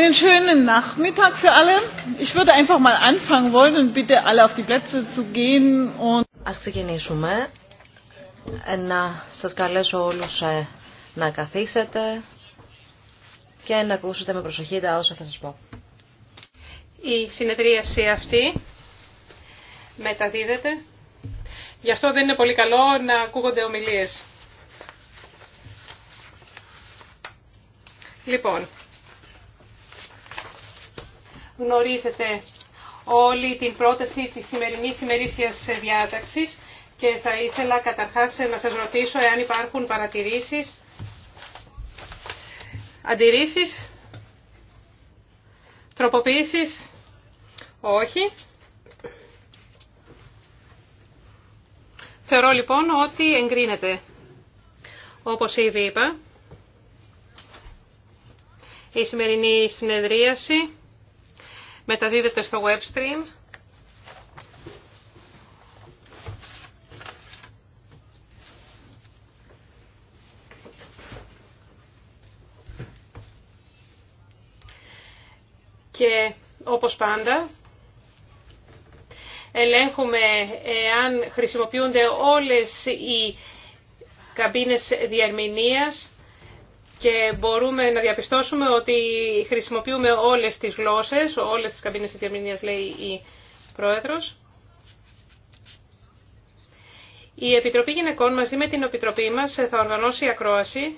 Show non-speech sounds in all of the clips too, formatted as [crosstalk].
Einen schönen Nachmittag für alle. Ich würde einfach mal anfangen wollen und bitte alle auf die Plätze zu gehen. Und Ας ξεκινήσουμε. Ε, να σας καλέσω όλους ε, να καθίσετε και να ακούσετε με προσοχή τα όσα θα σας πω. Η συνεδρίαση αυτή μεταδίδεται. Γι' αυτό δεν είναι πολύ καλό να ακούγονται ομιλίες. Λοιπόν, γνωρίζετε όλη την πρόταση της σημερινής ημερήσιας διάταξης και θα ήθελα καταρχάς να σας ρωτήσω εάν υπάρχουν παρατηρήσεις, αντιρρήσεις, τροποποίησεις, όχι. Θεωρώ λοιπόν ότι εγκρίνεται. Όπως ήδη είπα, η σημερινή συνεδρίαση μεταδίδεται στο web stream. Και όπως πάντα, ελέγχουμε εάν χρησιμοποιούνται όλες οι καμπίνες διαρμηνίας και μπορούμε να διαπιστώσουμε ότι χρησιμοποιούμε όλες τις γλώσσες, όλες τις καμπίνες της διαμηνίας λέει η Πρόεδρος. Η Επιτροπή Γυναικών μαζί με την Επιτροπή μας θα οργανώσει ακρόαση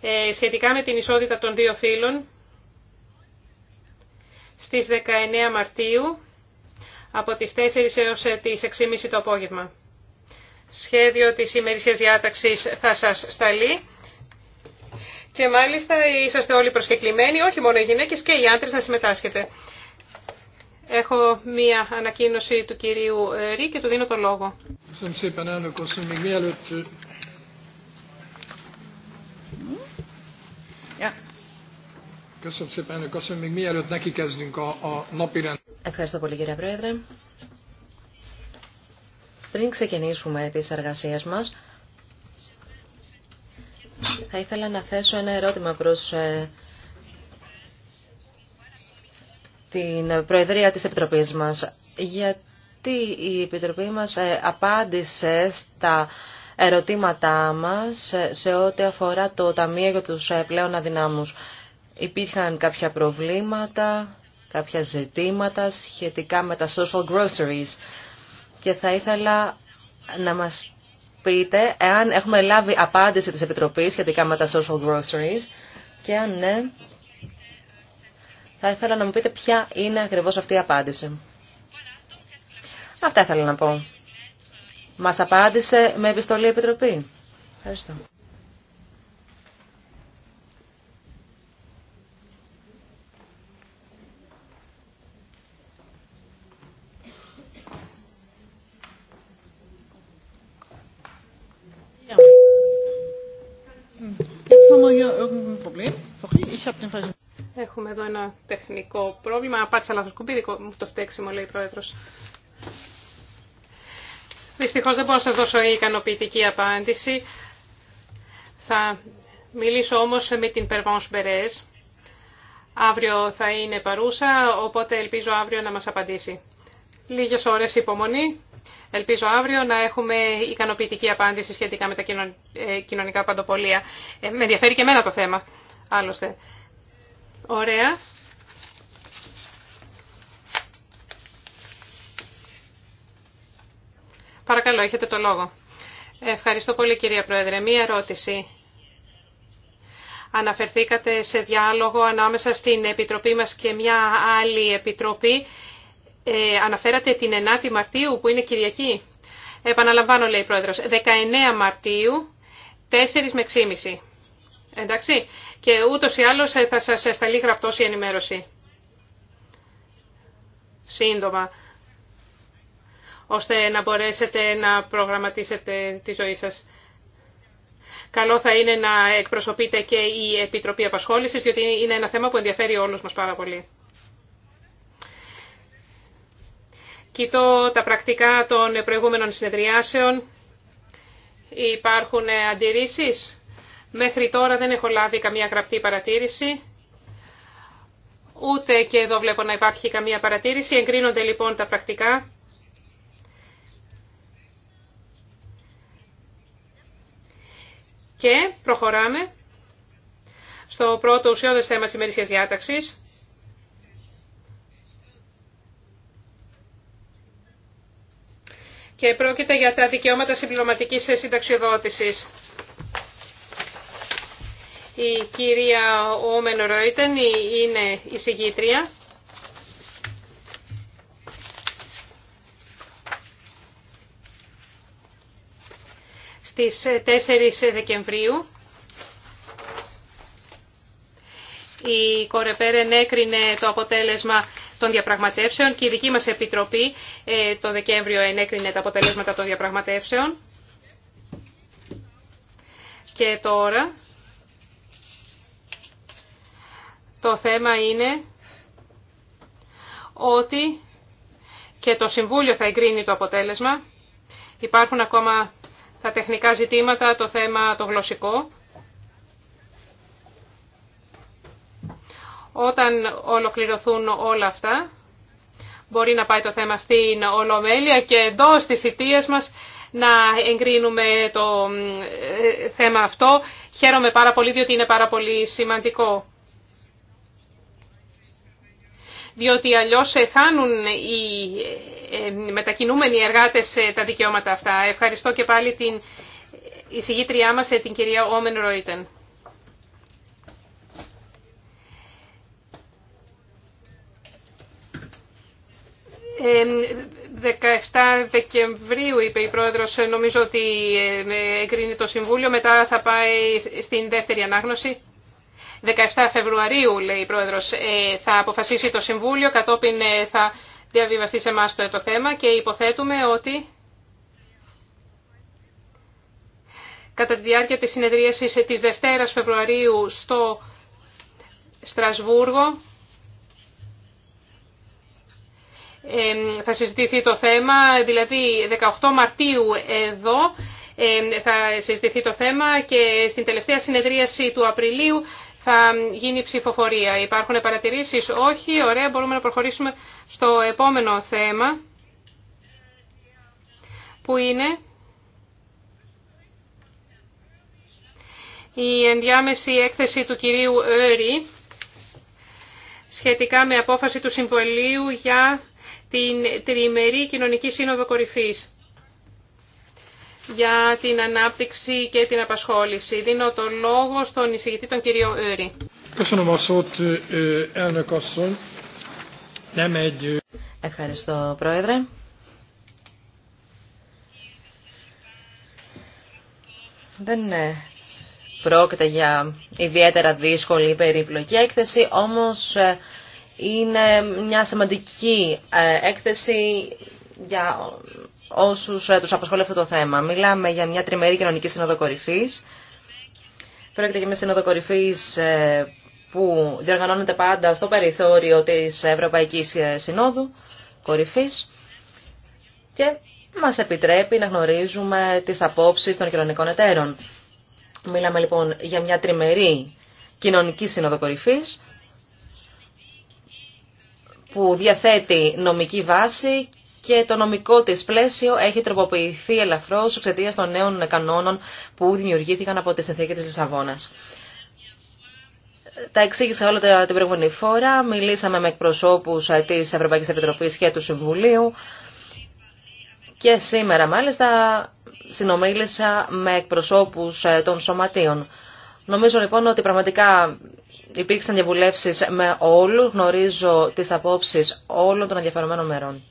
ε, σχετικά με την ισότητα των δύο φύλων στις 19 Μαρτίου από τις 4 έως τις 6.30 το απόγευμα σχέδιο της ημερήσιας διάταξης θα σας σταλεί. Και μάλιστα είσαστε όλοι προσκεκλημένοι, όχι μόνο οι γυναίκες και οι άντρες να συμμετάσχετε. Έχω μία ανακοίνωση του κυρίου Ρή και του δίνω το λόγο. Ευχαριστώ πολύ κύριε Πρόεδρε. Πριν ξεκινήσουμε τις εργασίες μας, θα ήθελα να θέσω ένα ερώτημα προς ε, την Προεδρία της Επιτροπής μας. Γιατί η Επιτροπή μας ε, απάντησε στα ερωτήματά μας ε, σε ό,τι αφορά το Ταμείο για τους πλέον αδυνάμους. Υπήρχαν κάποια προβλήματα, κάποια ζητήματα σχετικά με τα social groceries και θα ήθελα να μας πείτε εάν έχουμε λάβει απάντηση της Επιτροπής σχετικά με τα social groceries και αν ναι, θα ήθελα να μου πείτε ποια είναι ακριβώς αυτή η απάντηση. Αυτά ήθελα να πω. Μας απάντησε με επιστολή Επιτροπή. Ευχαριστώ. Έχουμε εδώ ένα τεχνικό πρόβλημα. Πάτσα λάθος κουμπί, δικό μου το φταίξιμο, λέει η πρόεδρο. Δυστυχώ δεν μπορώ να σας δώσω ικανοποιητική απάντηση. Θα μιλήσω όμως με την Περβάνς Μπερές. Αύριο θα είναι παρούσα, οπότε ελπίζω αύριο να μας απαντήσει. Λίγες ώρες υπομονή. Ελπίζω αύριο να έχουμε ικανοποιητική απάντηση σχετικά με τα ε, κοινωνικά παντοπολία. Ε, με ενδιαφέρει και εμένα το θέμα, άλλωστε. Ωραία. Παρακαλώ, έχετε το λόγο. Ευχαριστώ πολύ κυρία Πρόεδρε. Μία ερώτηση. Αναφερθήκατε σε διάλογο ανάμεσα στην Επιτροπή μας και μια άλλη Επιτροπή ε, αναφέρατε την 9η Μαρτίου που είναι Κυριακή. Επαναλαμβάνω λέει η Πρόεδρος. 19 Μαρτίου 4 με 6.30. Εντάξει. Και ούτως ή άλλως ε, θα σας σταλεί γραπτός η ενημέρωση. Σύντομα. Ώστε να μπορέσετε να προγραμματίσετε τη ζωή σας. Καλό θα είναι να εκπροσωπείτε και η Επιτροπή Απασχόλησης, διότι είναι ένα θέμα που ενδιαφέρει όλους μας πάρα πολύ. Κοιτώ τα πρακτικά των προηγούμενων συνεδριάσεων. Υπάρχουν αντιρρήσεις. Μέχρι τώρα δεν έχω λάβει καμία γραπτή παρατήρηση. Ούτε και εδώ βλέπω να υπάρχει καμία παρατήρηση. Εγκρίνονται λοιπόν τα πρακτικά. Και προχωράμε στο πρώτο ουσιώδες θέμα της ημερήσιας διάταξης. και πρόκειται για τα δικαιώματα συμπληρωματικής συνταξιοδότησης. Η κυρία Όμεν Ρόιτεν είναι η συγγήτρια. Στις 4 Δεκεμβρίου η Κορεπέρ ενέκρινε το αποτέλεσμα των διαπραγματεύσεων και η δική μας Επιτροπή ε, το Δεκέμβριο ενέκρινε τα αποτελέσματα των διαπραγματεύσεων. Και τώρα το θέμα είναι ότι και το Συμβούλιο θα εγκρίνει το αποτέλεσμα. Υπάρχουν ακόμα τα τεχνικά ζητήματα, το θέμα το γλωσσικό. Όταν ολοκληρωθούν όλα αυτά, μπορεί να πάει το θέμα στην Ολομέλεια και εντό στις θητείες μας να εγκρίνουμε το ε, θέμα αυτό. Χαίρομαι πάρα πολύ διότι είναι πάρα πολύ σημαντικό. Διότι αλλιώς ε, χάνουν οι ε, μετακινούμενοι εργάτες τα δικαιώματα αυτά. Ευχαριστώ και πάλι την εισηγήτριά μας, την κυρία Όμεν Ρόιτεν. 17 Δεκεμβρίου είπε η Πρόεδρος, νομίζω ότι εγκρίνει το Συμβούλιο, μετά θα πάει στην δεύτερη ανάγνωση. 17 Φεβρουαρίου, λέει η Πρόεδρος, ε, θα αποφασίσει το Συμβούλιο, κατόπιν ε, θα διαβιβαστεί σε εμά το θέμα και υποθέτουμε ότι κατά τη διάρκεια της συνεδρίασης της Δευτέρας Φεβρουαρίου στο Στρασβούργο θα συζητηθεί το θέμα, δηλαδή 18 Μαρτίου εδώ θα συζητηθεί το θέμα και στην τελευταία συνεδρίαση του Απριλίου θα γίνει ψηφοφορία. Υπάρχουν παρατηρήσεις, όχι, ωραία, μπορούμε να προχωρήσουμε στο επόμενο θέμα που είναι η ενδιάμεση έκθεση του κυρίου Έρι σχετικά με απόφαση του συμβολίου για την τριμερή κοινωνική σύνοδο κορυφής για την ανάπτυξη και την απασχόληση. Δίνω το λόγο στον εισηγητή τον κύριο Ήρη. Eh, eh, Ευχαριστώ Πρόεδρε. Δεν ε, πρόκειται για ιδιαίτερα δύσκολη περίπλοκη έκθεση, όμως ε, είναι μια σημαντική ε, έκθεση για όσους ε, τους απασχολεί αυτό το θέμα. Μιλάμε για μια τριμερή κοινωνική σύνοδο κορυφής. Πρόκειται για μια σύνοδο κορυφής ε, που διοργανώνεται πάντα στο περιθώριο της Ευρωπαϊκής Συνόδου Κορυφής και μας επιτρέπει να γνωρίζουμε τις απόψεις των κοινωνικών εταίρων. Μιλάμε λοιπόν για μια τριμερή κοινωνική σύνοδο που διαθέτει νομική βάση και το νομικό της πλαίσιο έχει τροποποιηθεί ελαφρώς εξαιτία των νέων κανόνων που δημιουργήθηκαν από τη συνθήκη της Λισαβόνας. Τα εξήγησα όλα την προηγούμενη φορά, μιλήσαμε με εκπροσώπους ε, της Ευρωπαϊκής Επιτροπής και του Συμβουλίου και σήμερα μάλιστα συνομίλησα με εκπροσώπους ε, των σωματείων. Νομίζω λοιπόν ότι πραγματικά υπήρξαν διαβουλεύσεις με όλους, γνωρίζω τις απόψεις όλων των ενδιαφερομένων μερών.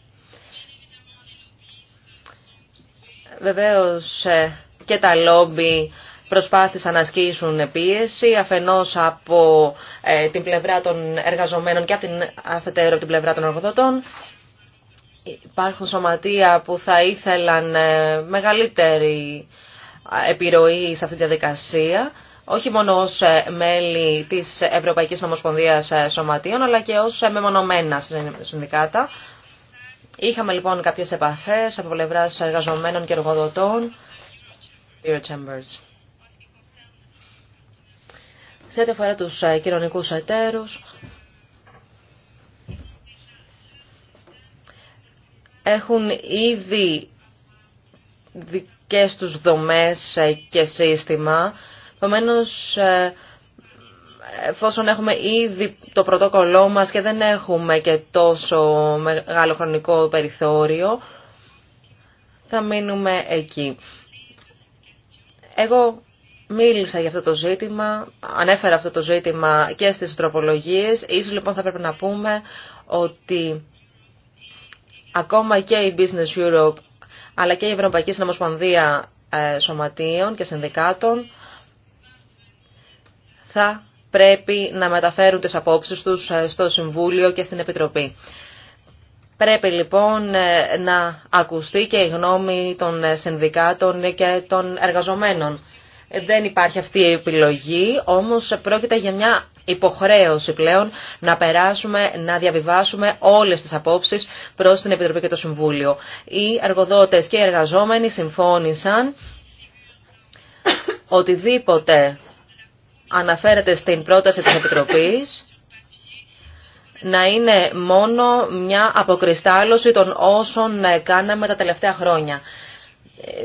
Βεβαίως ε, και τα λόμπι προσπάθησαν να ασκήσουν πίεση, αφενός από ε, την πλευρά των εργαζομένων και από την, αφετέρου από την πλευρά των εργοδοτών. Υπάρχουν σωματεία που θα ήθελαν ε, μεγαλύτερη επιρροή σε αυτή τη διαδικασία όχι μόνο ως ε, μέλη της Ευρωπαϊκής Νομοσπονδίας ε, Σωματείων, αλλά και ως ε, μεμονωμένα συνδικάτα. Είχαμε λοιπόν κάποιες επαφές από πλευρά εργαζομένων και εργοδοτών. Chambers. Σε ό,τι αφορά τους κοινωνικούς εταίρους, έχουν ήδη δικές τους δομές και σύστημα Επομένω, ε, εφόσον έχουμε ήδη το πρωτόκολλό μας και δεν έχουμε και τόσο μεγάλο χρονικό περιθώριο, θα μείνουμε εκεί. Εγώ μίλησα για αυτό το ζήτημα, ανέφερα αυτό το ζήτημα και στις τροπολογίες. Ίσως λοιπόν θα πρέπει να πούμε ότι ακόμα και η Business Europe αλλά και η Ευρωπαϊκή Συνομοσπονδία ε, Σωματείων και Συνδικάτων θα πρέπει να μεταφέρουν τις απόψεις τους ε, στο Συμβούλιο και στην Επιτροπή. Πρέπει λοιπόν ε, να ακουστεί και η γνώμη των ε, συνδικάτων και των εργαζομένων. Δεν υπάρχει αυτή η επιλογή, όμως πρόκειται για μια υποχρέωση πλέον να περάσουμε, να διαβιβάσουμε όλες τις απόψεις προς την Επιτροπή και το Συμβούλιο. Οι εργοδότες και οι εργαζόμενοι συμφώνησαν [coughs] οτιδήποτε αναφέρεται στην πρόταση της Επιτροπής να είναι μόνο μια αποκριστάλλωση των όσων κάναμε τα τελευταία χρόνια.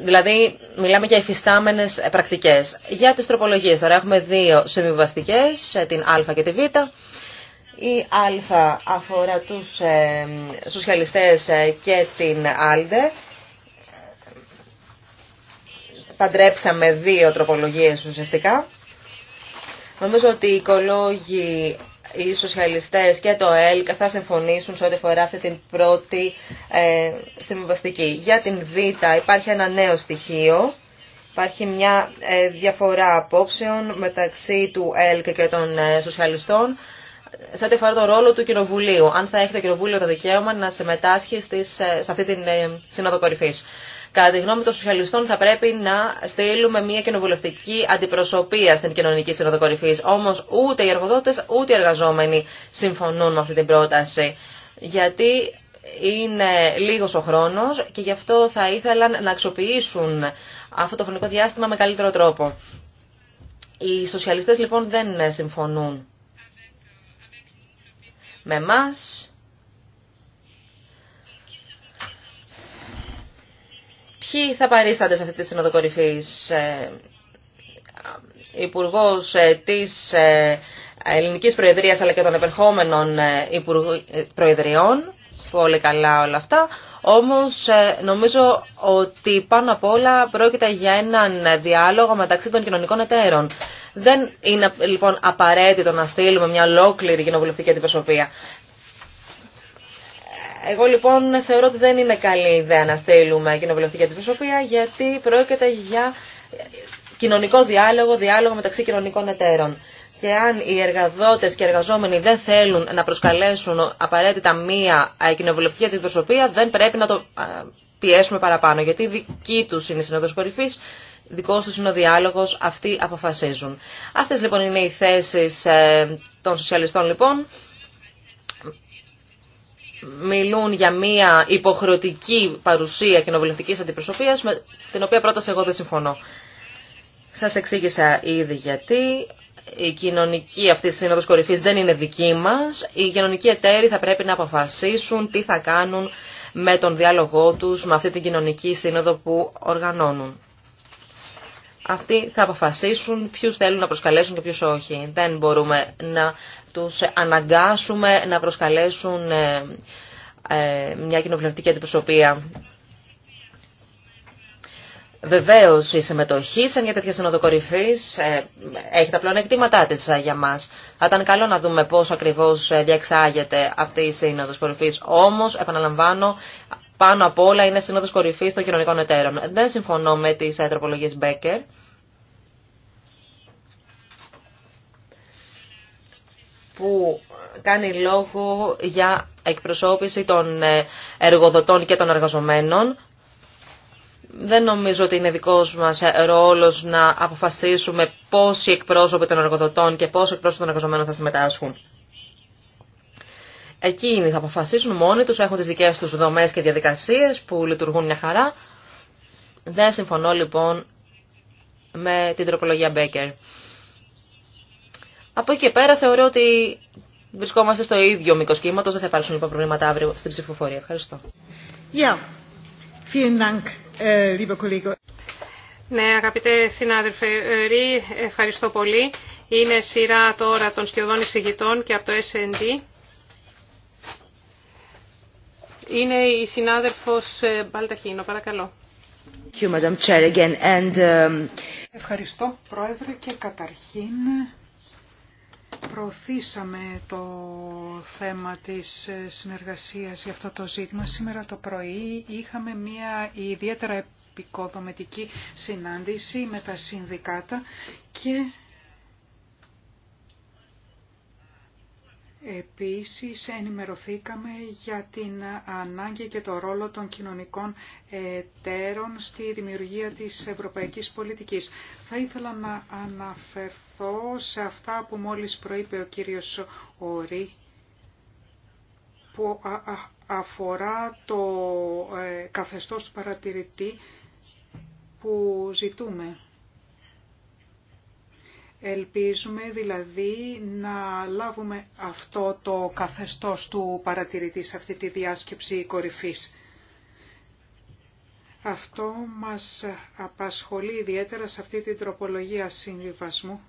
Δηλαδή, μιλάμε για υφιστάμενες πρακτικές. Για τις τροπολογίες, τώρα έχουμε δύο συμβιβαστικέ, την Α και τη Β. Η Α αφορά του ε, σοσιαλιστές ε, και την ΑΛΔΕ. Παντρέψαμε δύο τροπολογίες ουσιαστικά. Νομίζω ότι οι οικολόγοι, οι σοσιαλιστές και το ΕΛΚ θα συμφωνήσουν σε ό,τι αφορά αυτή την πρώτη ε, συμβαστική. Για την Β υπάρχει ένα νέο στοιχείο. Υπάρχει μια ε, διαφορά απόψεων μεταξύ του ΕΛΚ και των ε, σοσιαλιστών σε ό,τι αφορά το ρόλο του Κοινοβουλίου. Αν θα έχει το Κοινοβούλιο το δικαίωμα να συμμετάσχει ε, σε αυτή την ε, Σύνοδο Κορυφής. Κατά τη γνώμη των σοσιαλιστών θα πρέπει να στείλουμε μια κοινοβουλευτική αντιπροσωπεία στην κοινωνική συνοδοκορυφή. Όμω ούτε οι εργοδότε ούτε οι εργαζόμενοι συμφωνούν με αυτή την πρόταση. Γιατί είναι λίγος ο χρόνος και γι' αυτό θα ήθελαν να αξιοποιήσουν αυτό το χρονικό διάστημα με καλύτερο τρόπο. Οι σοσιαλιστές λοιπόν δεν συμφωνούν με μας Ποιοι θα παρίστανται σε αυτή τη Σύνοδο Κορυφής, ε, Υπουργός ε, της ε, Ελληνικής Προεδρίας αλλά και των επερχόμενων Προεδριών, πολύ καλά όλα αυτά, όμως νομίζω ότι πάνω απ' όλα πρόκειται για έναν διάλογο μεταξύ των κοινωνικών εταίρων. Δεν είναι λοιπόν απαραίτητο να στείλουμε μια ολόκληρη κοινοβουλευτική αντιπροσωπεία. Εγώ λοιπόν θεωρώ ότι δεν είναι καλή ιδέα να στείλουμε κοινοβουλευτική αντιπροσωπεία γιατί πρόκειται για κοινωνικό διάλογο, διάλογο μεταξύ κοινωνικών εταίρων. Και αν οι εργαδότες και οι εργαζόμενοι δεν θέλουν να προσκαλέσουν απαραίτητα μία ε, κοινοβουλευτική αντιπροσωπεία δεν πρέπει να το ε, πιέσουμε παραπάνω γιατί δική του είναι η συνόδος κορυφής δικός τους είναι ο διάλογος, αυτοί αποφασίζουν. Αυτές λοιπόν είναι οι θέσεις ε, των σοσιαλιστών λοιπόν μιλούν για μια υποχρεωτική παρουσία κοινοβουλευτική αντιπροσωπεία με την οποία πρόταση εγώ δεν συμφωνώ. Σα εξήγησα ήδη γιατί η κοινωνική αυτή τη σύνοδο κορυφή δεν είναι δική μα. Οι κοινωνικοί εταίροι θα πρέπει να αποφασίσουν τι θα κάνουν με τον διάλογό του με αυτή την κοινωνική σύνοδο που οργανώνουν. Αυτοί θα αποφασίσουν ποιου θέλουν να προσκαλέσουν και ποιου όχι. Δεν μπορούμε να τους αναγκάσουμε να προσκαλέσουν ε, ε, μια κοινοβουλευτική αντιπροσωπεία. Βεβαίω η συμμετοχή σε μια τέτοια σύνοδο κορυφή ε, έχει τα πλεονεκτήματά τη για μα. Θα ήταν καλό να δούμε πώ ακριβώ διεξάγεται αυτή η σύνοδο κορυφή. Όμω, επαναλαμβάνω, πάνω απ' όλα είναι σύνοδο κορυφή των κοινωνικών εταίρων. Δεν συμφωνώ με τι τροπολογίε Μπέκερ. που κάνει λόγο για εκπροσώπηση των ε, εργοδοτών και των εργαζομένων. Δεν νομίζω ότι είναι δικός μας ε, ρόλος να αποφασίσουμε πόσοι εκπρόσωποι των εργοδοτών και πόσοι εκπρόσωποι των εργαζομένων θα συμμετάσχουν. Εκείνοι θα αποφασίσουν μόνοι τους, έχουν τις δικές τους δομές και διαδικασίες που λειτουργούν μια χαρά. Δεν συμφωνώ λοιπόν με την τροπολογία Μπέκερ. Από εκεί και πέρα θεωρώ ότι βρισκόμαστε στο ίδιο μήκο κύματο. Δεν θα υπάρξουν λοιπόν προβλήματα αύριο στην ψηφοφορία. Ευχαριστώ. Yeah. Vielen Dank, äh, lieber Kollege. Ναι, αγαπητέ συνάδελφε ε, Ρή, ευχαριστώ πολύ. Είναι σειρά τώρα των σκιωδών εισηγητών και από το SND. Είναι η συνάδελφος ε, Μπαλταχίνο, παρακαλώ. Um, ευχαριστώ, Πρόεδρε, και καταρχήν προωθήσαμε το θέμα της ε, συνεργασίας για αυτό το ζήτημα. Σήμερα το πρωί είχαμε μια ιδιαίτερα επικοδομητική συνάντηση με τα συνδικάτα και Επίσης ενημερωθήκαμε για την ανάγκη και το ρόλο των κοινωνικών εταίρων στη δημιουργία της ευρωπαϊκής πολιτικής. Θα ήθελα να αναφερθώ σε αυτά που μόλις προείπε ο κύριος Ορή που αφορά το ε, καθεστώς του παρατηρητή που ζητούμε. Ελπίζουμε δηλαδή να λάβουμε αυτό το καθεστώς του παρατηρητή σε αυτή τη διάσκεψη κορυφής. Αυτό μας απασχολεί ιδιαίτερα σε αυτή την τροπολογία συμβιβασμού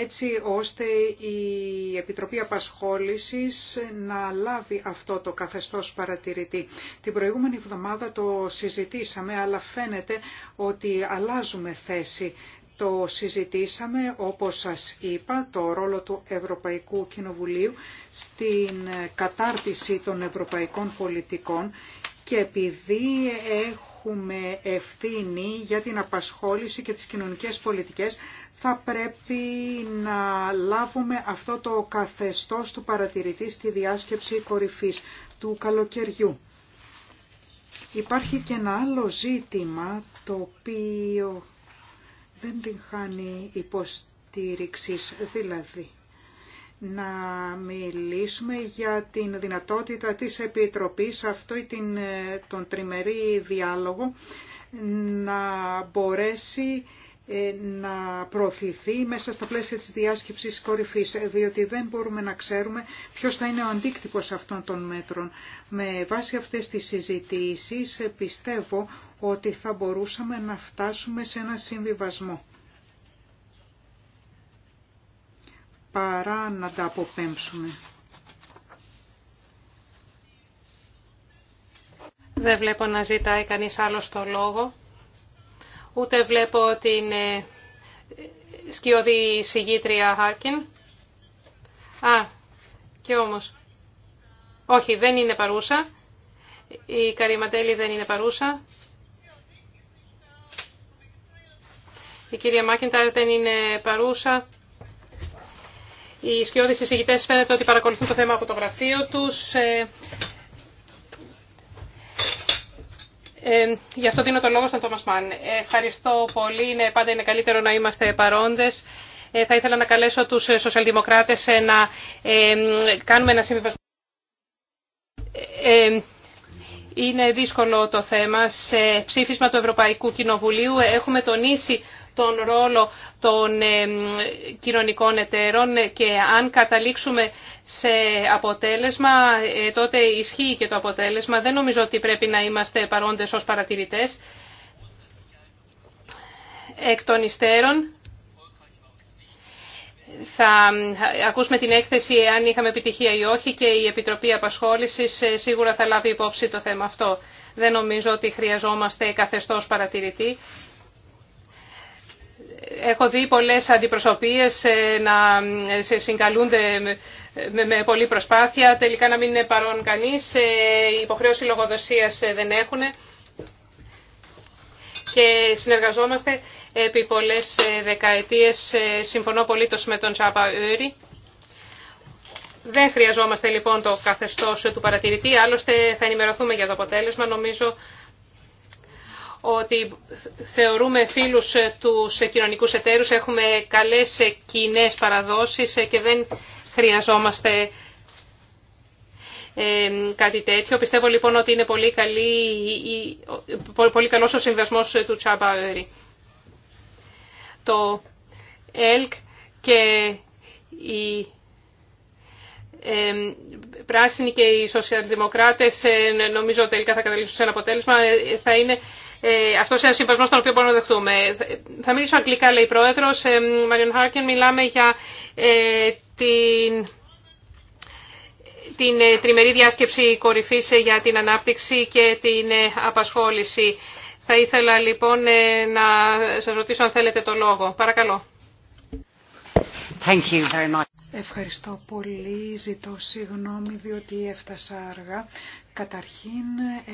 έτσι ώστε η Επιτροπή Απασχόλησης να λάβει αυτό το καθεστώς παρατηρητή. Την προηγούμενη εβδομάδα το συζητήσαμε, αλλά φαίνεται ότι αλλάζουμε θέση. Το συζητήσαμε, όπως σας είπα, το ρόλο του Ευρωπαϊκού Κοινοβουλίου στην κατάρτιση των ευρωπαϊκών πολιτικών και επειδή έχουμε ευθύνη για την απασχόληση και τις κοινωνικές πολιτικές θα πρέπει να λάβουμε αυτό το καθεστώς του παρατηρητή στη διάσκεψη κορυφής του καλοκαιριού. Υπάρχει και ένα άλλο ζήτημα το οποίο δεν την χάνει υποστήριξης, δηλαδή να μιλήσουμε για την δυνατότητα της Επιτροπής αυτό την, ε, τον τριμερή διάλογο να μπορέσει ε, να προωθηθεί μέσα στα πλαίσια της διάσκεψης κορυφής, ε, διότι δεν μπορούμε να ξέρουμε ποιος θα είναι ο αντίκτυπος αυτών των μέτρων. Με βάση αυτές τις συζητήσεις ε, πιστεύω ότι θα μπορούσαμε να φτάσουμε σε ένα συμβιβασμό. Παρά να τα αποπέμψουμε. Δεν βλέπω να ζητάει κανείς άλλο το λόγο ούτε βλέπω την ε, σκιώδη συγγήτρια Χάρκιν. Α, και όμως. Όχι, δεν είναι παρούσα. Η Καρυματέλη δεν είναι παρούσα. Η κυρία Μάκεντάρ δεν είναι παρούσα. Οι σκιώδεις συζητητές φαίνεται ότι παρακολουθούν το θέμα από το γραφείο τους. Ε, Ε, γι' αυτό δίνω το λόγο στον Τόμας Μαν. Ευχαριστώ πολύ. Είναι, πάντα είναι καλύτερο να είμαστε παρόντες. Ε, θα ήθελα να καλέσω τους σοσιαλδημοκράτες ε, να ε, κάνουμε ένα συμβιβασμό. είναι δύσκολο το θέμα. Σε ψήφισμα του Ευρωπαϊκού Κοινοβουλίου έχουμε τονίσει τον ρόλο των κοινωνικών εταίρων και αν καταλήξουμε σε αποτέλεσμα, ε, τότε ισχύει και το αποτέλεσμα. Δεν νομίζω ότι πρέπει να είμαστε παρόντες ως παρατηρητές. Εκ των υστέρων, θα ε, ακούσουμε την έκθεση αν είχαμε επιτυχία ή όχι και η Επιτροπή Απασχόλησης ε, σίγουρα θα λάβει υπόψη το θέμα αυτό. Δεν νομίζω ότι χρειαζόμαστε καθεστώς παρατηρητή. Έχω δει πολλές αντιπροσωπείες ε, να ε, σε συγκαλούνται με πολλή προσπάθεια, τελικά να μην είναι παρόν κανείς, ε, υποχρέωση λογοδοσίας δεν έχουν και συνεργαζόμαστε επί πολλές δεκαετίες. Συμφωνώ πολύ με τον Τσάπα Ούρι. Δεν χρειαζόμαστε λοιπόν το καθεστώς του παρατηρητή, άλλωστε θα ενημερωθούμε για το αποτέλεσμα. Νομίζω ότι θεωρούμε φίλους τους κοινωνικούς εταίρους, έχουμε καλές κοινέ παραδόσεις και δεν χρειαζόμαστε ε, κάτι τέτοιο. Πιστεύω λοιπόν ότι είναι πολύ, καλή, πολύ καλός ο συνδεσμός του Τσάμπα Το ΕΛΚ και η ε, πράσινοι και οι σοσιαλδημοκράτες ε, νομίζω τελικά θα καταλήξουν σε ένα αποτέλεσμα θα είναι ε, αυτό είναι ένα συμβασμό στον οποίο μπορούμε να δεχτούμε. Θα μιλήσω αγγλικά, λέει η Πρόεδρο. Ε, Μαριον Χάρκεν, μιλάμε για ε, την τριμερή διάσκεψη κορυφής για την ανάπτυξη και την απασχόληση. Θα ήθελα λοιπόν να σας ρωτήσω αν θέλετε το λόγο. Παρακαλώ. Thank you very much. Ευχαριστώ πολύ. Ζητώ συγγνώμη διότι έφτασα αργά. Καταρχήν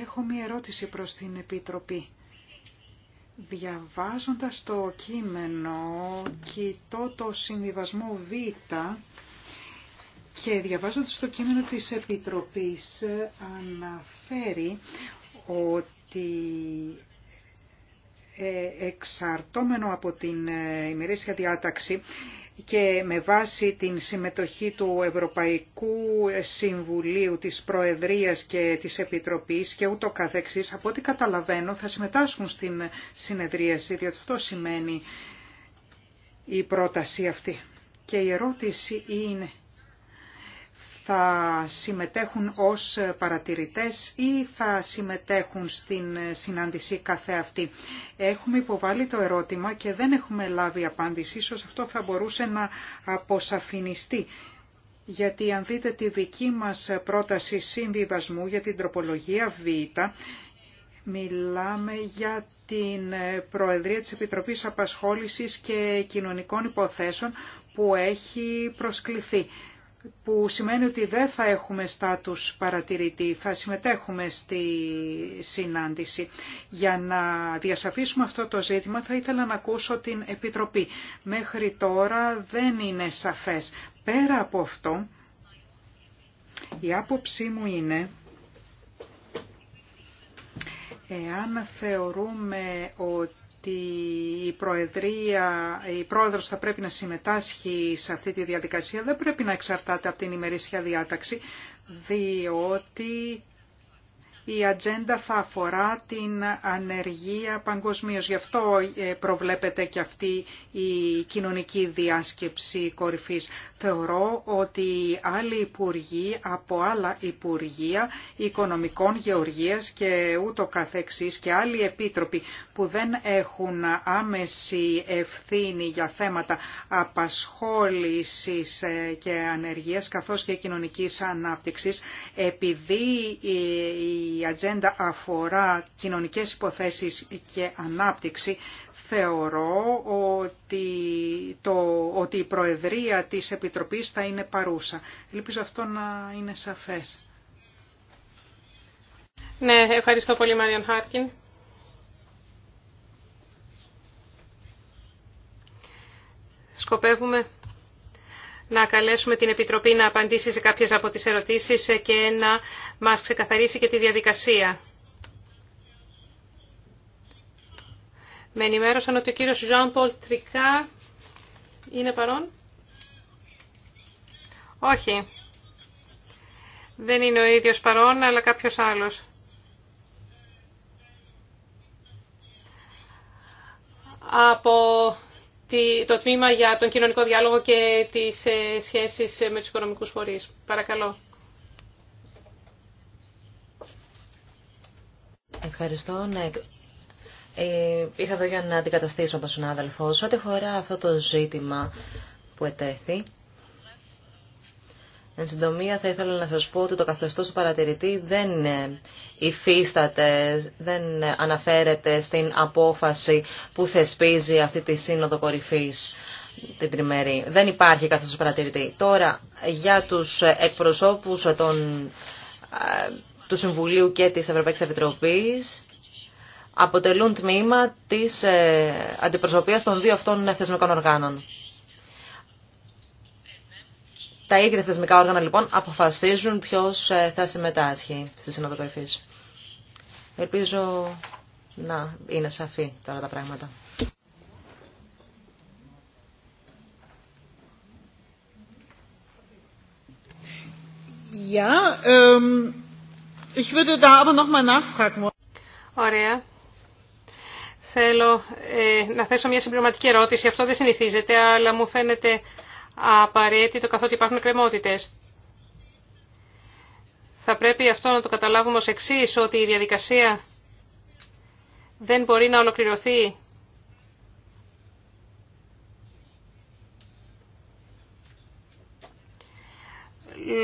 έχω μία ερώτηση προς την Επιτροπή. Διαβάζοντας το κείμενο, κοιτώ το συμβιβασμό Β και διαβάζοντας το κείμενο της Επιτροπής αναφέρει ότι ε, εξαρτώμενο από την ε, ημερήσια διάταξη και με βάση την συμμετοχή του Ευρωπαϊκού Συμβουλίου, της Προεδρίας και της Επιτροπής και ούτω καθεξής, από ό,τι καταλαβαίνω θα συμμετάσχουν στην συνεδρίαση, διότι αυτό σημαίνει η πρόταση αυτή. Και η ερώτηση είναι θα συμμετέχουν ως παρατηρητές ή θα συμμετέχουν στην συνάντηση κάθε αυτή. Έχουμε υποβάλει το ερώτημα και δεν έχουμε λάβει απάντηση. Ίσως αυτό θα μπορούσε να αποσαφινιστεί. Γιατί αν δείτε τη δική μας πρόταση συμβιβασμού για την τροπολογία Β, μιλάμε για την Προεδρία της Επιτροπής Απασχόλησης και Κοινωνικών Υποθέσεων που έχει προσκληθεί που σημαίνει ότι δεν θα έχουμε στάτους παρατηρητή, θα συμμετέχουμε στη συνάντηση. Για να διασαφίσουμε αυτό το ζήτημα θα ήθελα να ακούσω την Επιτροπή. Μέχρι τώρα δεν είναι σαφές. Πέρα από αυτό, η άποψή μου είναι εάν θεωρούμε ότι η Προεδρία, η Πρόεδρος θα πρέπει να συμμετάσχει σε αυτή τη διαδικασία δεν πρέπει να εξαρτάται από την ημερήσια διάταξη, διότι η ατζέντα θα αφορά την ανεργία παγκοσμίως. Γι' αυτό ε, προβλέπεται και αυτή η κοινωνική διάσκεψη κορυφής. Θεωρώ ότι άλλοι υπουργοί από άλλα υπουργεία οικονομικών γεωργίας και ούτω καθεξής και άλλοι επίτροποι που δεν έχουν άμεση ευθύνη για θέματα απασχόλησης ε, και ανεργίας καθώς και κοινωνικής ανάπτυξης επειδή ε, η ατζέντα αφορά κοινωνικές υποθέσεις και ανάπτυξη, θεωρώ ότι, το, ότι η Προεδρία της Επιτροπής θα είναι παρούσα. Ελπίζω αυτό να είναι σαφές. Ναι, ευχαριστώ πολύ Μαριαν Χάρκιν. Σκοπεύουμε να καλέσουμε την Επιτροπή να απαντήσει σε κάποιες από τις ερωτήσεις και να μας ξεκαθαρίσει και τη διαδικασία. Με ενημέρωσαν ότι ο κύριος Ζαν Τρικά είναι παρόν. Όχι. Δεν είναι ο ίδιος παρόν, αλλά κάποιος άλλος. Από το τμήμα για τον κοινωνικό διάλογο και τις ε, σχέσεις ε, με τους οικονομικούς φορείς. Παρακαλώ. Ευχαριστώ. Ναι. Ε, είχα εδώ για να αντικαταστήσω τον συνάδελφο. Σε ό,τι αφορά αυτό το ζήτημα που ετέθη, Εν συντομία θα ήθελα να σας πω ότι το καθεστώς του παρατηρητή δεν ε, υφίσταται, δεν αναφέρεται στην απόφαση που θεσπίζει αυτή τη σύνοδο κορυφής την τριμερή. Δεν υπάρχει καθεστώς παρατηρητή. Τώρα για τους εκπροσώπους των, ε, του Συμβουλίου και της Ευρωπαϊκής Επιτροπής αποτελούν τμήμα της ε, αντιπροσωπείας των δύο αυτών θεσμικών οργάνων. Τα ίδια θεσμικά όργανα λοιπόν αποφασίζουν ποιο ε, θα συμμετάσχει στη συνοδοκορυφή. Ελπίζω να είναι σαφή τώρα τα πράγματα. Ähm, Ωραία. Θέλω ε, να θέσω μια συμπληρωματική ερώτηση. Αυτό δεν συνηθίζεται, αλλά μου φαίνεται απαραίτητο καθότι υπάρχουν κρεμότητες. Θα πρέπει αυτό να το καταλάβουμε ως εξής, ότι η διαδικασία δεν μπορεί να ολοκληρωθεί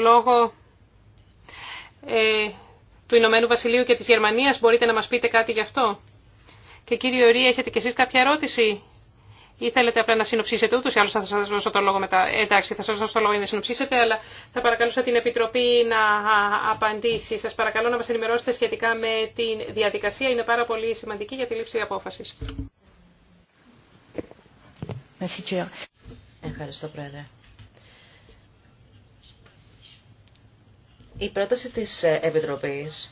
λόγω ε, του Ηνωμένου Βασιλείου και της Γερμανίας. Μπορείτε να μας πείτε κάτι γι' αυτό. Και κύριε Ρή, έχετε κι εσείς κάποια ερώτηση ή θέλετε απλά να συνοψίσετε ούτως ή άλλως θα σας δώσω το λόγο μετά. Ε, εντάξει, θα σας δώσω το λόγο για να συνοψίσετε, αλλά θα παρακαλούσα την Επιτροπή να απαντήσει. Σας παρακαλώ να μας ενημερώσετε σχετικά με τη διαδικασία. Είναι πάρα πολύ σημαντική για τη λήψη απόφασης. Ευχαριστώ, Πρόεδρε. Η πρόταση της Επιτροπής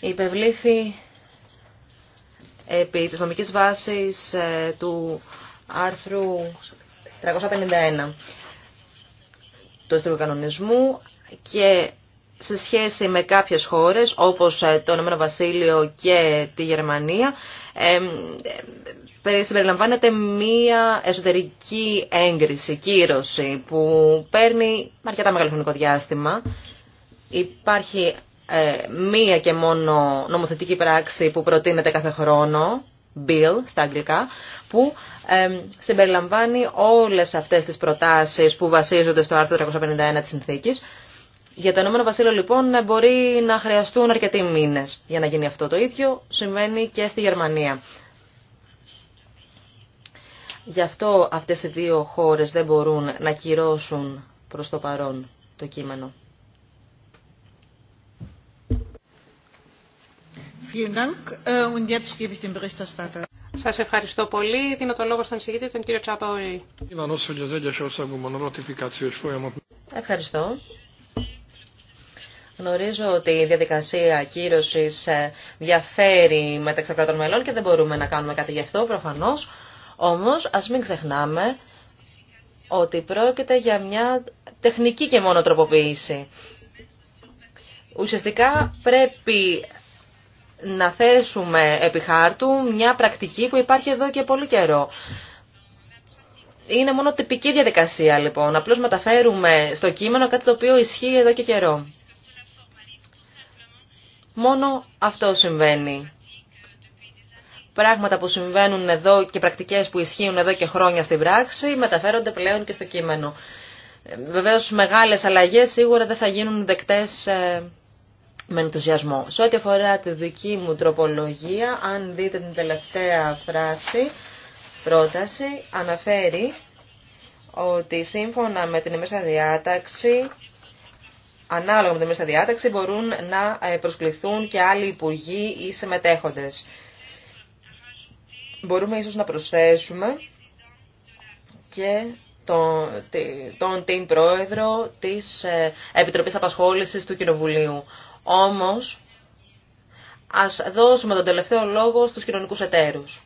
υπευλήθη επί της νομικής βάσης ε, του άρθρου 351 του ιστορικού Κανονισμού και σε σχέση με κάποιες χώρες όπως ε, το Ηνωμένο Βασίλειο και τη Γερμανία ε, συμπεριλαμβάνεται μία εσωτερική έγκριση, κύρωση που παίρνει αρκετά μεγάλο χρονικό διάστημα. Υπάρχει ε, μία και μόνο νομοθετική πράξη που προτείνεται κάθε χρόνο, bill στα αγγλικά, που συμπεριλαμβάνει όλες αυτές τις προτάσεις που βασίζονται στο άρθρο 351 της συνθήκης. Για το Ηνωμένο Βασίλειο λοιπόν μπορεί να χρειαστούν αρκετοί μήνες για να γίνει αυτό το ίδιο. Συμβαίνει και στη Γερμανία. Γι' αυτό αυτές οι δύο χώρες δεν μπορούν να κυρώσουν προς το παρόν το κείμενο. Äh, Σας ευχαριστώ πολύ. Δίνω το λόγο στον συγκεκριτή, τον κύριο Τσάπαουρη. Ευχαριστώ. Γνωρίζω ότι η διαδικασία κύρωσης ε, διαφέρει μεταξύ κρατών μελών και δεν μπορούμε να κάνουμε κάτι γι' αυτό προφανώς. Όμως ας μην ξεχνάμε ότι πρόκειται για μια τεχνική και μόνο τροποποίηση. Ουσιαστικά πρέπει να θέσουμε επί χάρτου μια πρακτική που υπάρχει εδώ και πολύ καιρό. Είναι μόνο τυπική διαδικασία λοιπόν. Απλώς μεταφέρουμε στο κείμενο κάτι το οποίο ισχύει εδώ και καιρό. Μόνο αυτό συμβαίνει. Πράγματα που συμβαίνουν εδώ και πρακτικές που ισχύουν εδώ και χρόνια στην πράξη μεταφέρονται πλέον και στο κείμενο. Βεβαίως μεγάλες αλλαγές σίγουρα δεν θα γίνουν δεκτές ε, με ενθουσιασμό. Σε ό,τι αφορά τη δική μου τροπολογία, αν δείτε την τελευταία φράση, πρόταση, αναφέρει ότι σύμφωνα με την μέσα διάταξη, ανάλογα με την μέσα διάταξη, μπορούν να ε, προσκληθούν και άλλοι υπουργοί ή συμμετέχοντες. Μπορούμε ίσως να προσθέσουμε και τον, την πρόεδρο της ε, Επιτροπής Απασχόλησης του Κοινοβουλίου. Όμως, ας δώσουμε τον τελευταίο λόγο στους κοινωνικούς εταίρους.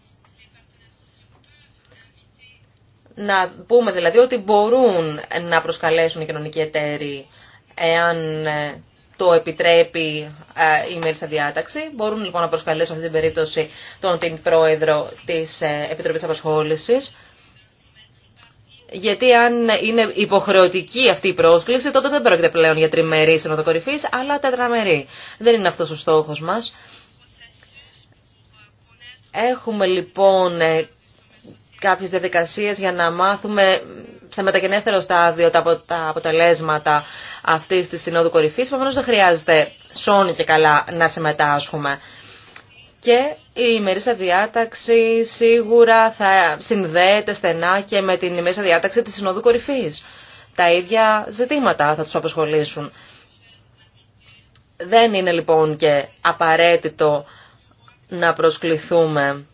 Να πούμε δηλαδή ότι μπορούν να προσκαλέσουν οι κοινωνικοί εταίροι εάν ε, το επιτρέπει ε, η μέρη στα διάταξη. Μπορούν λοιπόν να προσκαλέσουν αυτή την περίπτωση τον την πρόεδρο της ε, Επιτροπής Απασχόλησης γιατί αν είναι υποχρεωτική αυτή η πρόσκληση, τότε δεν πρόκειται πλέον για τριμερή σύνοδο αλλά τετραμερή. Δεν είναι αυτό ο στόχο μα. Έχουμε λοιπόν ε, κάποιες διαδικασίες για να μάθουμε σε μεταγενέστερο στάδιο τα αποτελέσματα αυτής της Συνόδου Κορυφής. Επομένως δεν χρειάζεται σώνη και καλά να συμμετάσχουμε. Και η ημερήσια διάταξη σίγουρα θα συνδέεται στενά και με την ημερήσια διάταξη της Συνόδου Κορυφής. Τα ίδια ζητήματα θα τους απασχολήσουν. Δεν είναι λοιπόν και απαραίτητο να προσκληθούμε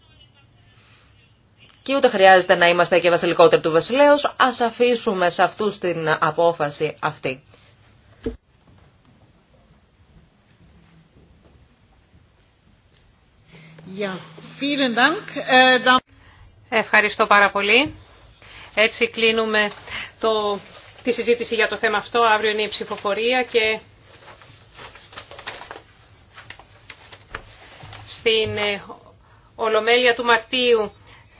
και ούτε χρειάζεται να είμαστε και βασιλικότεροι του βασιλέως, ας αφήσουμε σε αυτούς την απόφαση αυτή. Äh, Ευχαριστώ πάρα πολύ. Έτσι κλείνουμε το, τη συζήτηση για το θέμα αυτό. Αύριο είναι η ψηφοφορία και στην ε, Ολομέλεια του Μαρτίου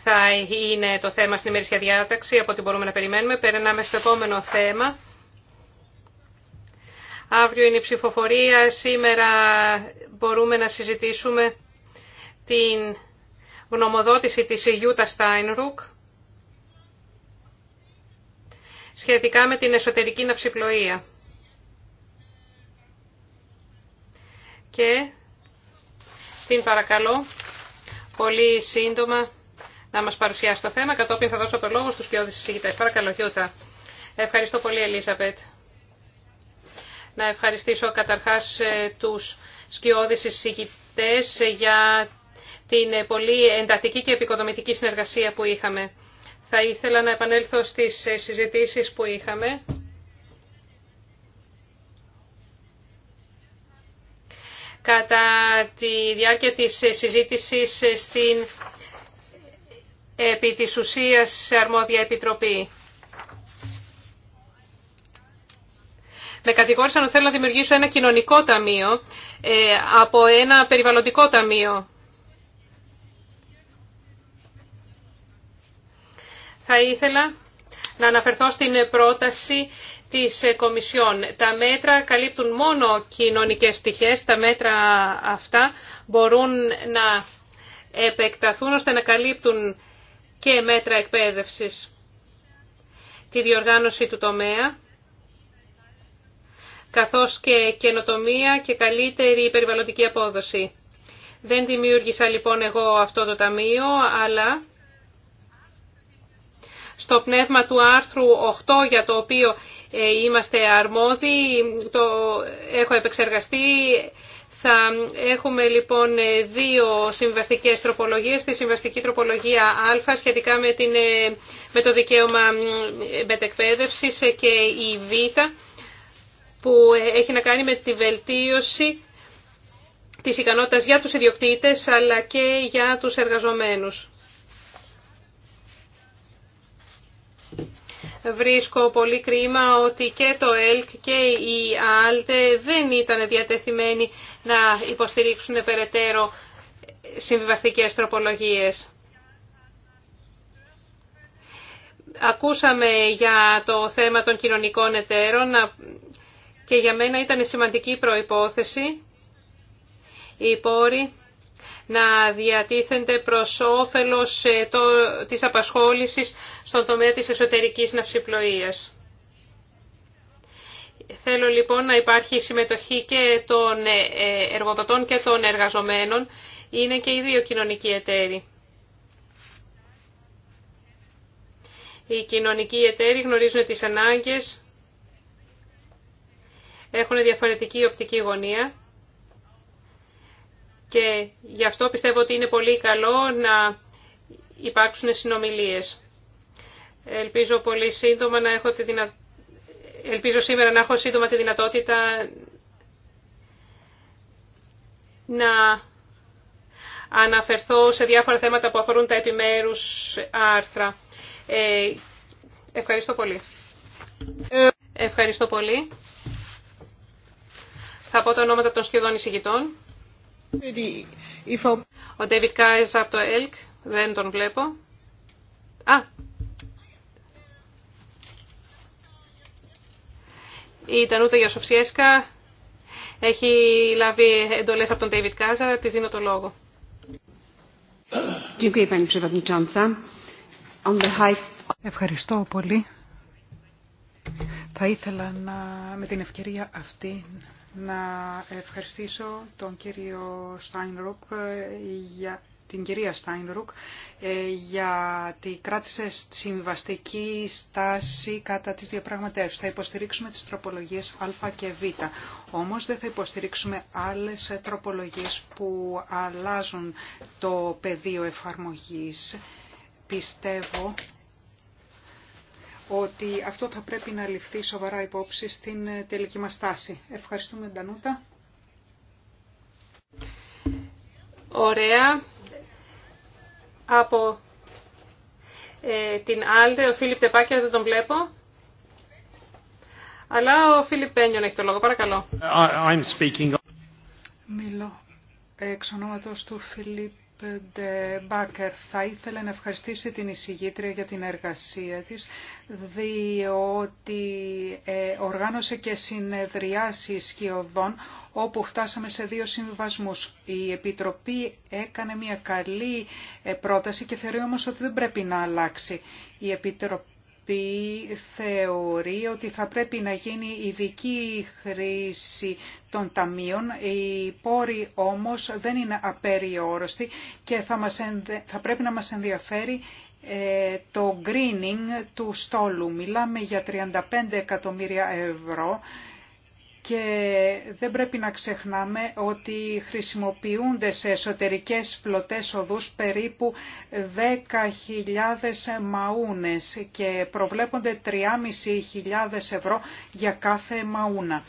θα είναι το θέμα στην ημερήσια διάταξη, από ό,τι μπορούμε να περιμένουμε. Περνάμε στο επόμενο θέμα. Αύριο είναι η ψηφοφορία. Σήμερα μπορούμε να συζητήσουμε την γνωμοδότηση της Ιούτα Στάινρουκ σχετικά με την εσωτερική ναυσιπλοεία. Και την παρακαλώ πολύ σύντομα να μας παρουσιάσει το θέμα. Κατόπιν θα δώσω το λόγο στους κοιόδης συζητητές. Παρακαλώ, Γιούτα. Ευχαριστώ πολύ, Ελίζαπετ. Να ευχαριστήσω καταρχάς ε, τους σκιώδεις συζητητές ε, για την ε, πολύ εντατική και επικοδομητική συνεργασία που είχαμε. Θα ήθελα να επανέλθω στις ε, συζητήσεις που είχαμε. Κατά τη διάρκεια της ε, συζήτησης στην επί της ουσίας σε αρμόδια επιτροπή. Με κατηγόρησαν ότι θέλω να δημιουργήσω ένα κοινωνικό ταμείο από ένα περιβαλλοντικό ταμείο. Θα ήθελα να αναφερθώ στην πρόταση της Κομισιόν. Τα μέτρα καλύπτουν μόνο κοινωνικές πτυχές. Τα μέτρα αυτά μπορούν να επεκταθούν ώστε να καλύπτουν και μέτρα εκπαίδευσης. Τη διοργάνωση του τομέα, καθώς και καινοτομία και καλύτερη περιβαλλοντική απόδοση. Δεν δημιούργησα λοιπόν εγώ αυτό το ταμείο, αλλά στο πνεύμα του άρθρου 8 για το οποίο ε, είμαστε αρμόδιοι, το έχω επεξεργαστεί. Θα έχουμε λοιπόν ε, δύο συμβαστικές τροπολογίες. Τη συμβαστική τροπολογία Α σχετικά με, την, ε, με το δικαίωμα μετεκπαίδευσης και η Β που έχει να κάνει με τη βελτίωση της ικανότητας για τους ιδιοκτήτες αλλά και για τους εργαζομένους. βρίσκω πολύ κρίμα ότι και το ΕΛΚ και η ΑΛΤΕ δεν ήταν διατεθειμένοι να υποστηρίξουν περαιτέρω συμβιβαστικές τροπολογίες. Ακούσαμε για το θέμα των κοινωνικών εταίρων και για μένα ήταν σημαντική προϋπόθεση η πόροι να διατίθενται προς όφελος ε, το, της απασχόλησης στον τομέα της εσωτερικής ναυσιπλοείας. Θέλω λοιπόν να υπάρχει συμμετοχή και των ε, ε, εργοδοτών και των εργαζομένων. Είναι και οι δύο κοινωνικοί εταίροι. Οι κοινωνικοί εταίροι γνωρίζουν τις ανάγκες, έχουν διαφορετική οπτική γωνία και γι' αυτό πιστεύω ότι είναι πολύ καλό να υπάρξουν συνομιλίες. Ελπίζω πολύ σύντομα να έχω τη Ελπίζω σήμερα να έχω σύντομα τη δυνατότητα να αναφερθώ σε διάφορα θέματα που αφορούν τα επιμέρους άρθρα. Ε, ευχαριστώ πολύ. Ευχαριστώ πολύ. Θα πω τα ονόματα των σχεδόν εισηγητών. Ο David Κάζα από το ΕΛΚ, δεν τον βλέπω. Α, η Τανούτα Γιασοψιέσκα έχει λάβει εντολές από τον David Κάζα, τη δίνω το λόγο. Ευχαριστώ πολύ. Θα ήθελα να, με την ευκαιρία αυτή να ευχαριστήσω τον κύριο Στάινρουκ για την κυρία Στάινρουκ ε, τη κράτησε συμβαστική στάση κατά τις διαπραγματεύσεις. Θα υποστηρίξουμε τις τροπολογίες Α και Β. Όμως δεν θα υποστηρίξουμε άλλες τροπολογίες που αλλάζουν το πεδίο εφαρμογής. Πιστεύω ότι αυτό θα πρέπει να ληφθεί σοβαρά υπόψη στην ε, τελική μας τάση. Ευχαριστούμε, Ντανούτα. Ωραία. Από ε, την Άλτε, ο Φίλιπ Τεπάκια δεν τον βλέπω. Αλλά ο Φίλιπ Πένιον έχει το λόγο, παρακαλώ. I'm speaking... Μιλώ εξ του Φίλιπ Μπάκερ θα ήθελα να ευχαριστήσει την εισηγήτρια για την εργασία της διότι ε, οργάνωσε και συνεδριάσει σκιωδών όπου φτάσαμε σε δύο συμβασμούς. Η Επιτροπή έκανε μια καλή ε, πρόταση και θεωρεί όμως ότι δεν πρέπει να αλλάξει. Η Επιτροπή Επιτροπή θεωρεί ότι θα πρέπει να γίνει ειδική χρήση των ταμείων. Οι πόροι όμως δεν είναι απεριόριστοι και θα, μας ενδε... θα πρέπει να μας ενδιαφέρει ε, το greening του στόλου. Μιλάμε για 35 εκατομμύρια ευρώ και δεν πρέπει να ξεχνάμε ότι χρησιμοποιούνται σε εσωτερικές φλωτές οδούς περίπου 10.000 μαούνες και προβλέπονται 3.500 ευρώ για κάθε μαούνα.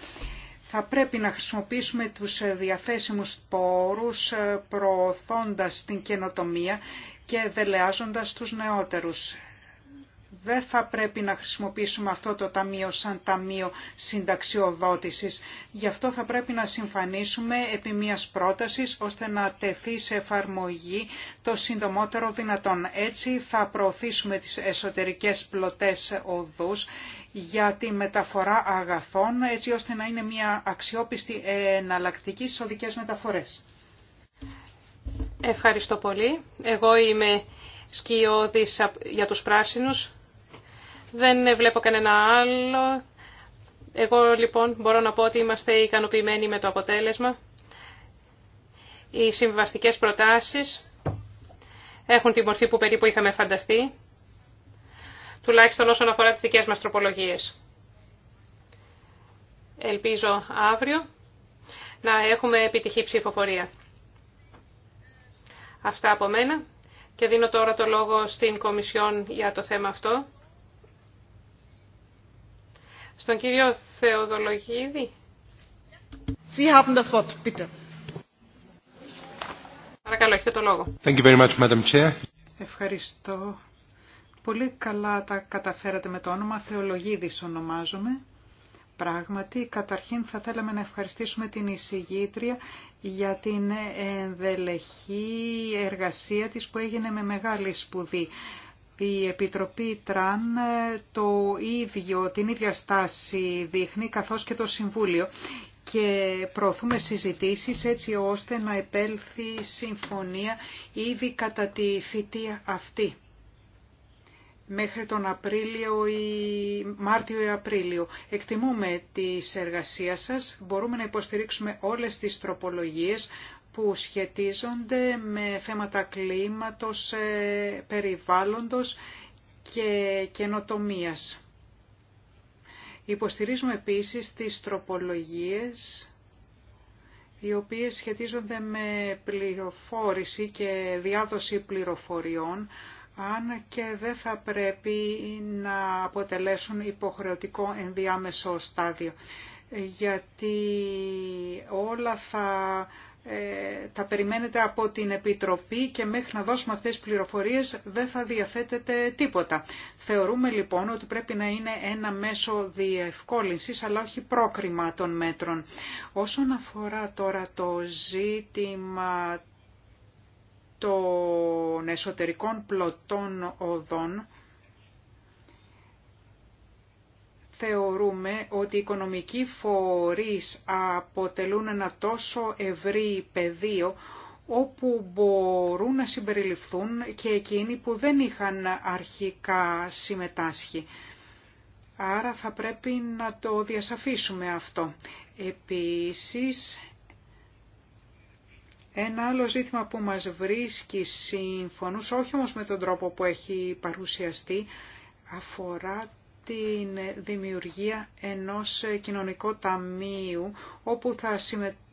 Θα πρέπει να χρησιμοποιήσουμε τους διαθέσιμους πόρους ε, προωθώντας την καινοτομία και δελεάζοντας τους νεότερους δεν θα πρέπει να χρησιμοποιήσουμε αυτό το ταμείο σαν ταμείο συνταξιοδότησης. Γι' αυτό θα πρέπει να συμφανίσουμε επί μιας πρότασης ώστε να τεθεί σε εφαρμογή το συντομότερο δυνατόν. Έτσι θα προωθήσουμε τις εσωτερικές πλωτές οδούς για τη μεταφορά αγαθών έτσι ώστε να είναι μια αξιόπιστη εναλλακτική στις οδικές μεταφορές. Ευχαριστώ πολύ. Εγώ είμαι σκιώδης για τους πράσινους. Δεν βλέπω κανένα άλλο. Εγώ λοιπόν μπορώ να πω ότι είμαστε ικανοποιημένοι με το αποτέλεσμα. Οι συμβαστικές προτάσεις έχουν τη μορφή που περίπου είχαμε φανταστεί, τουλάχιστον όσον αφορά τις δικές μας τροπολογίες. Ελπίζω αύριο να έχουμε επιτυχή ψηφοφορία. Αυτά από μένα και δίνω τώρα το λόγο στην Κομισιόν για το θέμα αυτό. Στον κύριο Θεοδολογίδη. Sie haben das Wort, bitte. Παρακαλώ, έχετε το λόγο. Thank you very much, Madam Chair. Ευχαριστώ. Πολύ καλά τα καταφέρατε με το όνομα. Θεολογίδης ονομάζομαι. Πράγματι, καταρχήν θα θέλαμε να ευχαριστήσουμε την εισηγήτρια για την ενδελεχή εργασία της που έγινε με μεγάλη σπουδή. Η Επιτροπή Τραν ε, το ίδιο, την ίδια στάση δείχνει καθώς και το Συμβούλιο και προωθούμε συζητήσεις έτσι ώστε να επέλθει συμφωνία ήδη κατά τη θητεία αυτή μέχρι τον Απρίλιο ή Μάρτιο ή Απρίλιο. Εκτιμούμε τις εργασίες σας, μπορούμε να υποστηρίξουμε όλες τις τροπολογίες που σχετίζονται με θέματα κλίματος, ε, περιβάλλοντος και καινοτομίας. Υποστηρίζουμε επίσης τις τροπολογίες οι οποίες σχετίζονται με πληροφόρηση και διάδοση πληροφοριών, αν και δεν θα πρέπει να αποτελέσουν υποχρεωτικό ενδιάμεσο στάδιο, γιατί όλα θα ε, τα περιμένετε από την Επιτροπή και μέχρι να δώσουμε αυτές τις πληροφορίες δεν θα διαθέτετε τίποτα. Θεωρούμε λοιπόν ότι πρέπει να είναι ένα μέσο διευκόλυνσης αλλά όχι πρόκριμα των μέτρων. Όσον αφορά τώρα το ζήτημα των εσωτερικών πλωτών οδών, θεωρούμε ότι οι οικονομικοί φορείς αποτελούν ένα τόσο ευρύ πεδίο όπου μπορούν να συμπεριληφθούν και εκείνοι που δεν είχαν αρχικά συμμετάσχει. Άρα θα πρέπει να το διασαφίσουμε αυτό. Επίσης, ένα άλλο ζήτημα που μας βρίσκει σύμφωνους, όχι όμως με τον τρόπο που έχει παρουσιαστεί, αφορά την δημιουργία ενός κοινωνικού ταμείου όπου θα συμμετάσχουν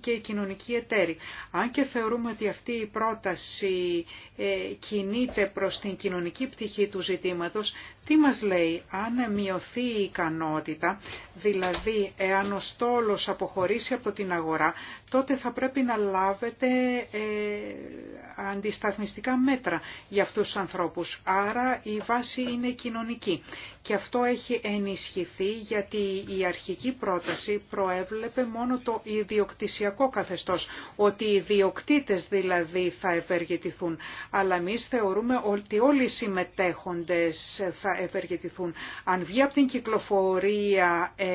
και οι κοινωνικοί εταίροι. Αν και θεωρούμε ότι αυτή η πρόταση ε, κινείται προς την κοινωνική πτυχή του ζητήματος, τι μας λέει αν μειωθεί η ικανότητα, δηλαδή εάν ο στόλος αποχωρήσει από την αγορά, τότε θα πρέπει να λάβετε ε, αντισταθμιστικά μέτρα για αυτούς τους ανθρώπους. Άρα η βάση είναι κοινωνική. Και αυτό έχει ενισχυθεί γιατί η αρχική πρόταση προέβλεπε μόνο το ιδιοκτησιακό καθεστώς, ότι οι ιδιοκτήτες δηλαδή θα ευεργετηθούν. Αλλά εμεί θεωρούμε ότι όλοι οι συμμετέχοντες θα ευεργετηθούν. Αν βγει από την κυκλοφορία ε,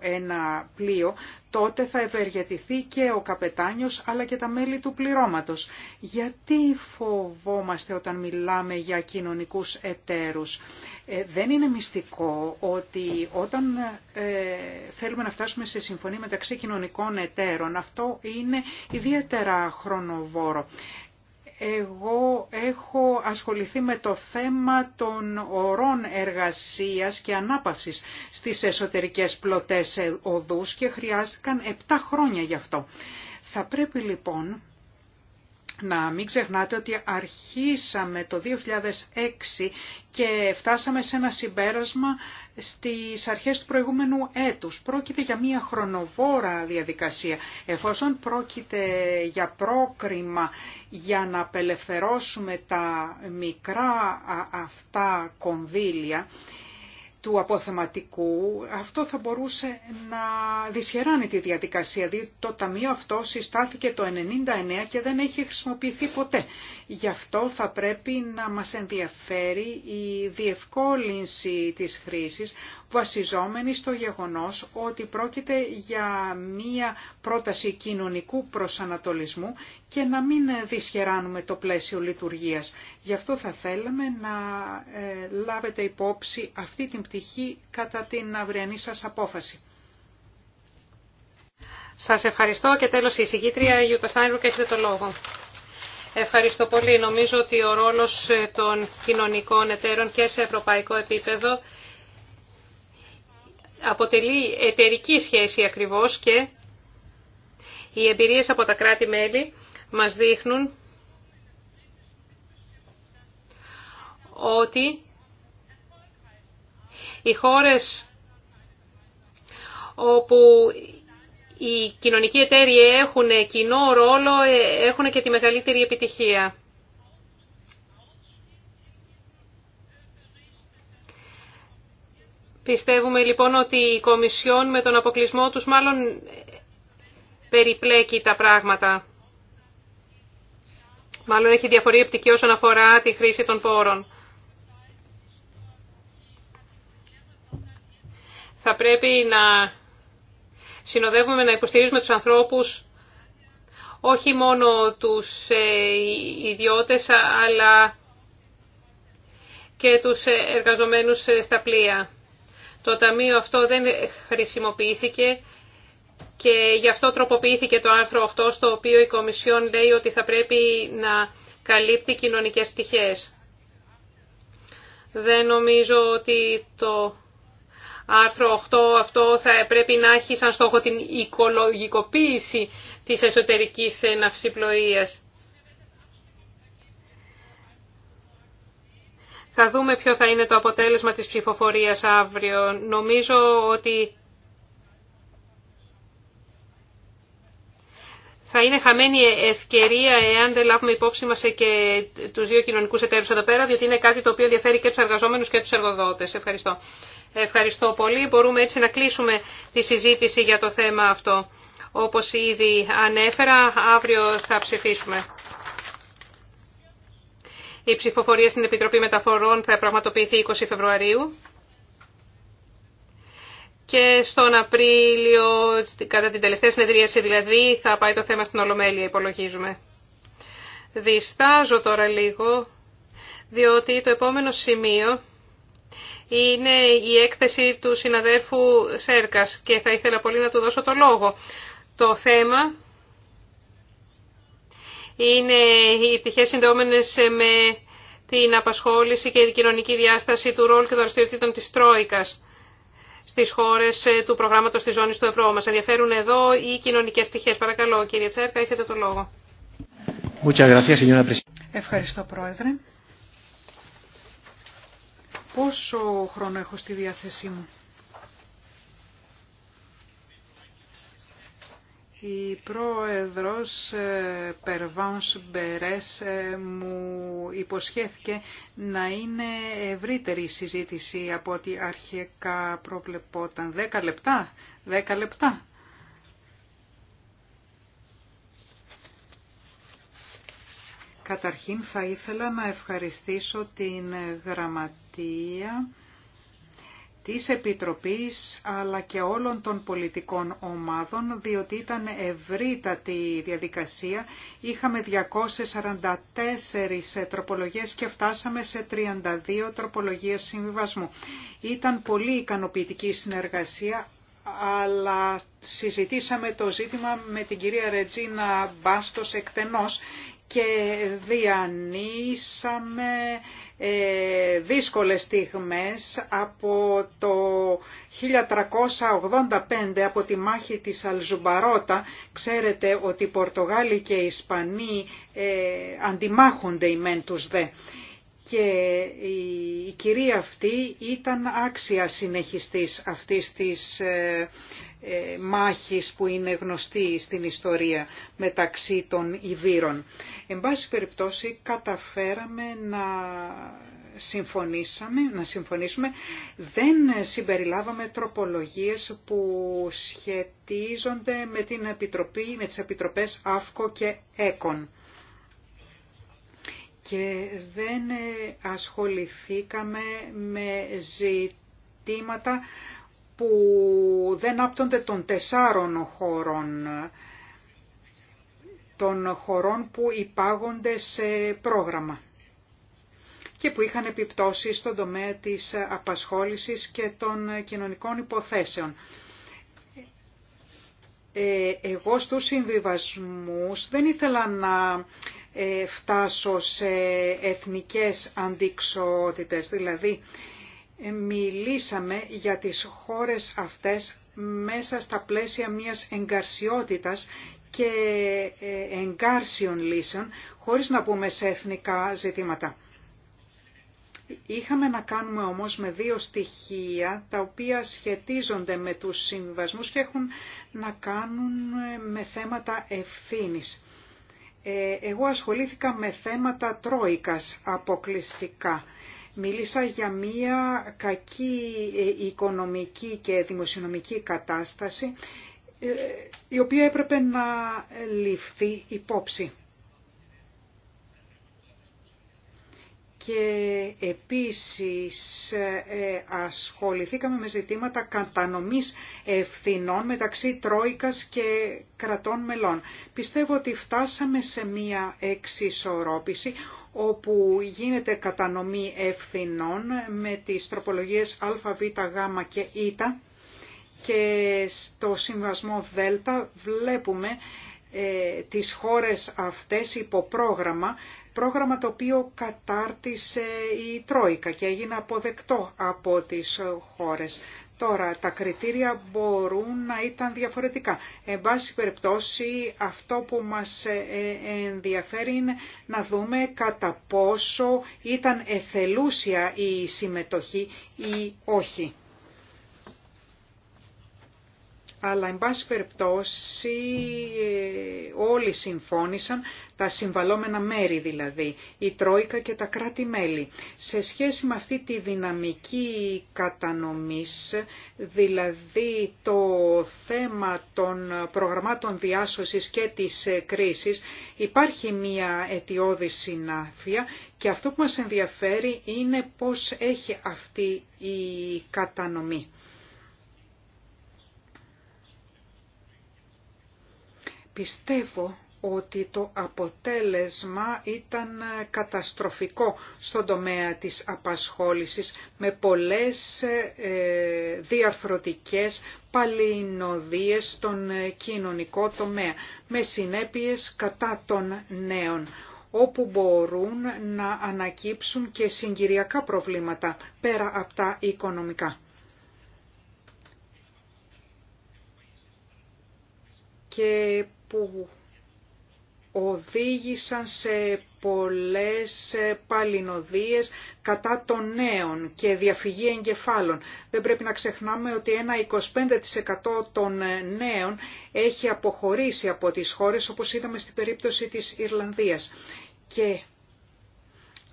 ένα πλοίο, τότε θα ευεργετηθεί και ο καπετάνιος αλλά και τα μέλη του πληρώματος. Γιατί φοβόμαστε όταν μιλάμε για κοινωνικούς εταίρους. Ε, δεν είναι μυστικό ότι όταν ε, θέλουμε να φτάσουμε σε συμφωνία μεταξύ κοινωνικών εταίρων αυτό είναι ιδιαίτερα χρονοβόρο εγώ έχω ασχοληθεί με το θέμα των ορών εργασίας και ανάπαυσης στις εσωτερικές πλωτές οδούς και χρειάστηκαν 7 χρόνια γι' αυτό. Θα πρέπει λοιπόν να μην ξεχνάτε ότι αρχίσαμε το 2006 και φτάσαμε σε ένα συμπέρασμα στις αρχές του προηγούμενου έτους. Πρόκειται για μια χρονοβόρα διαδικασία. Εφόσον πρόκειται για πρόκριμα για να απελευθερώσουμε τα μικρά αυτά κονδύλια, του αποθεματικού, αυτό θα μπορούσε να δυσχεράνει τη διαδικασία, διότι το ταμείο αυτό συστάθηκε το 1999 και δεν έχει χρησιμοποιηθεί ποτέ. Γι' αυτό θα πρέπει να μας ενδιαφέρει η διευκόλυνση της χρήσης, βασιζόμενη στο γεγονός ότι πρόκειται για μία πρόταση κοινωνικού προσανατολισμού και να μην δυσχεράνουμε το πλαίσιο λειτουργίας. Γι' αυτό θα θέλαμε να ε, λάβετε υπόψη αυτή την πτυχή κατά την αυριανή σας απόφαση. Σας ευχαριστώ και τέλος η συγκήτρια Ιούτα και έχετε το λόγο. Ευχαριστώ πολύ. Νομίζω ότι ο ρόλος ε, των κοινωνικών εταίρων και σε ευρωπαϊκό επίπεδο αποτελεί εταιρική σχέση ακριβώς και οι εμπειρίες από τα κράτη-μέλη μας δείχνουν ότι οι χώρες όπου οι κοινωνικοί εταίροι έχουν κοινό ρόλο, ε, έχουν και τη μεγαλύτερη επιτυχία. Πιστεύουμε λοιπόν ότι η Κομισιόν με τον αποκλεισμό τους μάλλον περιπλέκει τα πράγματα. Μάλλον έχει διαφορετική όσον αφορά τη χρήση των πόρων. θα πρέπει να συνοδεύουμε, να υποστηρίζουμε τους ανθρώπους, όχι μόνο τους ε, ιδιώτες, αλλά και τους ε, εργαζομένους ε, στα πλοία. Το ταμείο αυτό δεν χρησιμοποιήθηκε και γι' αυτό τροποποιήθηκε το άρθρο 8, στο οποίο η Κομισιόν λέει ότι θα πρέπει να καλύπτει κοινωνικές πτυχές. Δεν νομίζω ότι το άρθρο 8 αυτό θα πρέπει να έχει σαν στόχο την οικολογικοποίηση της εσωτερικής ναυσιπλοείας. Θα δούμε ποιο θα είναι το αποτέλεσμα της ψηφοφορίας αύριο. Νομίζω ότι θα είναι χαμένη ευκαιρία εάν δεν λάβουμε υπόψη μας και τους δύο κοινωνικούς εταίρους εδώ πέρα, διότι είναι κάτι το οποίο ενδιαφέρει και τους εργαζόμενους και τους εργοδότες. Ευχαριστώ. Ευχαριστώ πολύ. Μπορούμε έτσι να κλείσουμε τη συζήτηση για το θέμα αυτό. Όπως ήδη ανέφερα, αύριο θα ψηφίσουμε. Η ψηφοφορία στην Επιτροπή Μεταφορών θα πραγματοποιηθεί 20 Φεβρουαρίου και στον Απρίλιο, κατά την τελευταία συνεδρίαση δηλαδή, θα πάει το θέμα στην Ολομέλεια, υπολογίζουμε. Διστάζω τώρα λίγο, διότι το επόμενο σημείο είναι η έκθεση του συναδέρφου Σέρκας και θα ήθελα πολύ να του δώσω το λόγο. Το θέμα είναι οι πτυχές συνδεόμενες με την απασχόληση και την κοινωνική διάσταση του ρόλου και των δραστηριοτήτων της Τρόικας στις χώρες του προγράμματος της ζώνης του ευρώ. Μας ενδιαφέρουν εδώ οι κοινωνικές πτυχές. Παρακαλώ, κύριε Τσέρκα, έχετε το λόγο. Ευχαριστώ, Πρόεδρε. Πόσο χρόνο έχω στη διάθεσή μου. Η πρόεδρος ε, Περβάνς Μπερές ε, μου υποσχέθηκε να είναι ευρύτερη η συζήτηση από ό,τι αρχικά προβλεπόταν. Δέκα λεπτά, δέκα λεπτά. Καταρχήν θα ήθελα να ευχαριστήσω την γραμματεία της Επιτροπής αλλά και όλων των πολιτικών ομάδων διότι ήταν ευρύτατη η διαδικασία. Είχαμε 244 τροπολογίες και φτάσαμε σε 32 τροπολογίες συμβιβασμού. Ήταν πολύ ικανοποιητική η συνεργασία αλλά συζητήσαμε το ζήτημα με την κυρία Ρετζίνα Μπάστος εκτενώς και διανύσαμε ε, δύσκολες στιγμές από το 1385 από τη μάχη της Αλζουμπαρότα. Ξέρετε ότι οι Πορτογάλοι και οι Ισπανοί ε, αντιμάχονται οι τους δε. Και η, κυρία αυτή ήταν άξια συνεχιστής αυτής της ε, ε, μάχης που είναι γνωστή στην ιστορία μεταξύ των Ιβύρων. Εν πάση περιπτώσει καταφέραμε να συμφωνήσαμε, να συμφωνήσουμε, δεν συμπεριλάβαμε τροπολογίες που σχετίζονται με, την επιτροπή, με τις επιτροπές ΑΦΚΟ και ΕΚΟΝ. Και δεν ε, ασχοληθήκαμε με ζητήματα που δεν άπτονται των τεσσάρων χωρών, των χωρών που υπάγονται σε πρόγραμμα και που είχαν επιπτώσει στον τομέα της απασχόλησης και των κοινωνικών υποθέσεων. Ε, εγώ στους συμβιβασμούς δεν ήθελα να ε, φτάσω σε εθνικές αντικσότητες, δηλαδή μιλήσαμε για τις χώρες αυτές μέσα στα πλαίσια μιας εγκαρσιότητας και ε, εγκάρσιων λύσεων, χωρίς να πούμε σε εθνικά ζητήματα. Είχαμε να κάνουμε όμως με δύο στοιχεία τα οποία σχετίζονται με τους συμβασμούς και έχουν να κάνουν ε, με θέματα ευθύνης. Ε, εγώ ασχολήθηκα με θέματα τρόικας αποκλειστικά Μίλησα για μία κακή ε, οικονομική και δημοσιονομική κατάσταση ε, η οποία έπρεπε να ληφθεί υπόψη. Και επίσης ε, ασχοληθήκαμε με ζητήματα κατανομής ευθυνών μεταξύ Τρόικας και κρατών μελών. Πιστεύω ότι φτάσαμε σε μία εξισορρόπηση όπου γίνεται κατανομή ευθυνών με τις τροπολογίες α, β, γ και η και στο συμβασμό Δ βλέπουμε ε, τις χώρες αυτές υπό πρόγραμμα, πρόγραμμα το οποίο κατάρτισε η Τρόικα και έγινε αποδεκτό από τις χώρες. Τώρα, τα κριτήρια μπορούν να ήταν διαφορετικά. Εν πάση περιπτώσει, αυτό που μας ε, ε, ενδιαφέρει είναι να δούμε κατά πόσο ήταν εθελούσια η συμμετοχή ή όχι αλλά εν πάση περιπτώσει ε, όλοι συμφώνησαν, τα συμβαλόμενα μέρη δηλαδή, η Τρόικα και τα κράτη-μέλη. Σε σχέση με αυτή τη δυναμική κατανομής, δηλαδή το θέμα των προγραμμάτων διάσωσης και της ε, κρίσης, υπάρχει μια αιτιώδη συνάφεια και αυτό που μας ενδιαφέρει είναι πώς έχει αυτή η κατανομή. Πιστεύω ότι το αποτέλεσμα ήταν καταστροφικό στον τομέα της απασχόλησης με πολλές ε, διαρθρωτικές παλινοδίες στον κοινωνικό τομέα με συνέπειες κατά των νέων όπου μπορούν να ανακύψουν και συγκυριακά προβλήματα πέρα από τα οικονομικά. Και που οδήγησαν σε πολλές ε, παλινοδίες κατά των νέων και διαφυγή εγκεφάλων. Δεν πρέπει να ξεχνάμε ότι ένα 25% των ε, νέων έχει αποχωρήσει από τις χώρες όπως είδαμε στην περίπτωση της Ιρλανδίας. Και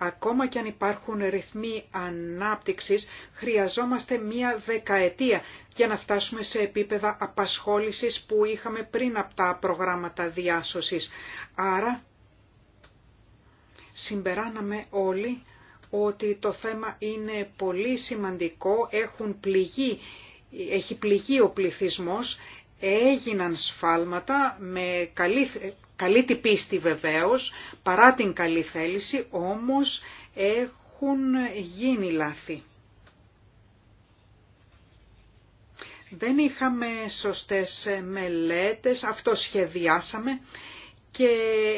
Ακόμα και αν υπάρχουν ρυθμοί ανάπτυξης, χρειαζόμαστε μία δεκαετία για να φτάσουμε σε επίπεδα απασχόλησης που είχαμε πριν από τα προγράμματα διάσωσης. Άρα, συμπεράναμε όλοι ότι το θέμα είναι πολύ σημαντικό, έχουν έχει πληγεί ο πληθυσμός, έγιναν σφάλματα με καλή καλή την πίστη βεβαίως, παρά την καλή θέληση, όμως έχουν γίνει λάθη. Δεν είχαμε σωστές μελέτες, αυτό σχεδιάσαμε και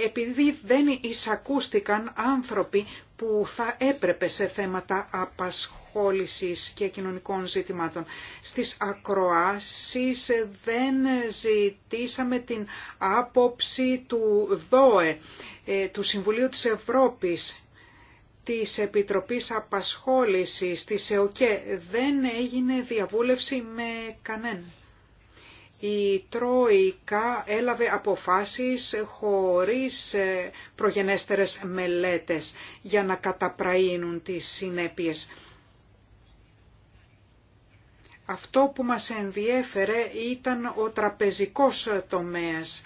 επειδή δεν εισακούστηκαν άνθρωποι που θα έπρεπε σε θέματα απασχόλησης και κοινωνικών ζητημάτων. Στις ακροάσεις δεν ζητήσαμε την άποψη του ΔΟΕ, ε, του Συμβουλίου της Ευρώπης, της Επιτροπής Απασχόλησης, της ΕΟΚΕ. Δεν έγινε διαβούλευση με κανέναν η Τρόικα έλαβε αποφάσεις χωρίς ε, προγενέστερες μελέτες για να καταπραίνουν τις συνέπειες. Αυτό που μας ενδιέφερε ήταν ο τραπεζικός τομέας,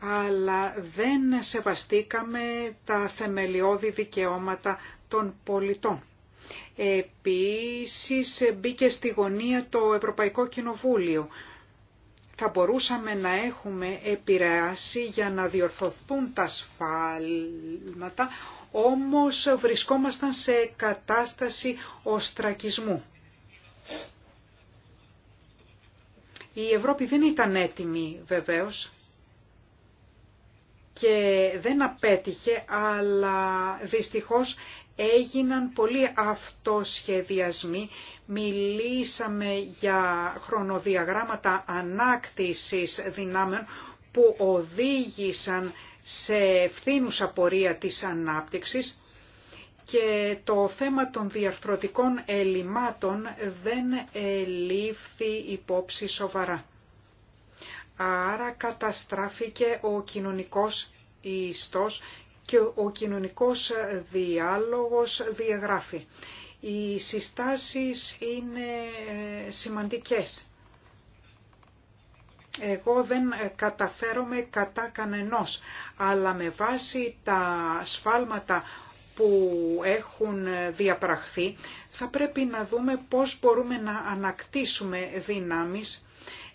αλλά δεν σεβαστήκαμε τα θεμελιώδη δικαιώματα των πολιτών. Επίσης μπήκε στη γωνία το Ευρωπαϊκό Κοινοβούλιο θα μπορούσαμε να έχουμε επηρεάσει για να διορθωθούν τα σφάλματα, όμως βρισκόμασταν σε κατάσταση οστρακισμού. Η Ευρώπη δεν ήταν έτοιμη βεβαίως και δεν απέτυχε, αλλά δυστυχώς έγιναν πολλοί αυτοσχεδιασμοί. Μιλήσαμε για χρονοδιαγράμματα ανάκτησης δυνάμεων που οδήγησαν σε ευθύνουσα πορεία της ανάπτυξης και το θέμα των διαρθρωτικών ελλημάτων δεν λήφθη υπόψη σοβαρά. Άρα καταστράφηκε ο κοινωνικός ιστός και ο κοινωνικός διάλογος διαγράφει. Οι συστάσεις είναι σημαντικές. Εγώ δεν καταφέρομαι κατά κανενός, αλλά με βάση τα σφάλματα που έχουν διαπραχθεί, θα πρέπει να δούμε πώς μπορούμε να ανακτήσουμε δυνάμεις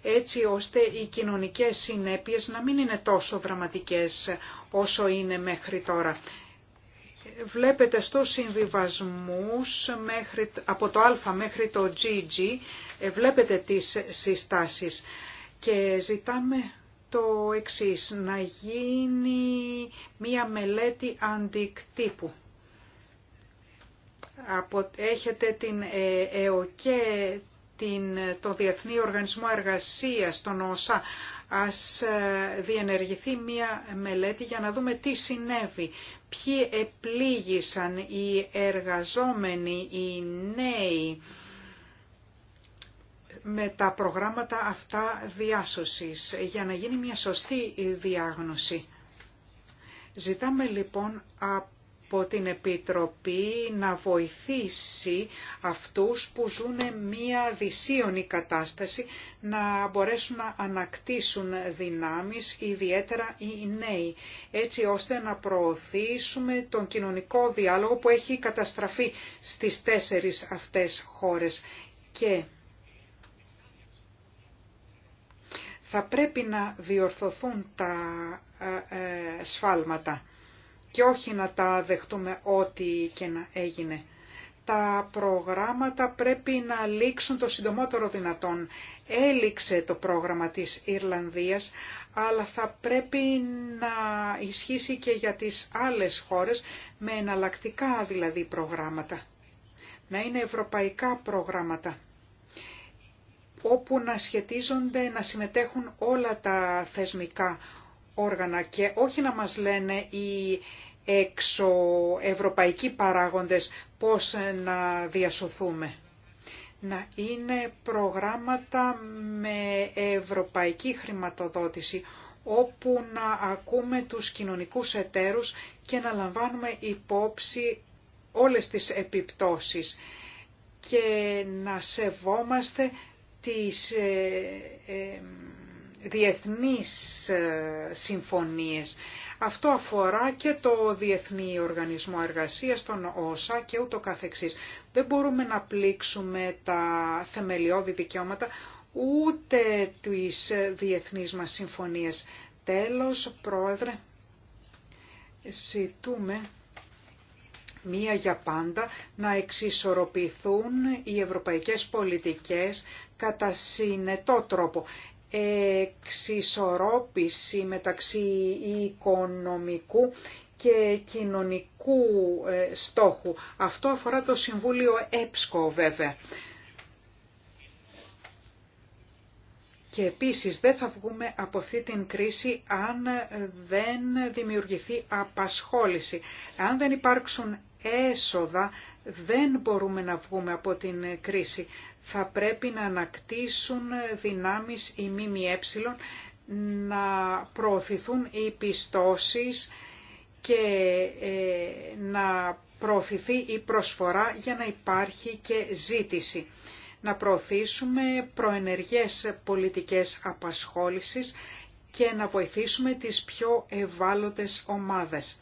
έτσι ώστε οι κοινωνικές συνέπειες να μην είναι τόσο δραματικές όσο είναι μέχρι τώρα. Βλέπετε στους συμβιβασμούς από το α μέχρι το gg, ε, βλέπετε τις συστάσεις και ζητάμε το εξής, να γίνει μία μελέτη αντικτύπου. Έχετε την ε, ΕΟΚΕ την, το Διεθνή Οργανισμό Εργασίας, τον ΩΣΑ, ας ε, διενεργηθεί μία μελέτη για να δούμε τι συνέβη. Ποιοι επλήγησαν οι εργαζόμενοι, οι νέοι με τα προγράμματα αυτά διάσωσης για να γίνει μια σωστή διάγνωση. Ζητάμε λοιπόν από από την Επιτροπή να βοηθήσει αυτούς που ζουν μία δυσίωνη κατάσταση να μπορέσουν να ανακτήσουν δυνάμεις, ιδιαίτερα οι νέοι, έτσι ώστε να προωθήσουμε τον κοινωνικό διάλογο που έχει καταστραφεί στις τέσσερις αυτές χώρες. Και θα πρέπει να διορθωθούν τα ε, ε, σφάλματα και όχι να τα δεχτούμε ό,τι και να έγινε. Τα προγράμματα πρέπει να λήξουν το συντομότερο δυνατόν. Έληξε το πρόγραμμα της Ιρλανδίας, αλλά θα πρέπει να ισχύσει και για τις άλλες χώρες με εναλλακτικά δηλαδή προγράμματα. Να είναι ευρωπαϊκά προγράμματα όπου να σχετίζονται, να συμμετέχουν όλα τα θεσμικά όργανα και όχι να μας λένε οι εξωευρωπαϊκοί παράγοντες πώς να διασωθούμε. Να είναι προγράμματα με ευρωπαϊκή χρηματοδότηση όπου να ακούμε τους κοινωνικούς εταίρους και να λαμβάνουμε υπόψη όλες τις επιπτώσεις και να σεβόμαστε τις ε, ε, διεθνείς ε, συμφωνίες αυτό αφορά και το Διεθνή Οργανισμό Εργασίας, τον ΩΣΑ και ούτω καθεξής. Δεν μπορούμε να πλήξουμε τα θεμελιώδη δικαιώματα ούτε τις διεθνείς μας συμφωνίες. Τέλος, Πρόεδρε, ζητούμε μία για πάντα να εξισορροπηθούν οι ευρωπαϊκές πολιτικές κατά συνετό τρόπο εξισορρόπηση μεταξύ οικονομικού και κοινωνικού ε, στόχου. Αυτό αφορά το Συμβούλιο ΕΠΣΚΟ βέβαια. Και επίσης δεν θα βγούμε από αυτή την κρίση αν δεν δημιουργηθεί απασχόληση. Αν δεν υπάρξουν έσοδα δεν μπορούμε να βγούμε από την κρίση. Θα πρέπει να ανακτήσουν δυνάμεις οι ΜΜΕ, να προωθηθούν οι πιστώσεις και ε, να προωθηθεί η προσφορά για να υπάρχει και ζήτηση. Να προωθήσουμε προενεργές πολιτικές απασχόλησης και να βοηθήσουμε τις πιο ευάλωτες ομάδες.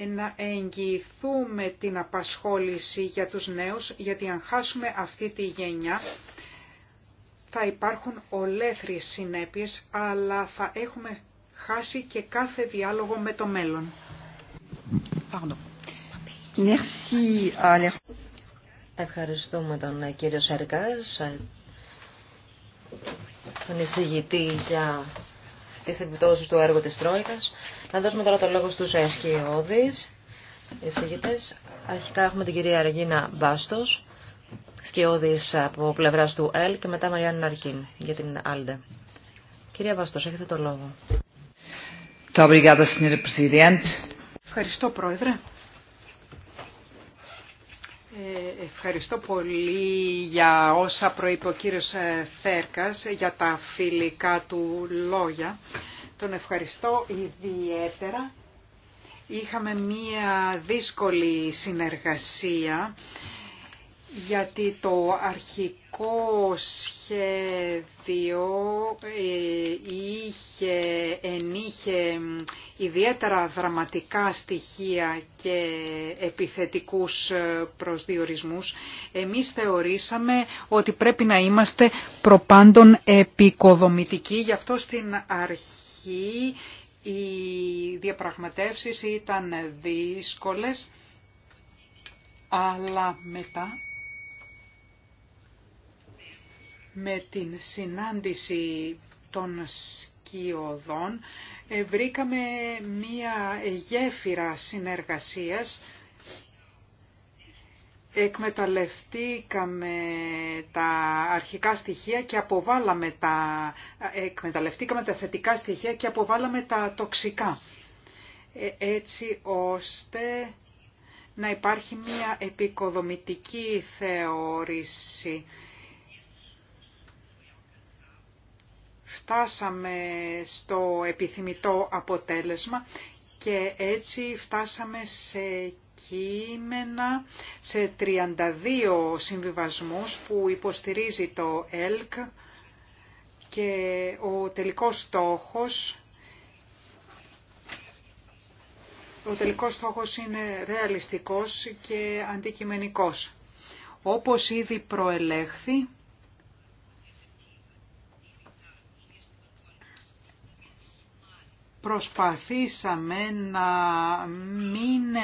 Ε, να εγγυηθούμε την απασχόληση για τους νέους, γιατί αν χάσουμε αυτή τη γενιά θα υπάρχουν ολέθριες συνέπειες, αλλά θα έχουμε χάσει και κάθε διάλογο με το μέλλον. Ευχαριστούμε τον κύριο Σαρκάς, τον εισηγητή για τις επιπτώσεις του έργου της Τρόικας. Να δώσουμε τώρα το λόγο στους σκιώδεις εισηγητές. Αρχικά έχουμε την κυρία Ρεγίνα Μπάστος, σκιώδης από πλευράς του ΕΛ και μετά Μαριάννη Ναρκίν για την ΑΛΔΕ. Κυρία Μπάστος, έχετε το λόγο. Ευχαριστώ, Πρόεδρε. Ε, ευχαριστώ πολύ για όσα προείπε ο κύριος ε, Θέρκας, για τα φιλικά του λόγια τον ευχαριστώ ιδιαίτερα. Είχαμε μία δύσκολη συνεργασία γιατί το αρχικό σχέδιο ε, είχε, ενείχε ιδιαίτερα δραματικά στοιχεία και επιθετικούς ε, προσδιορισμούς. Εμείς θεωρήσαμε ότι πρέπει να είμαστε προπάντων επικοδομητικοί, γι' αυτό στην αρχή η οι διαπραγματεύσεις ήταν δύσκολες, αλλά μετά με την συνάντηση των σκιωδών ε, βρήκαμε μία γέφυρα συνεργασίας εκμεταλλευτήκαμε τα αρχικά στοιχεία και αποβάλαμε τα, εκμεταλλευτήκαμε τα θετικά στοιχεία και αποβάλαμε τα τοξικά. Ε, έτσι ώστε να υπάρχει μια επικοδομητική θεώρηση. Φτάσαμε στο επιθυμητό αποτέλεσμα και έτσι φτάσαμε σε κείμενα σε 32 συμβιβασμούς που υποστηρίζει το ΕΛΚ και ο τελικός στόχος ο τελικός στόχος είναι ρεαλιστικός και αντικειμενικός. Όπως ήδη προελέχθη, προσπαθήσαμε να μην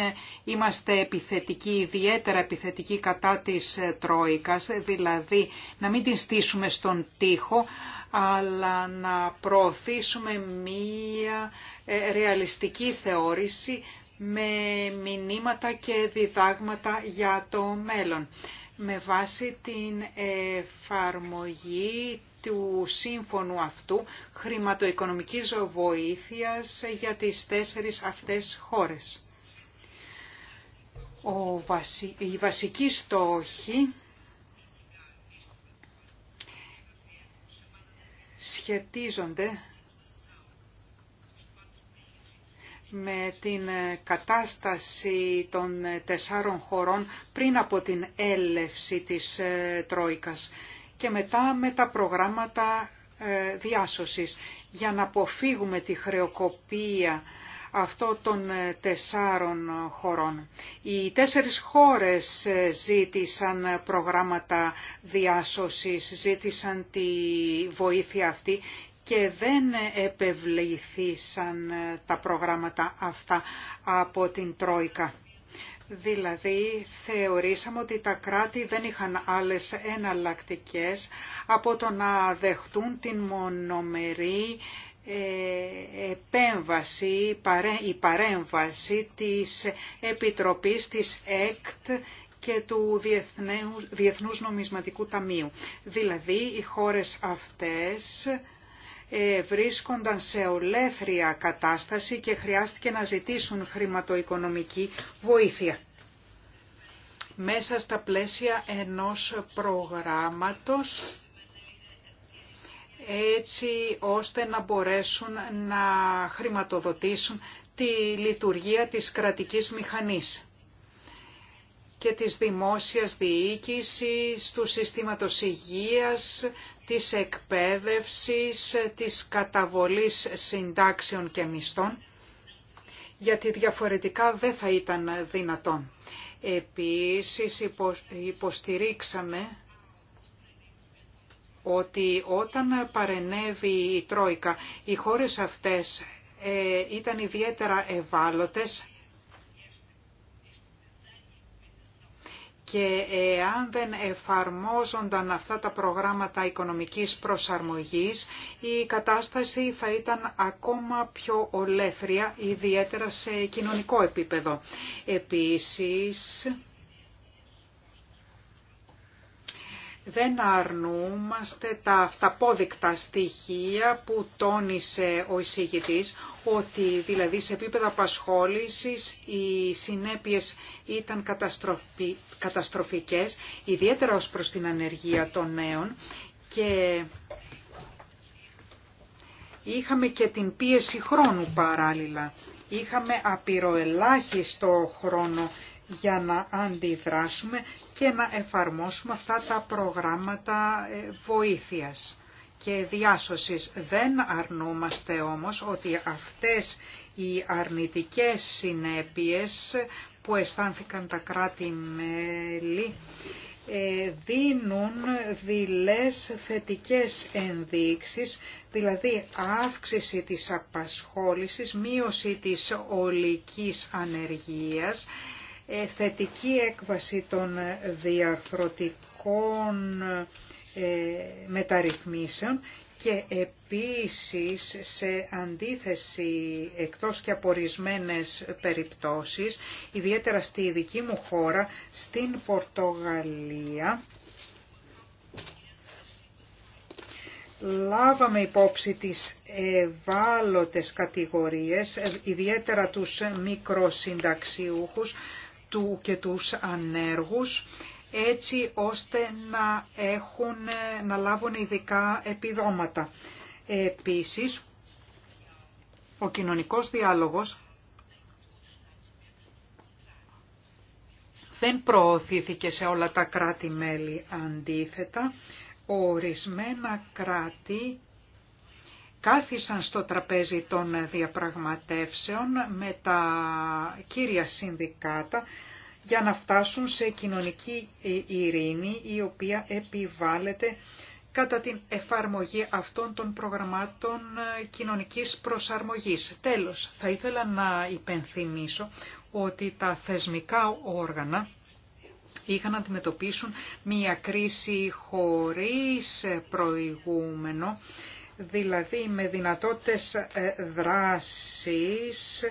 είμαστε επιθετικοί, ιδιαίτερα επιθετικοί κατά της Τρόικας, δηλαδή να μην την στήσουμε στον τοίχο, αλλά να προωθήσουμε μία ε, ρεαλιστική θεώρηση με μηνύματα και διδάγματα για το μέλλον με βάση την εφαρμογή του σύμφωνου αυτού χρηματοοικονομικής βοήθειας για τις τέσσερις αυτές χώρες. Ο βασι... Η βασική σχετίζονται με την κατάσταση των τεσσάρων χωρών πριν από την έλευση της ε, Τρόικας και μετά με τα προγράμματα ε, διάσωσης για να αποφύγουμε τη χρεοκοπία αυτό των ε, τεσσάρων χωρών. Οι τέσσερις χώρες ε, ζήτησαν προγράμματα διάσωσης, ζήτησαν τη βοήθεια αυτή και δεν επευλήθησαν τα προγράμματα αυτά από την Τρόικα. Δηλαδή θεωρήσαμε ότι τα κράτη δεν είχαν άλλες εναλλακτικέ από το να δεχτούν την μονομερή ε, επέμβαση, η παρέμβαση της Επιτροπής της ΕΚΤ και του Διεθνούς Νομισματικού Ταμείου. Δηλαδή οι χώρες αυτές ε, βρίσκονταν σε ολέθρια κατάσταση και χρειάστηκε να ζητήσουν χρηματοοικονομική βοήθεια. Μέσα στα πλαίσια ενός προγράμματος έτσι ώστε να μπορέσουν να χρηματοδοτήσουν τη λειτουργία της κρατικής μηχανής και της δημόσιας διοίκησης, του συστήματος υγείας, της εκπαίδευσης, της καταβολής συντάξεων και μισθών, γιατί διαφορετικά δεν θα ήταν δυνατόν. Επίσης υποστηρίξαμε ότι όταν παρενέβη η Τρόικα, οι χώρες αυτές ε, ήταν ιδιαίτερα ευάλωτες και εάν δεν εφαρμόζονταν αυτά τα προγράμματα οικονομικής προσαρμογής, η κατάσταση θα ήταν ακόμα πιο ολέθρια, ιδιαίτερα σε κοινωνικό επίπεδο. Επίσης, δεν αρνούμαστε τα αυταπόδεικτα στοιχεία που τόνισε ο εισηγητής, ότι δηλαδή σε επίπεδο απασχόλησης οι συνέπειες ήταν καταστροφικές, ιδιαίτερα ως προς την ανεργία των νέων και είχαμε και την πίεση χρόνου παράλληλα. Είχαμε απειροελάχιστο χρόνο για να αντιδράσουμε και να εφαρμόσουμε αυτά τα προγράμματα ε, βοήθειας και διάσωσης. Δεν αρνούμαστε όμως ότι αυτές οι αρνητικές συνέπειες που αισθάνθηκαν τα κράτη-μέλη ε, δίνουν δειλές θετικές ενδείξεις, δηλαδή αύξηση της απασχόλησης, μείωση της ολικής ανεργίας, ε, θετική έκβαση των διαρθρωτικών ε, μεταρρυθμίσεων και επίσης σε αντίθεση εκτός και απορισμένες περιπτώσεις, ιδιαίτερα στη δική μου χώρα, στην Πορτογαλία, λάβαμε υπόψη τις ευάλωτες κατηγορίες, ε, ιδιαίτερα τους μικροσυνταξιούχους, του και τους ανέργους έτσι ώστε να, έχουν, να λάβουν ειδικά επιδόματα. Επίσης, ο κοινωνικός διάλογος δεν προωθήθηκε σε όλα τα κράτη-μέλη αντίθετα. Ορισμένα κράτη κάθισαν στο τραπέζι των διαπραγματεύσεων με τα κύρια συνδικάτα για να φτάσουν σε κοινωνική ειρήνη η οποία επιβάλλεται κατά την εφαρμογή αυτών των προγραμμάτων κοινωνικής προσαρμογής. Τέλος, θα ήθελα να υπενθυμίσω ότι τα θεσμικά όργανα είχαν να αντιμετωπίσουν μια κρίση χωρίς προηγούμενο δηλαδή με δυνατότητες ε, δράσης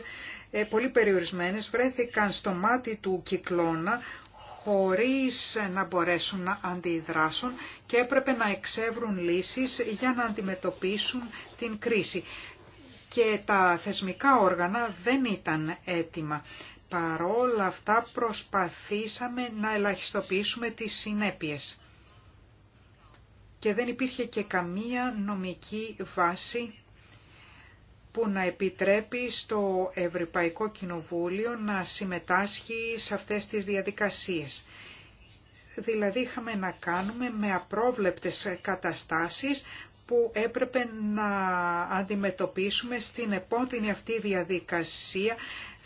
ε, πολύ περιορισμένες βρέθηκαν στο μάτι του κυκλώνα χωρίς να μπορέσουν να αντιδράσουν και έπρεπε να εξεύρουν λύσεις για να αντιμετωπίσουν την κρίση. Και τα θεσμικά όργανα δεν ήταν έτοιμα. Παρόλα αυτά προσπαθήσαμε να ελαχιστοποιήσουμε τις συνέπειες και δεν υπήρχε και καμία νομική βάση που να επιτρέπει στο Ευρωπαϊκό Κοινοβούλιο να συμμετάσχει σε αυτές τις διαδικασίες. Δηλαδή είχαμε να κάνουμε με απρόβλεπτες καταστάσεις που έπρεπε να αντιμετωπίσουμε στην επόμενη αυτή διαδικασία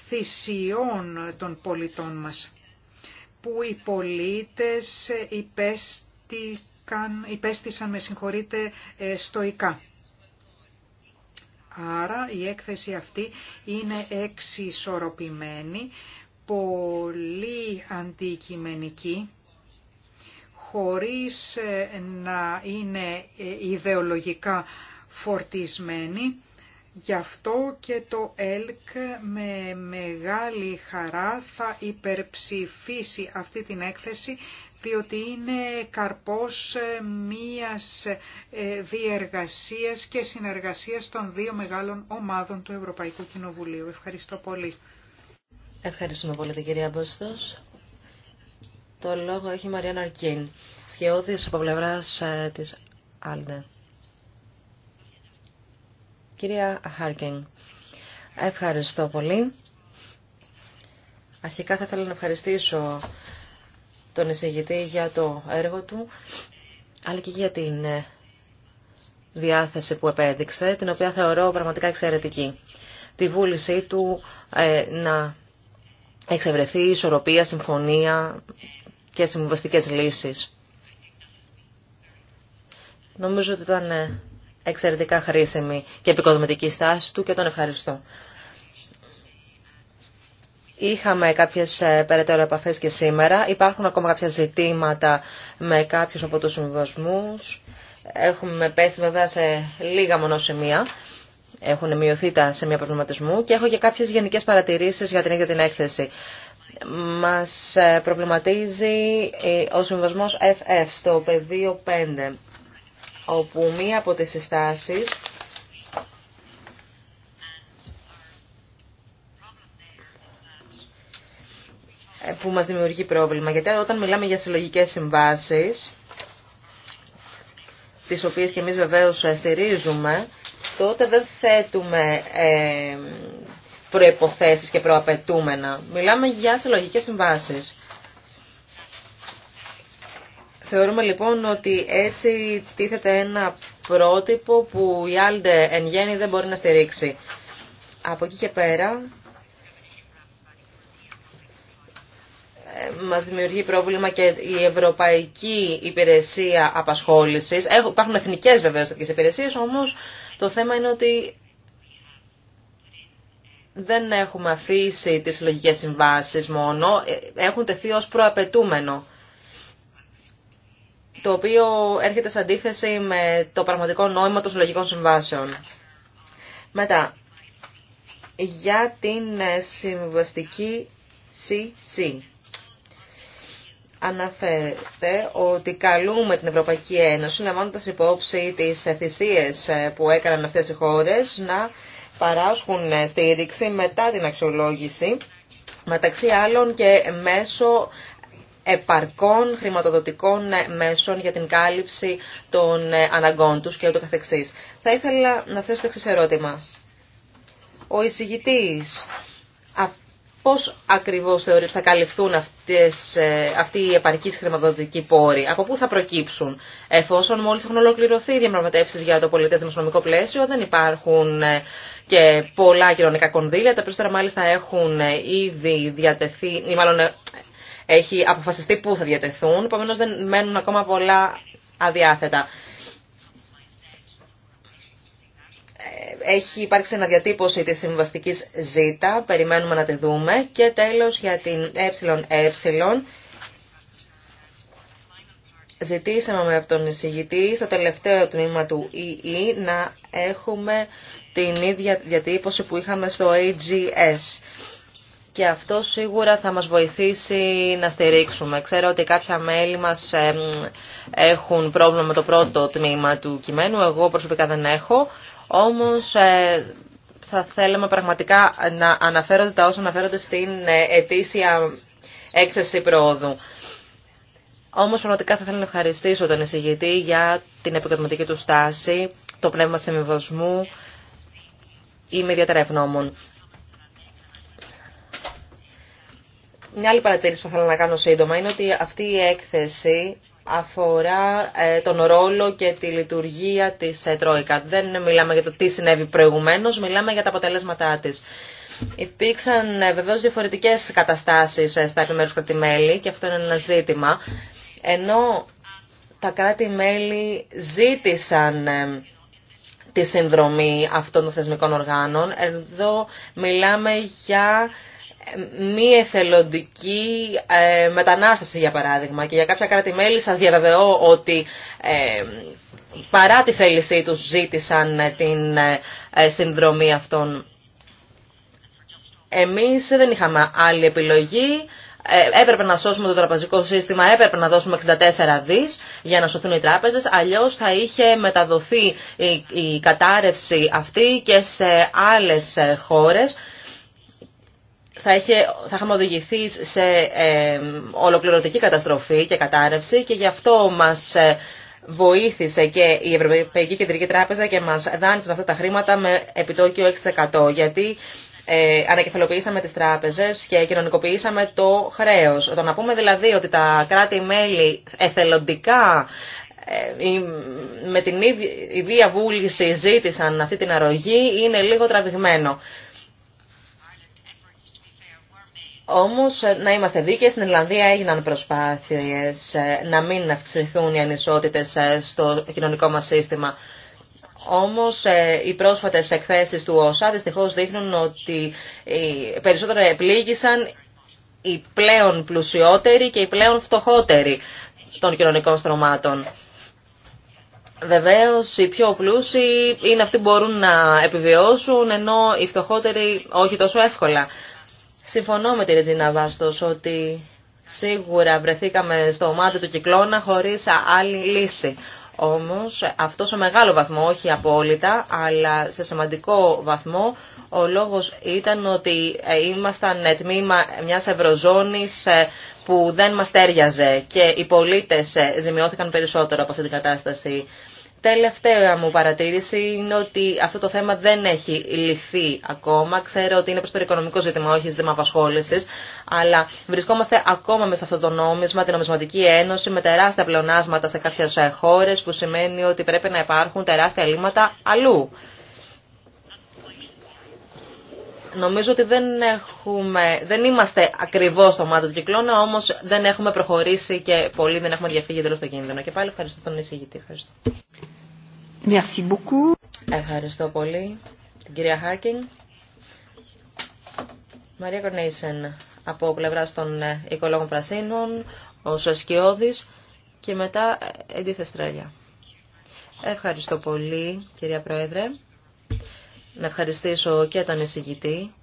θυσιών των πολιτών μας, που οι πολίτες υπέστη καν υπέστησαν, με συγχωρείτε, ε, στοικά. Άρα η έκθεση αυτή είναι εξισορροπημένη, πολύ αντικειμενική, χωρίς ε, να είναι ε, ιδεολογικά φορτισμένη. Γι' αυτό και το ΕΛΚ με μεγάλη χαρά θα υπερψηφίσει αυτή την έκθεση διότι είναι καρπός ε, μίας ε, διεργασίας και συνεργασίας των δύο μεγάλων ομάδων του Ευρωπαϊκού Κοινοβουλίου. Ευχαριστώ πολύ. Ευχαριστούμε πολύ την κυρία Μπόστος. Το λόγο έχει η Μαρία Αρκίν, σχεώδης από πλευράς ε, της Άλντε. Κυρία Χάρκιν, ευχαριστώ πολύ. Αρχικά θα ήθελα να ευχαριστήσω τον εισηγητή για το έργο του, αλλά και για την ε, διάθεση που επέδειξε, την οποία θεωρώ πραγματικά εξαιρετική. Τη βούλησή του ε, να εξευρεθεί ισορροπία, συμφωνία και συμβαστικές λύσεις. Νομίζω ότι ήταν ε, εξαιρετικά χρήσιμη και επικοδομητική στάση του και τον ευχαριστώ. Είχαμε κάποιες ε, περαιτέρω επαφές και σήμερα. Υπάρχουν ακόμα κάποια ζητήματα με κάποιους από τους συμβιβασμούς. Έχουμε πέσει βέβαια σε λίγα μόνο σημεία. Έχουν μειωθεί τα σημεία προβληματισμού και έχω και κάποιες γενικές παρατηρήσεις για την ίδια την έκθεση. Μας ε, προβληματίζει ε, ο συμβιβασμό FF στο πεδίο 5, όπου μία από τις συστάσεις που μας δημιουργεί πρόβλημα. Γιατί όταν μιλάμε για συλλογικέ συμβάσεις, τις οποίες και εμείς βεβαίως στηρίζουμε, τότε δεν θέτουμε ε, προϋποθέσεις και προαπαιτούμενα. Μιλάμε για συλλογικέ συμβάσεις. Θεωρούμε λοιπόν ότι έτσι τίθεται ένα πρότυπο που η Άλντε εν γέννη δεν μπορεί να στηρίξει. Από εκεί και πέρα μας δημιουργεί πρόβλημα και η Ευρωπαϊκή Υπηρεσία Απασχόλησης. Υπάρχουν εθνικές βεβαίως τέτοιες υπηρεσίες, όμως το θέμα είναι ότι δεν έχουμε αφήσει τις συλλογικέ συμβάσεις μόνο, ε, έχουν τεθεί ως προαπαιτούμενο το οποίο έρχεται σε αντίθεση με το πραγματικό νόημα των συλλογικών συμβάσεων. Μετά, για την ε, συμβαστική CC αναφέρεται ότι καλούμε την Ευρωπαϊκή Ένωση, λαμβάνοντα υπόψη τις θυσίες ε, που έκαναν αυτές οι χώρες, να παράσχουν ε, στήριξη μετά την αξιολόγηση, μεταξύ άλλων και μέσω επαρκών χρηματοδοτικών ε, μέσων για την κάλυψη των αναγκών τους και ούτω Θα ήθελα να θέσω το εξής ερώτημα. Ο εισηγητής πώς ακριβώς θεωρεί θα καλυφθούν αυτές, ε, αυτοί οι επαρκείς χρηματοδοτικοί πόροι, από πού θα προκύψουν, εφόσον μόλις έχουν ολοκληρωθεί οι διαπραγματεύσεις για το πολιτές δημοσιονομικό πλαίσιο, δεν υπάρχουν ε, και πολλά κοινωνικά κονδύλια, τα περισσότερα μάλιστα έχουν ε, ήδη διατεθεί, ή μάλλον έχει αποφασιστεί πού θα διατεθούν, επομένω δεν μένουν ακόμα πολλά αδιάθετα. έχει υπάρξει διατύπωση της συμβαστικής ζήτα, περιμένουμε να τη δούμε. Και τέλος για την ΕΕ, ζητήσαμε από τον εισηγητή στο τελευταίο τμήμα του ΕΕ να έχουμε την ίδια διατύπωση που είχαμε στο AGS. Και αυτό σίγουρα θα μας βοηθήσει να στηρίξουμε. Ξέρω ότι κάποια μέλη μας έχουν πρόβλημα με το πρώτο τμήμα του κειμένου, εγώ προσωπικά δεν έχω. Όμως ε, θα θέλαμε πραγματικά να αναφέρονται τα όσα αναφέρονται στην ε, ετήσια έκθεση προόδου. Όμως πραγματικά θα θέλω να ευχαριστήσω τον εισηγητή για την επικοινωνική του στάση, το πνεύμα συμβιβασμού, Είμαι ιδιαίτερα ευγνώμων. Μια άλλη παρατήρηση που θα θέλω να κάνω σύντομα είναι ότι αυτή η έκθεση αφορά ε, τον ρόλο και τη λειτουργία της ε, Τρόικα. Δεν μιλάμε για το τι συνέβη προηγουμένως, μιλάμε για τα αποτελέσματά της. Υπήρξαν ε, βεβαίως διαφορετικές καταστάσεις στα επιμέρους κρατημέλη και αυτό είναι ένα ζήτημα. Ενώ τα κράτη-μέλη ζήτησαν τη συνδρομή αυτών των θεσμικών οργάνων, εδώ μιλάμε για μη εθελοντική ε, μετανάστευση για παράδειγμα και για κάποια κράτη-μέλη σας διαβεβαιώ ότι ε, παρά τη θέλησή τους ζήτησαν την ε, συνδρομή αυτών. Εμείς δεν είχαμε άλλη επιλογή, έπρεπε να σώσουμε το τραπεζικό σύστημα, έπρεπε να δώσουμε 64 δις για να σωθούν οι τράπεζες, αλλιώς θα είχε μεταδοθεί η, η κατάρρευση αυτή και σε άλλες χώρες θα, είχε, θα είχαμε οδηγηθεί σε ολοκληρωτική καταστροφή και κατάρρευση και γι' αυτό μας ε, βοήθησε και η Ευρωπαϊκή Κεντρική Τράπεζα και μας δάνεισαν αυτά τα χρήματα με επιτόκιο 6% γιατί ε, ανακεφαλοποιήσαμε τις τράπεζες και κοινωνικοποιήσαμε το χρέος. Όταν να πούμε δηλαδή ότι τα κράτη-μέλη εθελοντικά ε, με την ίδια βούληση ζήτησαν αυτή την αρρωγή είναι λίγο τραβηγμένο. Όμως, ε, να είμαστε δίκαιοι, στην Ιρλανδία έγιναν προσπάθειες ε, να μην αυξηθούν οι ανισότητες ε, στο κοινωνικό μας σύστημα. Όμως οι πρόσφατες εκθέσεις του ΩΣΑ δυστυχώς δείχνουν ότι περισσότερο επλήγησαν οι πλέον πλουσιότεροι και οι πλέον φτωχότεροι των κοινωνικών στρωμάτων. Βεβαίω, οι πιο πλούσιοι είναι αυτοί που μπορούν να επιβιώσουν ενώ οι φτωχότεροι όχι τόσο εύκολα. Συμφωνώ με τη Ρετζίνα Βάστος ότι σίγουρα βρεθήκαμε στο μάτι του κυκλώνα χωρίς άλλη λύση. Όμως αυτό σε μεγάλο βαθμό, όχι απόλυτα, αλλά σε σημαντικό βαθμό, ο λόγος ήταν ότι ε, ήμασταν τμήμα μιας ευρωζώνης ε, που δεν μας τέριαζε και οι πολίτες ε, ζημιώθηκαν περισσότερο από αυτή την κατάσταση. Τελευταία μου παρατήρηση είναι ότι αυτό το θέμα δεν έχει λυθεί ακόμα. Ξέρω ότι είναι προ το οικονομικό ζήτημα, όχι ζήτημα απασχόληση, αλλά βρισκόμαστε ακόμα μέσα αυτό το νόμισμα, την νομισματική ένωση, με τεράστια πλεονάσματα σε κάποιε χώρε, που σημαίνει ότι πρέπει να υπάρχουν τεράστια λύματα αλλού. Νομίζω ότι δεν, έχουμε, δεν είμαστε ακριβώ στο μάτι του κυκλώνα, όμω δεν έχουμε προχωρήσει και πολύ δεν έχουμε διαφύγει εντελώ το κίνδυνο. Και πάλι ευχαριστώ τον εισηγητή. Ευχαριστώ. Merci beaucoup. Ευχαριστώ πολύ την κυρία Χάρκινγκ. Μαρία Κορνέισεν από πλευρά των ε, οικολόγων Πρασίνων, ο Σοσκιώδης και μετά ε, Εντίθε Στρέλια. Ευχαριστώ πολύ κυρία Πρόεδρε. Να ευχαριστήσω και τον εισηγητή.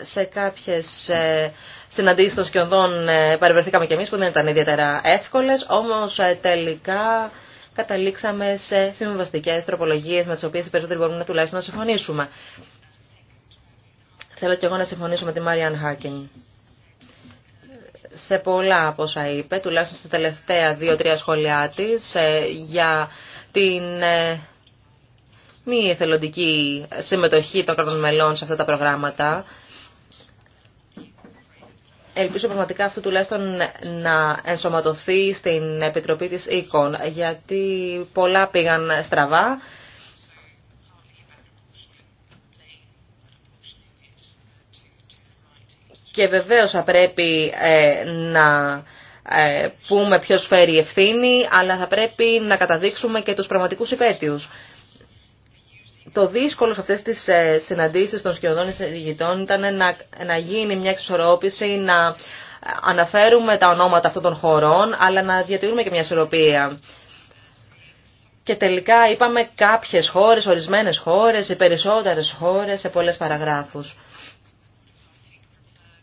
Σε κάποιες ε, συναντήσεις των σκιωδών παρευρεθήκαμε κι εμείς που δεν ήταν ιδιαίτερα εύκολες, όμως τελικά καταλήξαμε σε συμβαστικέ τροπολογίε με τι οποίε οι περισσότεροι μπορούμε τουλάχιστον να συμφωνήσουμε. Θέλω και εγώ να συμφωνήσω με τη Μάριαν Χάρκιν. Σε πολλά από όσα είπε, τουλάχιστον στα τελευταία δύο-τρία σχόλιά τη, ε, για την ε, μη εθελοντική συμμετοχή των κρατών μελών σε αυτά τα προγράμματα ελπίζω πραγματικά αυτό τουλάχιστον να ενσωματωθεί στην Επιτροπή της ΕΚΟΝ, γιατί πολλά πήγαν στραβά. Και βεβαίως θα πρέπει ε, να ε, πούμε ποιος φέρει ευθύνη, αλλά θα πρέπει να καταδείξουμε και τους πραγματικούς υπέτειους το δύσκολο σε αυτές τις ε, συναντήσεις των σκιωδών εισηγητών ήταν να, να γίνει μια εξισορρόπηση, να ε, αναφέρουμε τα ονόματα αυτών των χωρών, αλλά να διατηρούμε και μια ισορροπία. Και τελικά είπαμε κάποιες χώρες, ορισμένες χώρες, οι περισσότερες χώρες σε πολλές παραγράφους.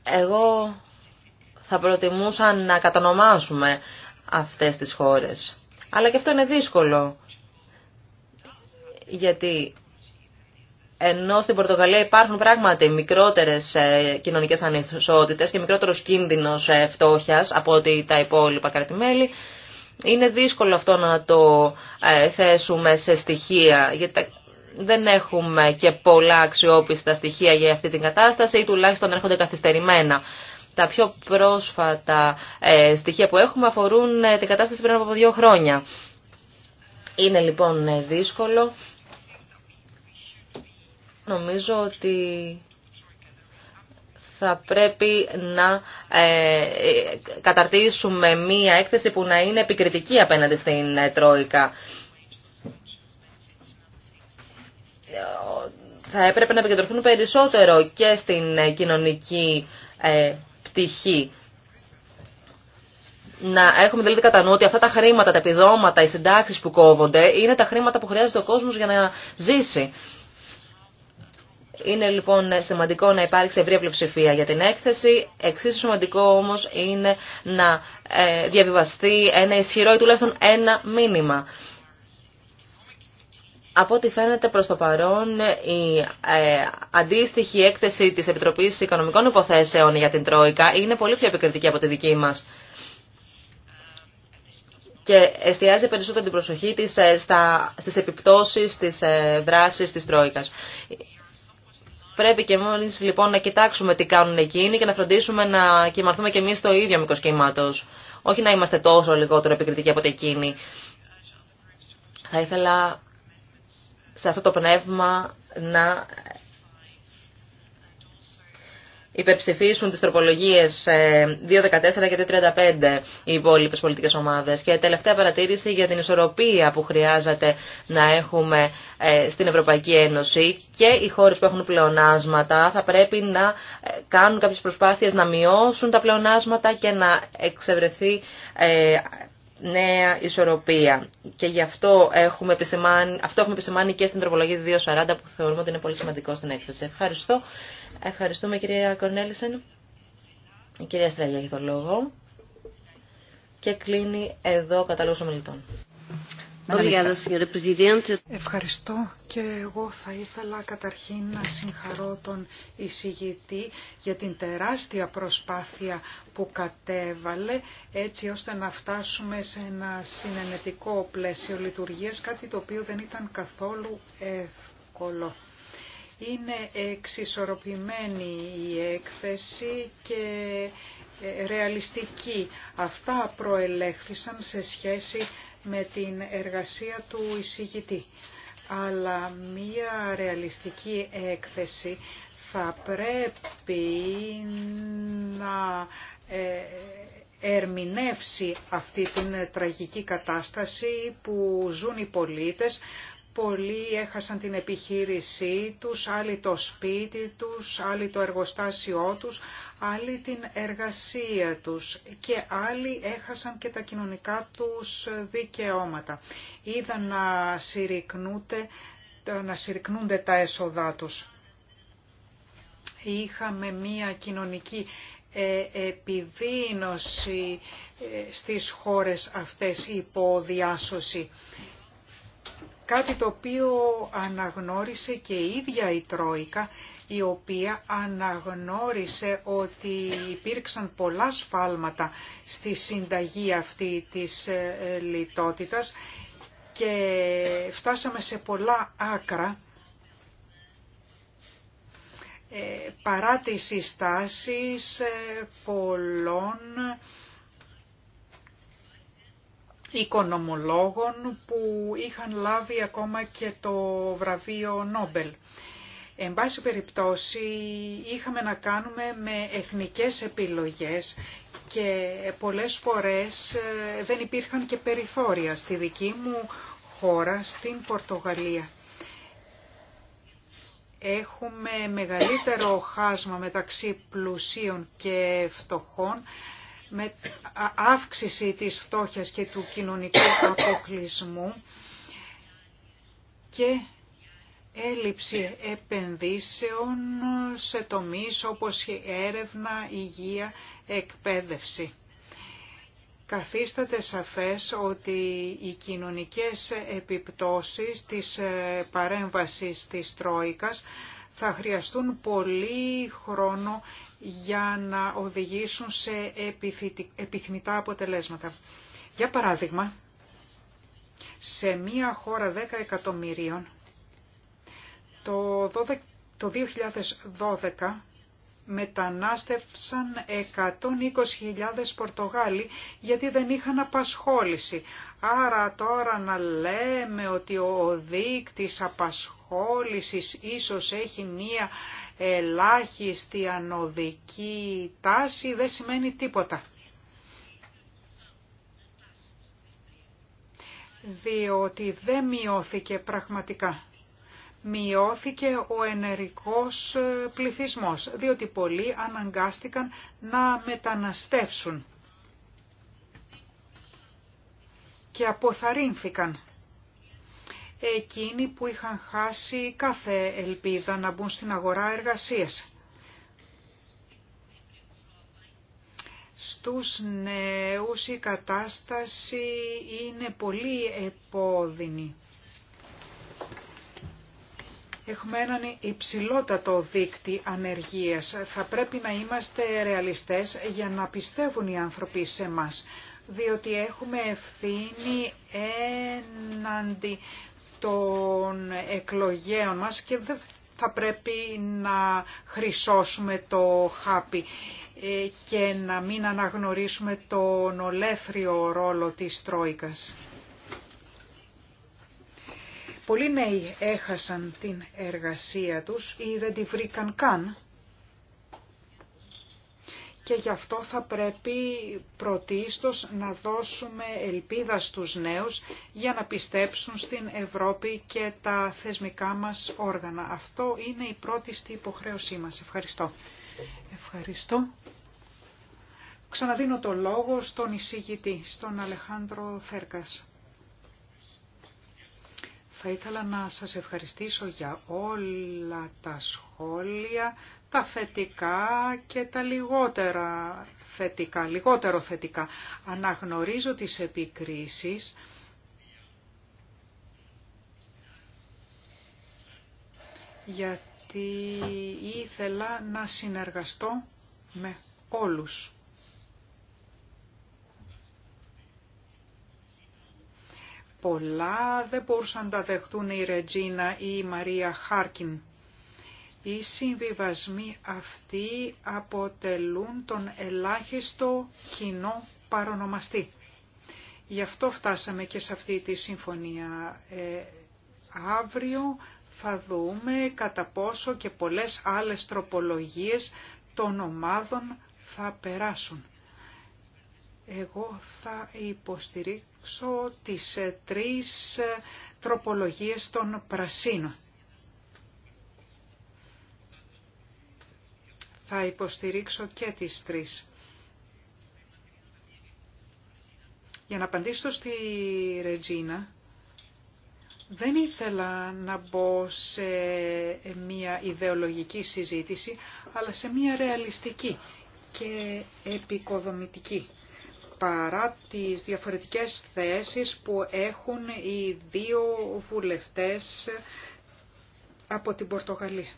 Εγώ θα προτιμούσα να κατανομάσουμε αυτές τις χώρες. Αλλά και αυτό είναι δύσκολο. Γιατί ενώ στην Πορτογαλία υπάρχουν πράγματι μικρότερες ε, κοινωνικές ανισότητες και μικρότερο κίνδυνος ε, φτώχειας από ότι τα υπολοιπα κρατημέλη, είναι δύσκολο αυτό να το ε, θέσουμε σε στοιχεία, γιατί δεν έχουμε και πολλά αξιόπιστα στοιχεία για αυτή την κατάσταση ή τουλάχιστον έρχονται καθυστερημένα. Τα πιο πρόσφατα στοιχεία που έχουμε αφορούν την κατάσταση πριν από δύο χρόνια. Είναι λοιπόν δύσκολο νομίζω ότι θα πρέπει να ε, καταρτήσουμε μία έκθεση που να είναι επικριτική απέναντι στην ε, Τρόικα. Θα έπρεπε να επικεντρωθούν περισσότερο και στην ε, κοινωνική ε, πτυχή. Να έχουμε δηλαδή κατά νου ότι αυτά τα χρήματα, τα επιδόματα, οι συντάξει που κόβονται είναι τα χρήματα που χρειάζεται ο κόσμος για να ζήσει. Είναι λοιπόν σημαντικό να υπάρξει ευρία πλειοψηφία για την έκθεση. Εξίσου σημαντικό όμως είναι να ε, διαβιβαστεί ένα ισχυρό ή τουλάχιστον ένα μήνυμα. Από ό,τι φαίνεται προς το παρόν, η ε, αντίστοιχη έκθεση της Επιτροπής Οικονομικών Υποθέσεων για την Τρόικα είναι πολύ πιο επικριτική από τη δική μας και εστιάζει περισσότερο την προσοχή της ε, στις επιπτώσεις της δράσης της Τρόικας. Πρέπει και εμεί λοιπόν να κοιτάξουμε τι κάνουν εκείνοι και να φροντίσουμε να κοιμαρθούμε και εμεί στο ίδιο μικρο κύματο. Όχι να είμαστε τόσο λιγότερο επικριτικοί από εκείνοι. Θα ήθελα σε αυτό το πνεύμα να υπερψηφίσουν τις τροπολογίες 2.14 ε, και 2.35 οι υπόλοιπε πολιτικές ομάδες. Και τελευταία παρατήρηση για την ισορροπία που χρειάζεται να έχουμε ε, στην Ευρωπαϊκή Ένωση και οι χώρες που έχουν πλεονάσματα θα πρέπει να ε, κάνουν κάποιες προσπάθειες να μειώσουν τα πλεονάσματα και να εξευρεθεί νέα ισορροπία. Και γι' αυτό έχουμε επισημάνει, αυτό έχουμε επισημάνει και στην τροπολογία 240 που θεωρούμε ότι είναι πολύ σημαντικό στην έκθεση. Ευχαριστώ. Ευχαριστούμε κυρία Κορνέλισεν. κυρία Στρέλια για το λόγο. Και κλείνει εδώ ο κατάλογος Ευχαριστώ και εγώ θα ήθελα καταρχήν να συγχαρώ τον εισηγητή για την τεράστια προσπάθεια που κατέβαλε έτσι ώστε να φτάσουμε σε ένα συνενετικό πλαίσιο λειτουργίας, κάτι το οποίο δεν ήταν καθόλου εύκολο. Είναι εξισορροπημένη η έκθεση και ε, ρεαλιστική. Αυτά προελέχθησαν σε σχέση με την εργασία του εισηγητή. Αλλά μία ρεαλιστική έκθεση θα πρέπει να ε, ερμηνεύσει αυτή την τραγική κατάσταση που ζουν οι πολίτες. Πολλοί έχασαν την επιχείρησή τους, άλλοι το σπίτι τους, άλλοι το εργοστάσιό τους, άλλοι την εργασία τους και άλλοι έχασαν και τα κοινωνικά τους δικαιώματα. Είδα να, να συρρυκνούνται τα έσοδά τους. Είχαμε μία κοινωνική ε, επιδίνωση ε, στις χώρες αυτές υποδιάσωση. Κάτι το οποίο αναγνώρισε και η ίδια η Τρόικα η οποία αναγνώρισε ότι υπήρξαν πολλά σφάλματα στη συνταγή αυτή της ε, λιτότητας και φτάσαμε σε πολλά άκρα ε, παρά τις συστάσεις ε, πολλών οικονομολόγων που είχαν λάβει ακόμα και το βραβείο Νόμπελ. Εν πάση περιπτώσει είχαμε να κάνουμε με εθνικές επιλογές και πολλές φορές ε, δεν υπήρχαν και περιθώρια στη δική μου χώρα, στην Πορτογαλία. Έχουμε μεγαλύτερο χάσμα μεταξύ πλουσίων και φτωχών, με αύξηση της φτώχειας και του κοινωνικού αποκλεισμού και έλλειψη επενδύσεων σε τομείς όπως η έρευνα, υγεία, εκπαίδευση. Καθίσταται σαφές ότι οι κοινωνικές επιπτώσεις της ε, παρέμβασης της Τρόικας θα χρειαστούν πολύ χρόνο για να οδηγήσουν σε επιθυμητά αποτελέσματα. Για παράδειγμα, σε μία χώρα 10 εκατομμυρίων το 2012 μετανάστευσαν 120.000 Πορτογάλοι γιατί δεν είχαν απασχόληση. Άρα τώρα να λέμε ότι ο δείκτης απασχόλησης ίσως έχει μία ελάχιστη ανωδική τάση δεν σημαίνει τίποτα. Διότι δεν μειώθηκε πραγματικά μειώθηκε ο ενερικός ε, πληθυσμός, διότι πολλοί αναγκάστηκαν να μεταναστεύσουν και αποθαρρύνθηκαν. Εκείνοι που είχαν χάσει κάθε ελπίδα να μπουν στην αγορά εργασίας. Στους νέους η κατάσταση είναι πολύ επώδυνη. Έχουμε έναν υψηλότατο δίκτυ ανεργίας. Θα πρέπει να είμαστε ρεαλιστές για να πιστεύουν οι άνθρωποι σε μας, διότι έχουμε ευθύνη έναντι των εκλογέων μας και δεν θα πρέπει να χρυσώσουμε το χάπι ε, και να μην αναγνωρίσουμε τον ολέθριο ρόλο της Τρόικας. Πολλοί νέοι έχασαν την εργασία τους ή δεν τη βρήκαν καν και γι' αυτό θα πρέπει πρωτίστως να δώσουμε ελπίδα στους νέους για να πιστέψουν στην Ευρώπη και τα θεσμικά μας όργανα. Αυτό είναι η πρώτη στη υποχρέωσή μας. Ευχαριστώ. Ευχαριστώ. Ξαναδίνω το λόγο στον εισηγητή, στον Αλεχάνδρο Θέρκας. Θα ήθελα να σας ευχαριστήσω για όλα τα σχόλια, τα θετικά και τα λιγότερα θετικά, λιγότερο θετικά. Αναγνωρίζω τις επικρίσεις. γιατί ήθελα να συνεργαστώ με όλους. Πολλά δεν μπορούσαν να τα δεχτούν η Ρετζίνα ή η Μαρία Χάρκιν. Οι συμβιβασμοί αυτοί αποτελούν τον ελάχιστο κοινό παρονομαστή. Γι' αυτό φτάσαμε και σε αυτή τη συμφωνία. Ε, αύριο θα δούμε κατά πόσο και πολλές άλλες τροπολογίες των ομάδων θα περάσουν. Εγώ θα υποστηρίξω τις ε, τρεις ε, τροπολογίες των πρασίνων. Θα υποστηρίξω και τις τρεις. Για να απαντήσω στη Ρετζίνα, δεν ήθελα να μπω σε μια ιδεολογική συζήτηση, αλλά σε μια ρεαλιστική και επικοδομητική παρά τις διαφορετικές θέσεις που έχουν οι δύο βουλευτές από την Πορτογαλία.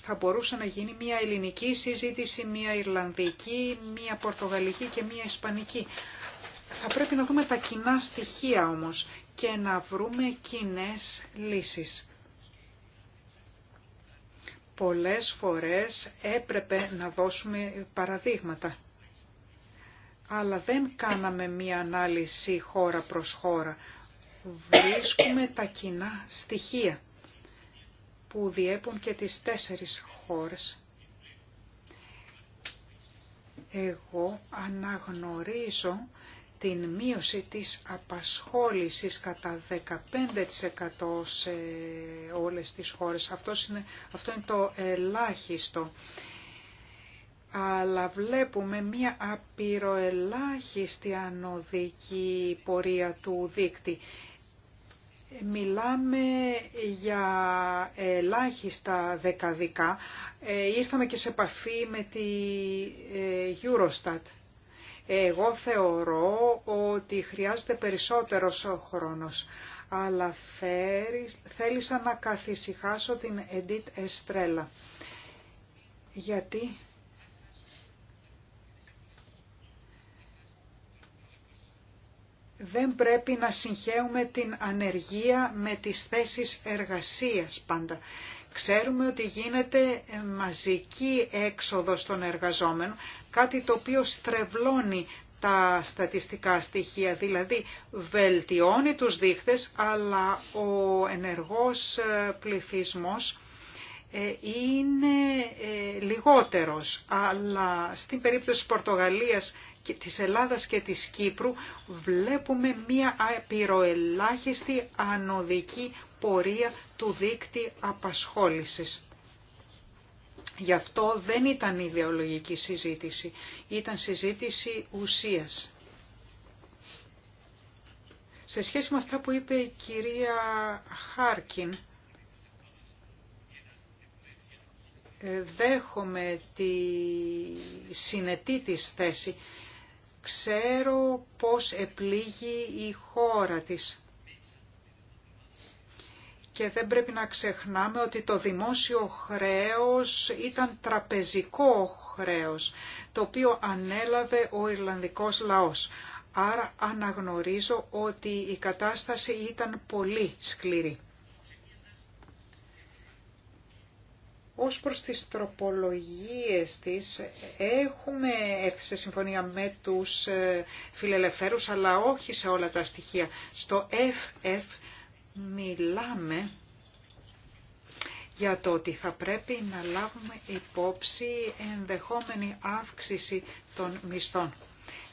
Θα μπορούσε να γίνει μια ελληνική συζήτηση, μια ιρλανδική, μια πορτογαλική και μια ισπανική. Θα πρέπει να δούμε τα κοινά στοιχεία όμως και να βρούμε κοινέ λύσεις. Πολλές φορές έπρεπε να δώσουμε παραδείγματα αλλά δεν κάναμε μία ανάλυση χώρα προς χώρα. Βρίσκουμε τα κοινά στοιχεία που διέπουν και τις τέσσερις χώρες. Εγώ αναγνωρίζω την μείωση της απασχόλησης κατά 15% σε όλες τις χώρες. Αυτό είναι, αυτό είναι το ελάχιστο αλλά βλέπουμε μία απειροελάχιστη ανωδική πορεία του δίκτυ. Μιλάμε για ελάχιστα δεκαδικά. Ε, ήρθαμε και σε επαφή με τη ε, Eurostat. Εγώ θεωρώ ότι χρειάζεται περισσότερος ο χρόνος, αλλά θέλησα να καθησυχάσω την Edith Estrella. Γιατί δεν πρέπει να συγχέουμε την ανεργία με τις θέσεις εργασίας πάντα. Ξέρουμε ότι γίνεται μαζική έξοδος των εργαζόμενων, κάτι το οποίο στρεβλώνει τα στατιστικά στοιχεία, δηλαδή βελτιώνει τους δείχτες, αλλά ο ενεργός ε, πληθυσμός ε, είναι ε, λιγότερος. Αλλά στην περίπτωση της Πορτογαλίας της Ελλάδας και της Κύπρου βλέπουμε μία απειροελάχιστη ανωδική πορεία του δίκτυ απασχόλησης. Γι' αυτό δεν ήταν ιδεολογική συζήτηση, ήταν συζήτηση ουσίας. Σε σχέση με αυτά που είπε η κυρία Χάρκιν, ε, δέχομαι τη συνετή της θέση ξέρω πώς επλήγει η χώρα της. Και δεν πρέπει να ξεχνάμε ότι το δημόσιο χρέος ήταν τραπεζικό χρέος, το οποίο ανέλαβε ο Ιρλανδικός λαός. Άρα αναγνωρίζω ότι η κατάσταση ήταν πολύ σκληρή. Ως προς τις τροπολογίες της, έχουμε έρθει σε συμφωνία με τους ε, φιλελευθέρους, αλλά όχι σε όλα τα στοιχεία. Στο FF μιλάμε για το ότι θα πρέπει να λάβουμε υπόψη ενδεχόμενη αύξηση των μισθών.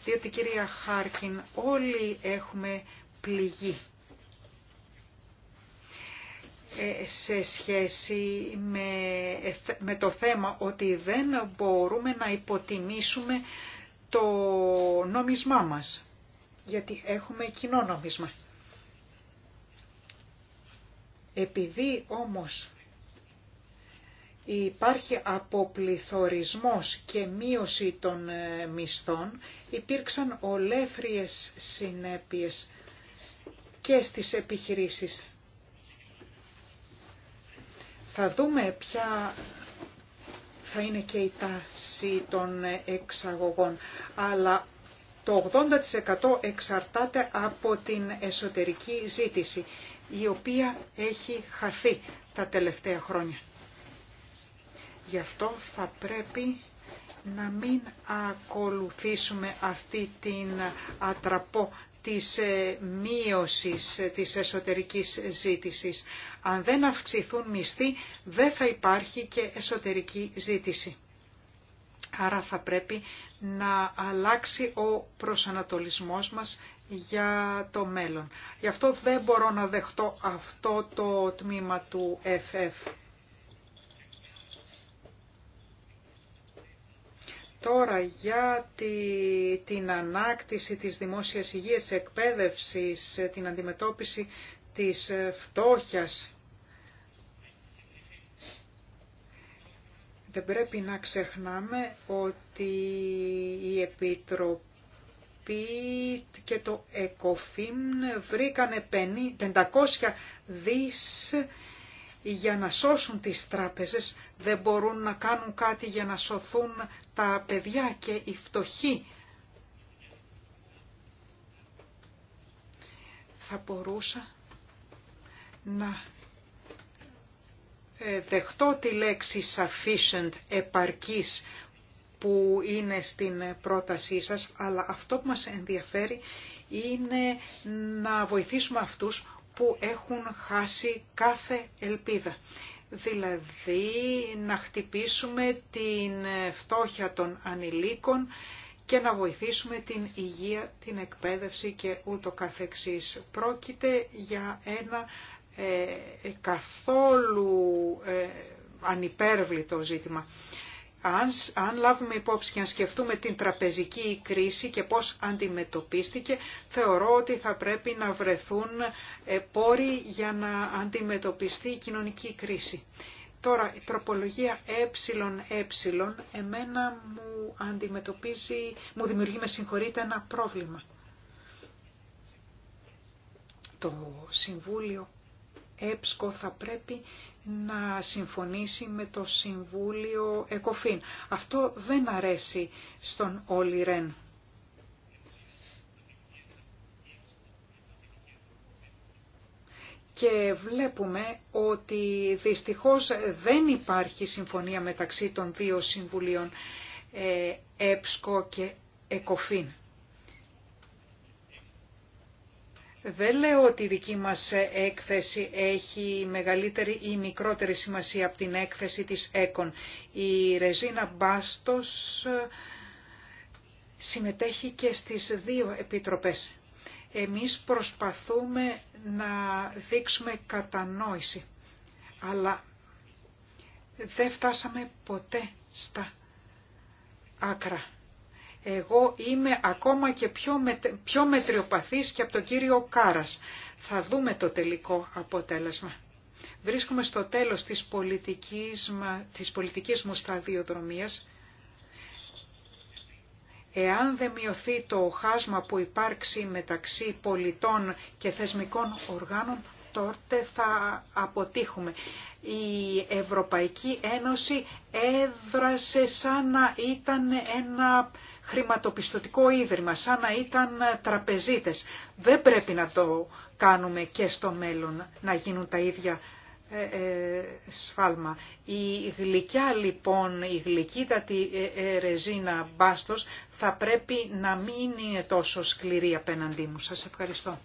Διότι κυρία Χάρκιν όλοι έχουμε πληγή σε σχέση με, το θέμα ότι δεν μπορούμε να υποτιμήσουμε το νόμισμά μας, γιατί έχουμε κοινό νόμισμα. Επειδή όμως υπάρχει αποπληθωρισμός και μείωση των ε, μισθών, υπήρξαν ολέφριες συνέπειες και στις επιχειρήσεις θα δούμε ποια θα είναι και η τάση των εξαγωγών, αλλά το 80% εξαρτάται από την εσωτερική ζήτηση, η οποία έχει χαθεί τα τελευταία χρόνια. Γι' αυτό θα πρέπει να μην ακολουθήσουμε αυτή την ατραπό της ε, μείωσης ε, της εσωτερικής ζήτησης. Αν δεν αυξηθούν μισθοί, δεν θα υπάρχει και εσωτερική ζήτηση. Άρα θα πρέπει να αλλάξει ο προσανατολισμός μας για το μέλλον. Γι' αυτό δεν μπορώ να δεχτώ αυτό το τμήμα του FF. Τώρα για την ανάκτηση της δημόσιας υγείας, εκπαίδευσης, την αντιμετώπιση της φτώχειας. Δεν πρέπει να ξεχνάμε ότι η Επιτροπή και το ΕΚΟΦΗΜ βρήκανε 500 δις για να σώσουν τις τράπεζες, δεν μπορούν να κάνουν κάτι για να σωθούν τα παιδιά και οι φτωχοί. Θα μπορούσα να ε, δεχτώ τη λέξη sufficient, επαρκής, που είναι στην πρότασή σας, αλλά αυτό που μας ενδιαφέρει είναι να βοηθήσουμε αυτούς που έχουν χάσει κάθε ελπίδα. Δηλαδή να χτυπήσουμε την φτώχεια των ανηλίκων και να βοηθήσουμε την υγεία, την εκπαίδευση και ούτω καθεξής. Πρόκειται για ένα ε, καθόλου ε, ανυπέρβλητο ζήτημα αν, λάβουμε υπόψη και αν σκεφτούμε την τραπεζική κρίση και πώς αντιμετωπίστηκε, θεωρώ ότι θα πρέπει να βρεθούν ε, πόροι για να αντιμετωπιστεί η κοινωνική κρίση. Τώρα, η τροπολογία ε-ε εμένα μου αντιμετωπίζει, μου δημιουργεί, με συγχωρείτε, ένα πρόβλημα. Το Συμβούλιο ΕΠΣΚΟ θα πρέπει να συμφωνήσει με το Συμβούλιο ΕΚΟΦΗΝ. Αυτό δεν αρέσει στον Όλυ Ρεν. Και βλέπουμε ότι δυστυχώς δεν υπάρχει συμφωνία μεταξύ των δύο Συμβουλίων ε, ΕΠΣΚΟ και ΕΚΟΦΗΝ. Δεν λέω ότι η δική μας έκθεση έχει μεγαλύτερη ή μικρότερη σημασία από την έκθεση της ΕΚΟΝ. Η Ρεζίνα Μπάστος ε, συμμετέχει και στις δύο επιτροπές. Εμείς προσπαθούμε να δείξουμε κατανόηση, αλλά δεν φτάσαμε ποτέ στα άκρα. Εγώ είμαι ακόμα και πιο, μετριοπαθής και από τον κύριο Κάρας. Θα δούμε το τελικό αποτέλεσμα. Βρίσκομαι στο τέλος της πολιτικής, της πολιτικής μου σταδιοδρομίας. Εάν δεν μειωθεί το χάσμα που υπάρξει μεταξύ πολιτών και θεσμικών οργάνων, τότε θα αποτύχουμε. Η Ευρωπαϊκή Ένωση έδρασε σαν να ήταν ένα χρηματοπιστωτικό ίδρυμα, σαν να ήταν τραπεζίτες. Δεν πρέπει να το κάνουμε και στο μέλλον, να γίνουν τα ίδια ε, ε, σφάλμα. Η γλυκιά λοιπόν, η γλυκύτατη ε, ρεζίνα μπάστος θα πρέπει να μην είναι τόσο σκληρή απέναντί μου. Σας ευχαριστώ.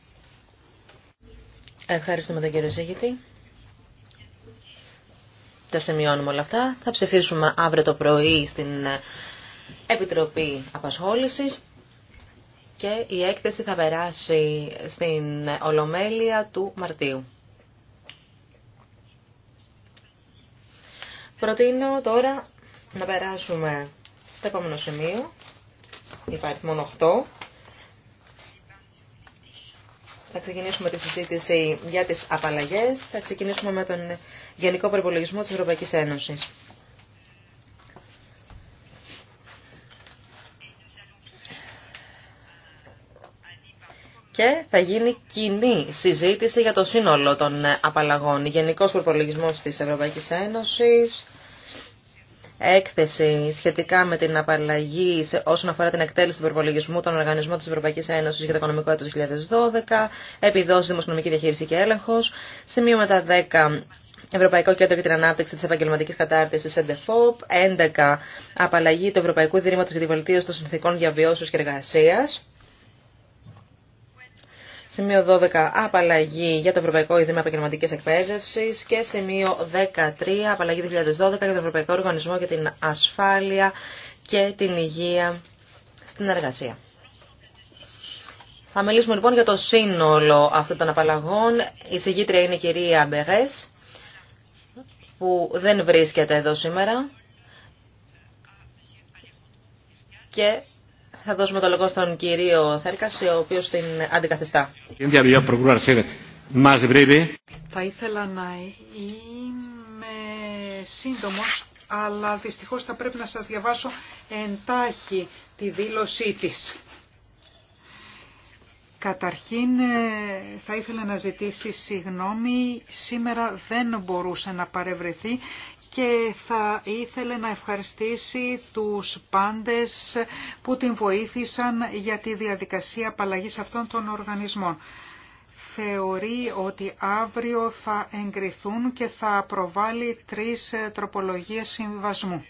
Ευχαριστούμε τον κύριο Ζήγητη. Τα σημειώνουμε όλα αυτά. Θα ψηφίσουμε αύριο το πρωί στην Επιτροπή Απασχόλησης και η έκθεση θα περάσει στην Ολομέλεια του Μαρτίου. Προτείνω τώρα να περάσουμε στο επόμενο σημείο, υπάρχει μόνο 8. Θα ξεκινήσουμε τη συζήτηση για τις απαλλαγές. Θα ξεκινήσουμε με τον Γενικό Προπολογισμό της Ευρωπαϊκής Ένωσης. και θα γίνει κοινή συζήτηση για το σύνολο των ε, απαλλαγών. Γενικό προπολογισμό τη Ευρωπαϊκή Ένωση, έκθεση σχετικά με την απαλλαγή σε όσον αφορά την εκτέλεση του προπολογισμού των οργανισμών τη Ευρωπαϊκή Ένωση για το οικονομικό έτος 2012, επιδόσεις δημοσιονομική διαχείριση και έλεγχος, σημείο μετά 10 Ευρωπαϊκό Κέντρο για την Ανάπτυξη τη Επαγγελματική Κατάρτιση, ΕΝΤΕΦΟΠ. 11. Απαλλαγή του Ευρωπαϊκού Ιδρύματο για την Βελτίωση των Συνθηκών Διαβιώσεω και Εργασία. Σημείο 12. Απαλλαγή για το Ευρωπαϊκό Ιδρύμα Επαγγελματική Εκπαίδευση. Και σημείο 13. Απαλλαγή 2012 για το Ευρωπαϊκό Οργανισμό για την Ασφάλεια και την Υγεία στην Εργασία. Θα μιλήσουμε λοιπόν για το σύνολο αυτών των απαλλαγών. Η συγγήτρια είναι η κυρία Μπερέ, που δεν βρίσκεται εδώ σήμερα. Και θα δώσουμε το λόγο στον κύριο Θέρκας, ο οποίος την αντικαθιστά. Θα ήθελα να είμαι σύντομος, αλλά δυστυχώς θα πρέπει να σας διαβάσω εντάχει τη δήλωσή της. Καταρχήν ε, θα ήθελα να ζητήσει συγγνώμη, σήμερα δεν μπορούσε να παρευρεθεί και θα ήθελε να ευχαριστήσει τους πάντες που την βοήθησαν για τη διαδικασία απαλλαγής αυτών των οργανισμών. Θεωρεί ότι αύριο θα εγκριθούν και θα προβάλλει τρεις τροπολογίες συμβιβασμού.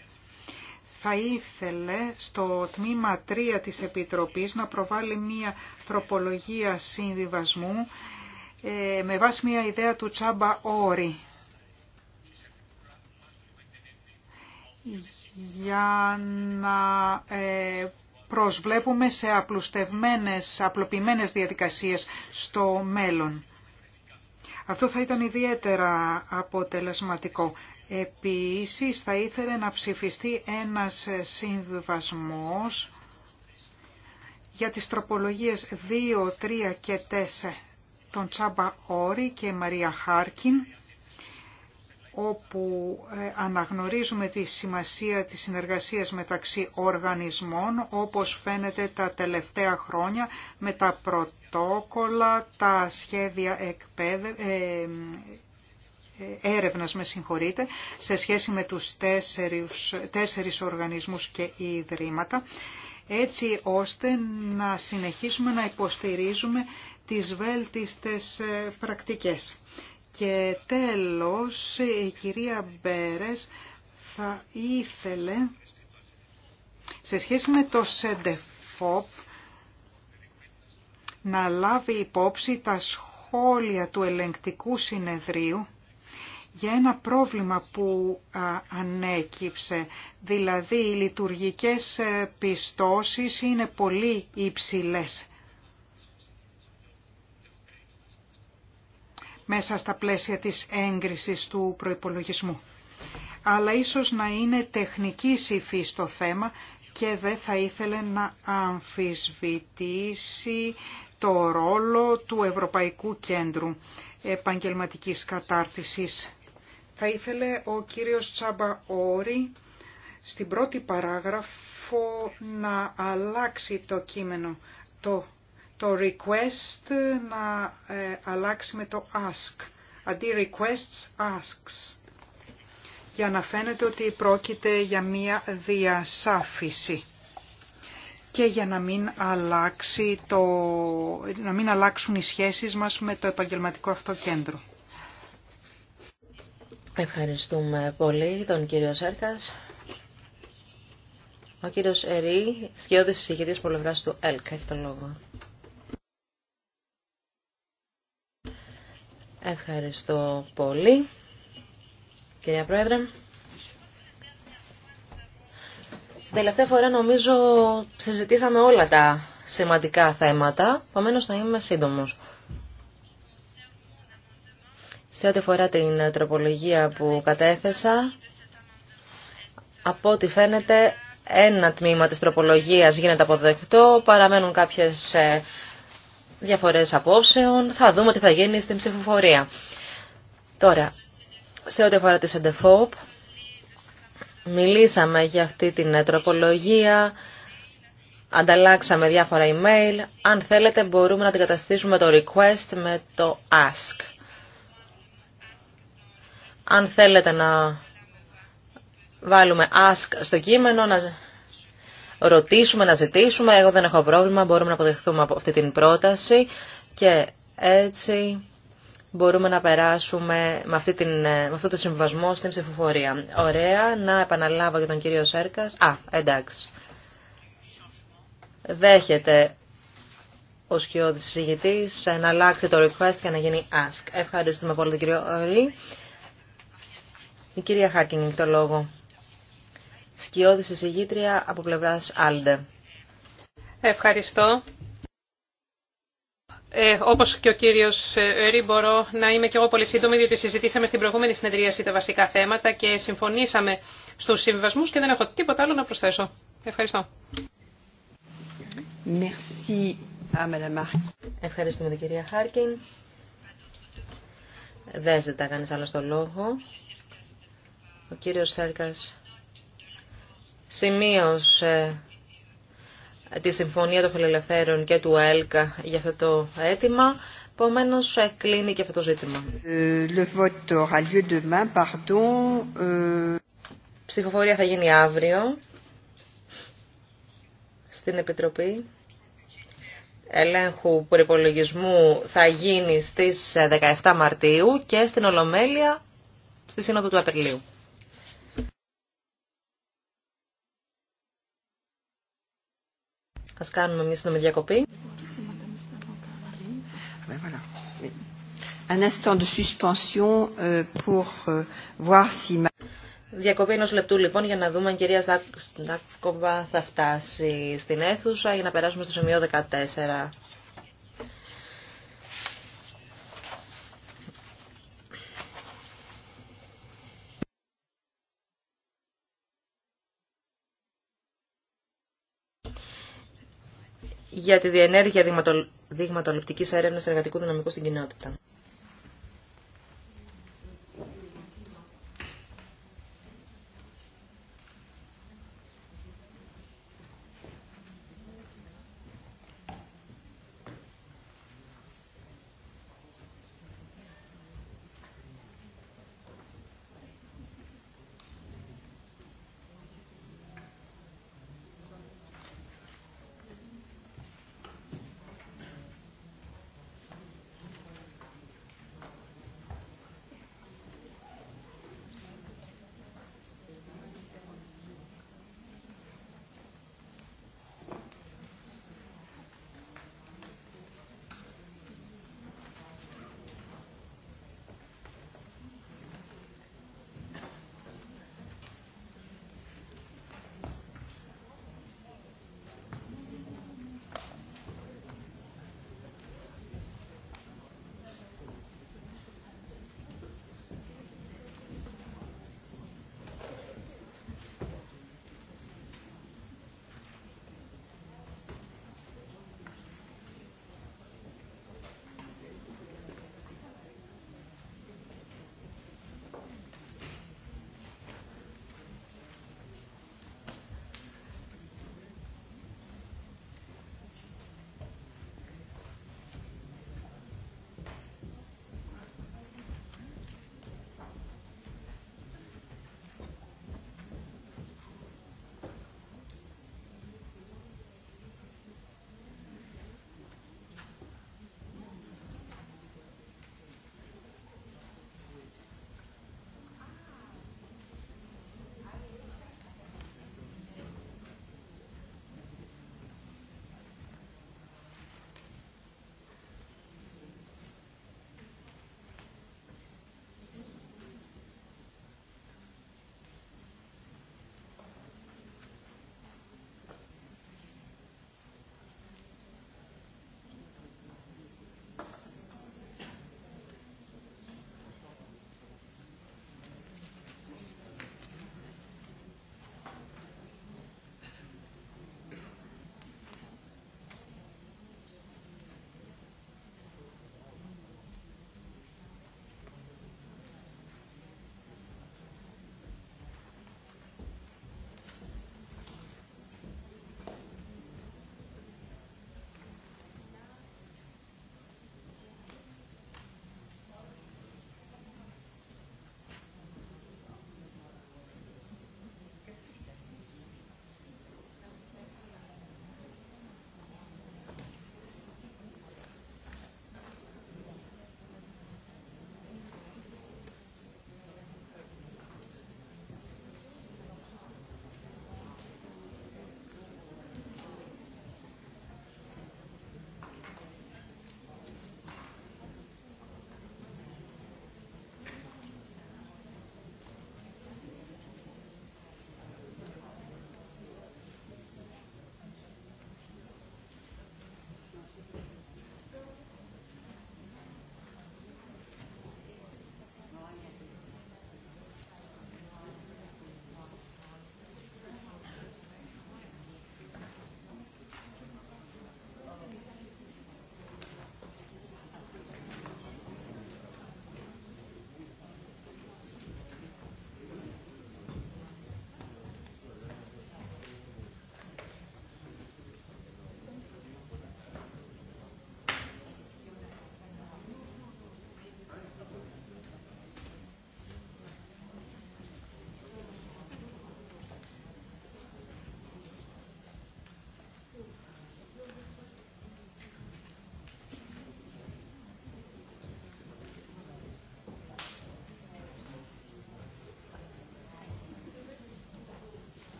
Θα ήθελε στο τμήμα 3 της Επιτροπής να προβάλλει μία τροπολογία συμβιβασμού ε, με βάση μία ιδέα του Τσάμπα Όρη για να ε, προσβλέπουμε σε απλουστευμένες, απλοποιημένες διαδικασίες στο μέλλον. Αυτό θα ήταν ιδιαίτερα αποτελεσματικό. Επίσης θα ήθελε να ψηφιστεί ένας συνδυασμός για τις τροπολογίες 2, 3 και 4 των Τσάμπα Όρη και Μαρία Χάρκιν όπου ε, αναγνωρίζουμε τη σημασία της συνεργασίας μεταξύ οργανισμών, όπως φαίνεται τα τελευταία χρόνια με τα πρωτόκολλα, τα σχέδια εκπαίδε... Ε, ε, έρευνας, με συγχωρείτε, σε σχέση με τους τέσσερις, τέσσερις οργανισμούς και ιδρύματα, έτσι ώστε να συνεχίσουμε να υποστηρίζουμε τις βέλτιστες πρακτικές. Και τέλος, η κυρία Μπέρες θα ήθελε, σε σχέση με το ΣΕΝΤΕΦΟΠ, να λάβει υπόψη τα σχόλια του ελεγκτικού συνεδρίου για ένα πρόβλημα που ανέκυψε. Δηλαδή, οι λειτουργικές ε, πιστώσεις είναι πολύ υψηλές μέσα στα πλαίσια της έγκρισης του προϋπολογισμού. Αλλά ίσως να είναι τεχνική υφή στο θέμα και δεν θα ήθελε να αμφισβητήσει το ρόλο του Ευρωπαϊκού Κέντρου Επαγγελματικής Κατάρτισης. Θα ήθελε ο κύριος Τσάμπα Όρη στην πρώτη παράγραφο να αλλάξει το κείμενο. Το το request να ε, αλλάξει με το ask. Αντί requests, asks. Για να φαίνεται ότι πρόκειται για μία διασάφηση και για να μην, αλλάξει το, να μην αλλάξουν οι σχέσεις μας με το επαγγελματικό αυτό κέντρο. Ευχαριστούμε πολύ τον κύριο Σέρκας. Ο κύριος Ερή, σκιώδης συζητητής πολευράς του ΕΛΚ, έχει τον λόγο. Ευχαριστώ πολύ. Κυρία Πρόεδρε. Τελευταία φορά νομίζω συζητήσαμε όλα τα σημαντικά θέματα, επομένω θα είμαι σύντομος. Σε ό,τι φορά την τροπολογία που κατέθεσα, από ό,τι φαίνεται ένα τμήμα της τροπολογίας γίνεται αποδεκτό, παραμένουν κάποιες ε, διαφορές απόψεων. Θα δούμε τι θα γίνει στην ψηφοφορία. Τώρα, σε ό,τι αφορά τη ΣΕΝΤΕΦΟΠ, μιλήσαμε για αυτή την τροπολογία, ανταλλάξαμε διάφορα email. Αν θέλετε μπορούμε να καταστήσουμε το request με το ask. Αν θέλετε να βάλουμε ask στο κείμενο, να ρωτήσουμε, να ζητήσουμε. Εγώ δεν έχω πρόβλημα, μπορούμε να αποδεχθούμε από αυτή την πρόταση και έτσι μπορούμε να περάσουμε με, αυτή την, με αυτό το συμβασμό στην ψηφοφορία. Ωραία, να επαναλάβω για τον κύριο Σέρκας. Α, εντάξει. Δέχεται ο σκιώδης συζητητής να αλλάξει το request και να γίνει ask. Ευχαριστούμε πολύ τον κύριο Ρή. Η κυρία Χάκινγκ το λόγο σκιώδης εισηγήτρια από πλευράς Άλντε. Ευχαριστώ. Ε, όπως και ο κύριος Ερή μπορώ να είμαι και εγώ πολύ σύντομη διότι συζητήσαμε στην προηγούμενη συνεδρίαση τα βασικά θέματα και συμφωνήσαμε στους συμβιβασμούς και δεν έχω τίποτα άλλο να προσθέσω. Ευχαριστώ. Merci Ευχαριστούμε την κυρία Χάρκιν. Δεν ζητά κανείς άλλο στο λόγο. Ο κύριος Σέρκας σημείωσε τη Συμφωνία των Φιλελευθέρων και του ΕΛΚΑ για αυτό το αίτημα. Επομένω, ε, κλείνει και αυτό το ζήτημα. Ε, ε. Ψηφοφορία θα γίνει αύριο στην Επιτροπή Ελέγχου Προπολογισμού θα γίνει στις 17 Μαρτίου και στην Ολομέλεια στη Σύνοδο του Απριλίου. Ας κάνουμε μια σύντομη διακοπή. Ah euh, euh, διακοπή ενός λεπτού λοιπόν για να δούμε αν η κυρία Στάκοβα θα φτάσει στην αίθουσα για να περάσουμε στο σημείο 14. για τη διενέργεια δειγματοληπτικής έρευνας εργατικού δυναμικού στην κοινότητα.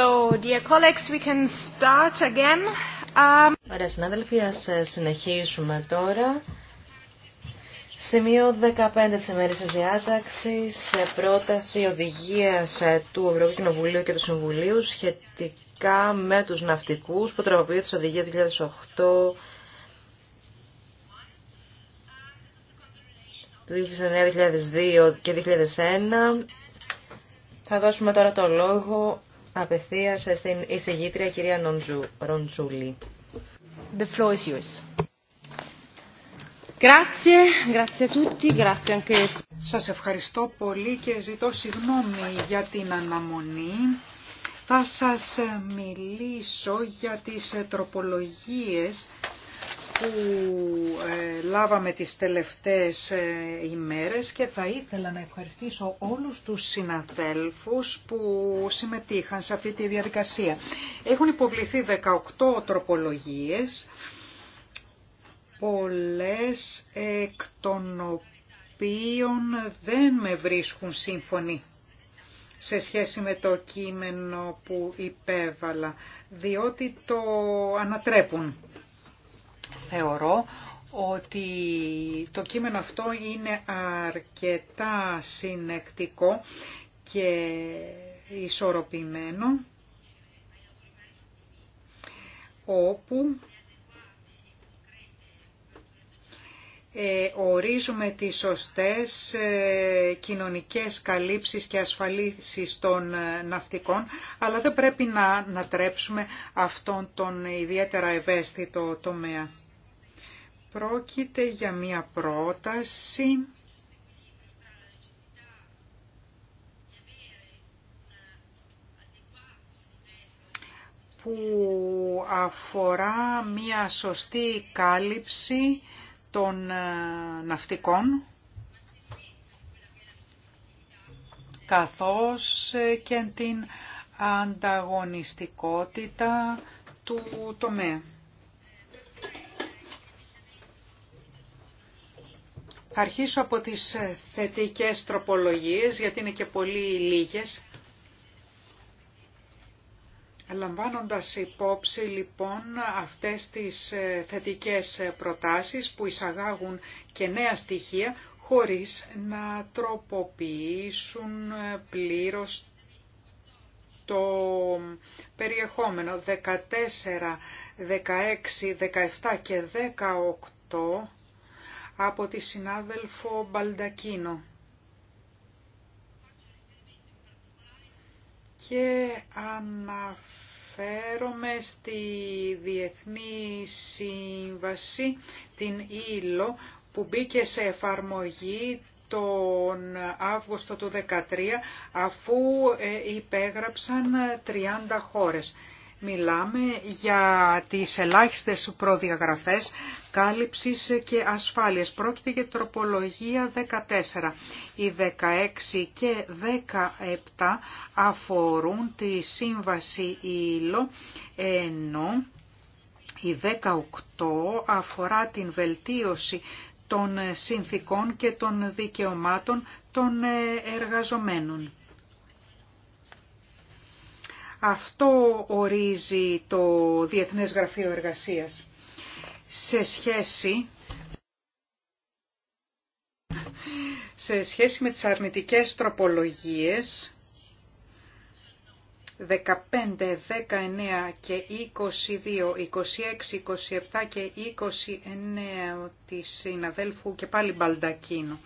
So, dear colleagues, we can start again. Um, Ωραία, συνάδελφοι, ας ε, συνεχίσουμε τώρα. Σημείο 15 της ημέρης διάταξης, σε πρόταση οδηγίας ε, του Ευρωπαϊκού Κοινοβουλίου και του Συμβουλίου σχετικά με τους ναυτικούς που τροποποιεί τις οδηγίες 2008 2009, 2002 και 2001. Θα δώσουμε τώρα το λόγο απευθείας στην εισηγήτρια κυρία Ροντζούλη. The floor is yours. Grazie, grazie Σας ευχαριστώ πολύ και ζητώ συγγνώμη για την αναμονή. Θα σας μιλήσω για τις τροπολογίες που ε, λάβαμε τις τελευταίες ε, ημέρες και θα ήθελα να ευχαριστήσω όλους τους συναδέλφους που συμμετείχαν σε αυτή τη διαδικασία. Έχουν υποβληθεί 18 τροπολογίες, πολλές εκ των οποίων δεν με βρίσκουν σύμφωνοι σε σχέση με το κείμενο που υπέβαλα, διότι το ανατρέπουν. Θεωρώ ότι το κείμενο αυτό είναι αρκετά συνεκτικό και ισορροπημένο όπου ε, ορίζουμε τις σωστές ε, κοινωνικές καλύψεις και ασφαλίσεις των ε, ναυτικών, αλλά δεν πρέπει να, να τρέψουμε αυτόν τον ιδιαίτερα ευαίσθητο τομέα. Πρόκειται για μια πρόταση που αφορά μια σωστή κάλυψη των ε, ναυτικών καθώς ε, και την ανταγωνιστικότητα του τομέα. Θα αρχίσω από τις ε, θετικές τροπολογίες, γιατί είναι και πολύ λίγες. Λαμβάνοντας υπόψη λοιπόν αυτές τις ε, θετικές ε, προτάσεις που εισαγάγουν και νέα στοιχεία χωρίς να τροποποιήσουν πλήρως το περιεχόμενο 14, 16, 17 και 18 από τη συνάδελφο Μπαλντακίνο. Και αναφέρομαι στη Διεθνή Σύμβαση, την Ήλο που μπήκε σε εφαρμογή τον Αύγουστο του 2013, αφού ε, υπέγραψαν 30 χώρες. Μιλάμε για τις ελάχιστες προδιαγραφές κάλυψης και ασφάλειας. Πρόκειται για τροπολογία 14. Οι 16 και 17 αφορούν τη σύμβαση ήλο, ενώ η 18 αφορά την βελτίωση των συνθήκων και των δικαιωμάτων των εργαζομένων. Αυτό ορίζει το Διεθνές Γραφείο Εργασίας. Σε σχέση, σε σχέση με τις αρνητικές τροπολογίες, 15, 19 και 22, 26, 27 και 29 της συναδέλφου και πάλι Μπαλντακίνου.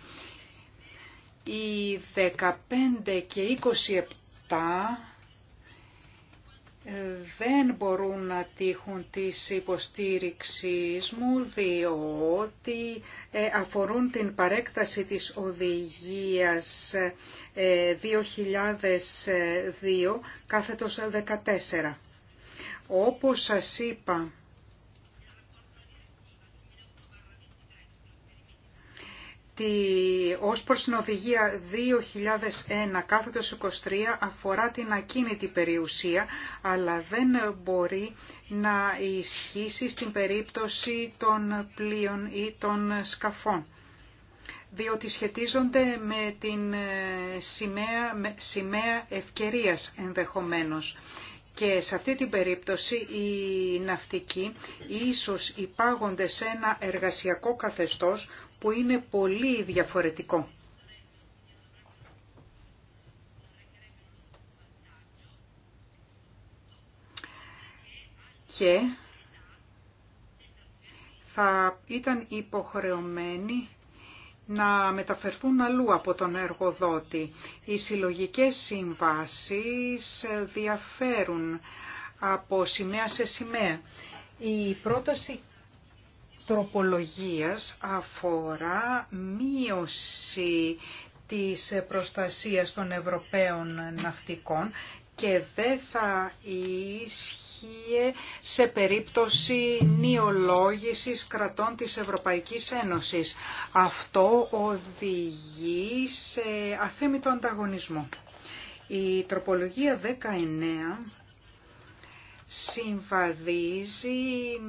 Οι 15 και 27 δεν μπορούν να τύχουν της υποστήριξής μου διότι ε, αφορούν την παρέκταση της οδηγίας 2002 ε, κάθετος 14. Όπως σας είπα τη, ως προς την οδηγία 2001 23 αφορά την ακίνητη περιουσία, αλλά δεν μπορεί να ισχύσει στην περίπτωση των πλοίων ή των σκαφών διότι σχετίζονται με την ε, σημαία, με σημαία ευκαιρίας ενδεχομένως. Και σε αυτή την περίπτωση οι ναυτικοί ίσως υπάγονται σε ένα εργασιακό καθεστώς που είναι πολύ διαφορετικό. Και θα ήταν υποχρεωμένοι να μεταφερθούν αλλού από τον εργοδότη. Οι συλλογικές συμβάσεις διαφέρουν από σημαία σε σημαία. Η πρόταση τροπολογίας αφορά μείωση της προστασίας των Ευρωπαίων ναυτικών και δεν θα ίσχυε σε περίπτωση νιολόγησης κρατών της Ευρωπαϊκής Ένωσης. Αυτό οδηγεί σε αθέμητο ανταγωνισμό. Η τροπολογία 19 συμβαδίζει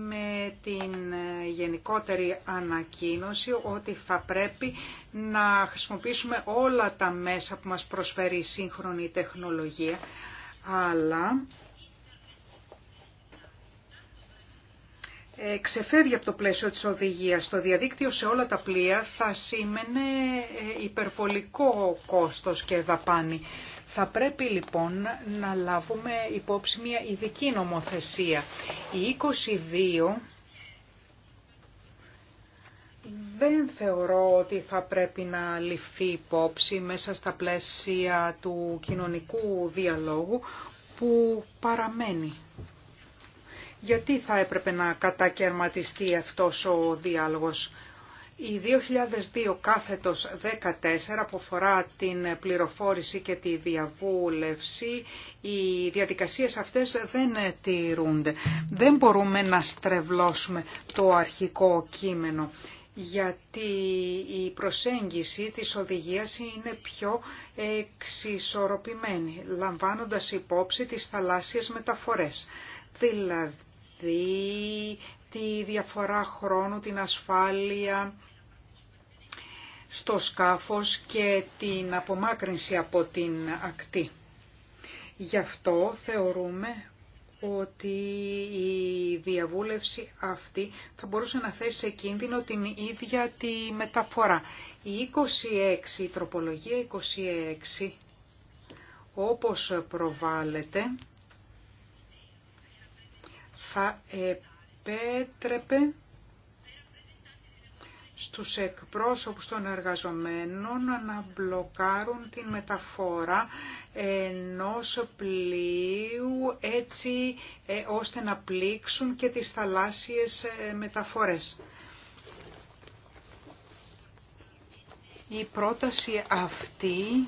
με την γενικότερη ανακοίνωση ότι θα πρέπει να χρησιμοποιήσουμε όλα τα μέσα που μας προσφέρει η σύγχρονη τεχνολογία, αλλά ε, ξεφεύγει από το πλαίσιο της οδηγίας. Το διαδίκτυο σε όλα τα πλοία θα σήμαινε ε, υπερβολικό κόστος και δαπάνη. Θα πρέπει λοιπόν να λάβουμε υπόψη μια ειδική νομοθεσία. Η 22 δεν θεωρώ ότι θα πρέπει να ληφθεί υπόψη μέσα στα πλαίσια του κοινωνικού διαλόγου που παραμένει. Γιατί θα έπρεπε να κατακαιρματιστεί αυτός ο διάλογος. Η 2002 κάθετος 14 που αφορά την πληροφόρηση και τη διαβούλευση, οι διαδικασίες αυτές δεν τηρούνται. Δεν μπορούμε να στρεβλώσουμε το αρχικό κείμενο γιατί η προσέγγιση της οδηγίας είναι πιο εξισορροπημένη, λαμβάνοντας υπόψη τις θαλάσσιες μεταφορές. Δηλαδή, τη διαφορά χρόνου, την ασφάλεια στο σκάφος και την απομάκρυνση από την ακτή. Γι' αυτό θεωρούμε ότι η διαβούλευση αυτή θα μπορούσε να θέσει σε κίνδυνο την ίδια τη μεταφορά. Η 26, η τροπολογία 26, όπως προβάλλεται, θα επέτρεπε στους εκπρόσωπους των εργαζομένων να μπλοκάρουν την μεταφορά ενός πλοίου έτσι ε, ώστε να πλήξουν και τις θαλάσσιες ε, μεταφορές. Η πρόταση αυτή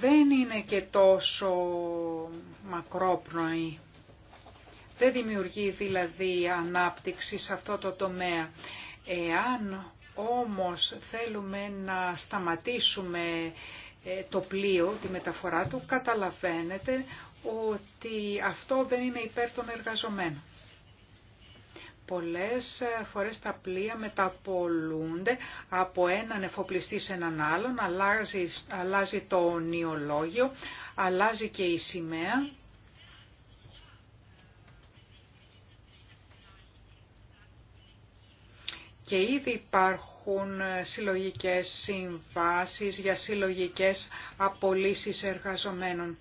δεν είναι και τόσο μακρόπνοη. Δεν δημιουργεί δηλαδή ανάπτυξη σε αυτό το τομέα. Εάν όμως θέλουμε να σταματήσουμε ε, το πλοίο, τη μεταφορά του, καταλαβαίνετε ότι αυτό δεν είναι υπέρ των εργαζομένων πολλές ε, φορές τα πλοία μεταπολούνται από έναν εφοπλιστή σε έναν άλλον, αλλάζει, το νιολόγιο, αλλάζει και η σημαία. Και ήδη υπάρχουν ε, συλλογικές συμβάσεις για συλλογικές απολύσεις εργαζομένων.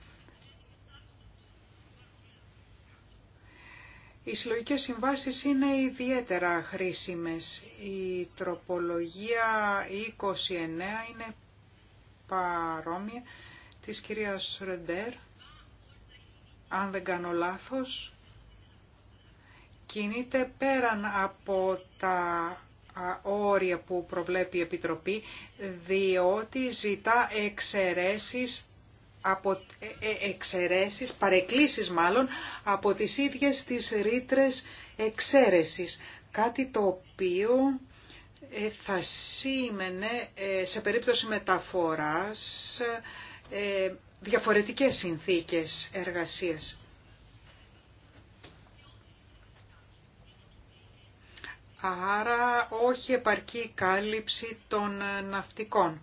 Οι συλλογικέ συμβάσει είναι ιδιαίτερα χρήσιμες. Η τροπολογία 29 είναι παρόμοια της κυρία Ρεντέρ. Αν δεν κάνω λάθο, κινείται πέραν από τα όρια που προβλέπει η Επιτροπή, διότι ζητά εξαιρέσεις από ε, ε, εξαιρέσεις, παρεκκλήσεις μάλλον, από τις ίδιες τις ρήτρε εξαίρεσης. Κάτι το οποίο ε, θα σήμαινε σε περίπτωση μεταφοράς διαφορετικές συνθήκες εργασίας. Άρα όχι επαρκή κάλυψη των ναυτικών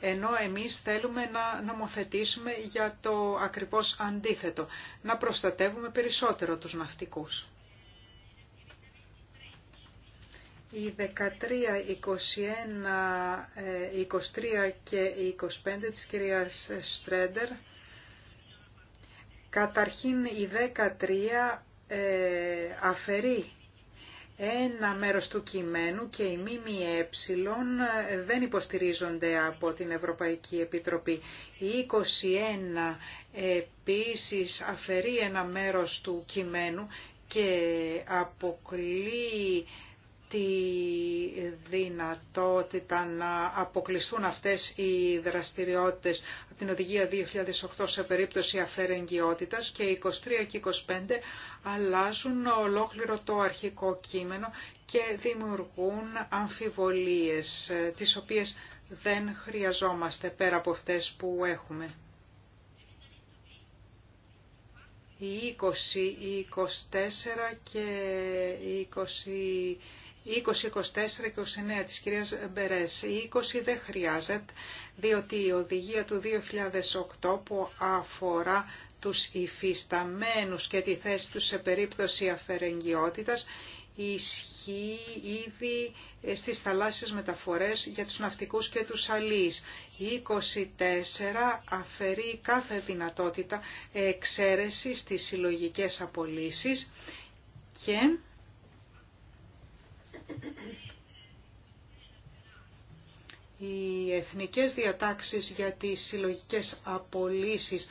ενώ εμείς θέλουμε να νομοθετήσουμε για το ακριβώς αντίθετο, να προστατεύουμε περισσότερο τους ναυτικούς. Οι 13, 21, 23 και 25 της κυρίας Στρέντερ, καταρχήν η 13 ε, αφαιρεί ένα μέρος του κειμένου και οι ΜΜΕ δεν υποστηρίζονται από την Ευρωπαϊκή Επιτροπή. Η 21 επίσης αφαιρεί ένα μέρος του κειμένου και αποκλεί τη δυνατότητα να αποκλειστούν αυτές οι δραστηριότητες από την Οδηγία 2008 σε περίπτωση αφαιρεγγιότητας και 23 και 25 αλλάζουν ολόκληρο το αρχικό κείμενο και δημιουργούν αμφιβολίες τις οποίες δεν χρειαζόμαστε πέρα από αυτές που έχουμε. Οι 20, οι 24 και οι 20, 24 και 29 της κυρίας Μπερές. Η 20 δεν χρειάζεται, διότι η οδηγία του 2008 που αφορά τους υφισταμένους και τη θέση τους σε περίπτωση αφαιρεγγιότητας ισχύει ήδη στις θαλάσσιες μεταφορές για τους ναυτικούς και τους αλείς. Η 24 αφαιρεί κάθε δυνατότητα εξαίρεση στις συλλογικές απολύσεις και οι εθνικές διατάξεις για τις συλλογικές απολύσεις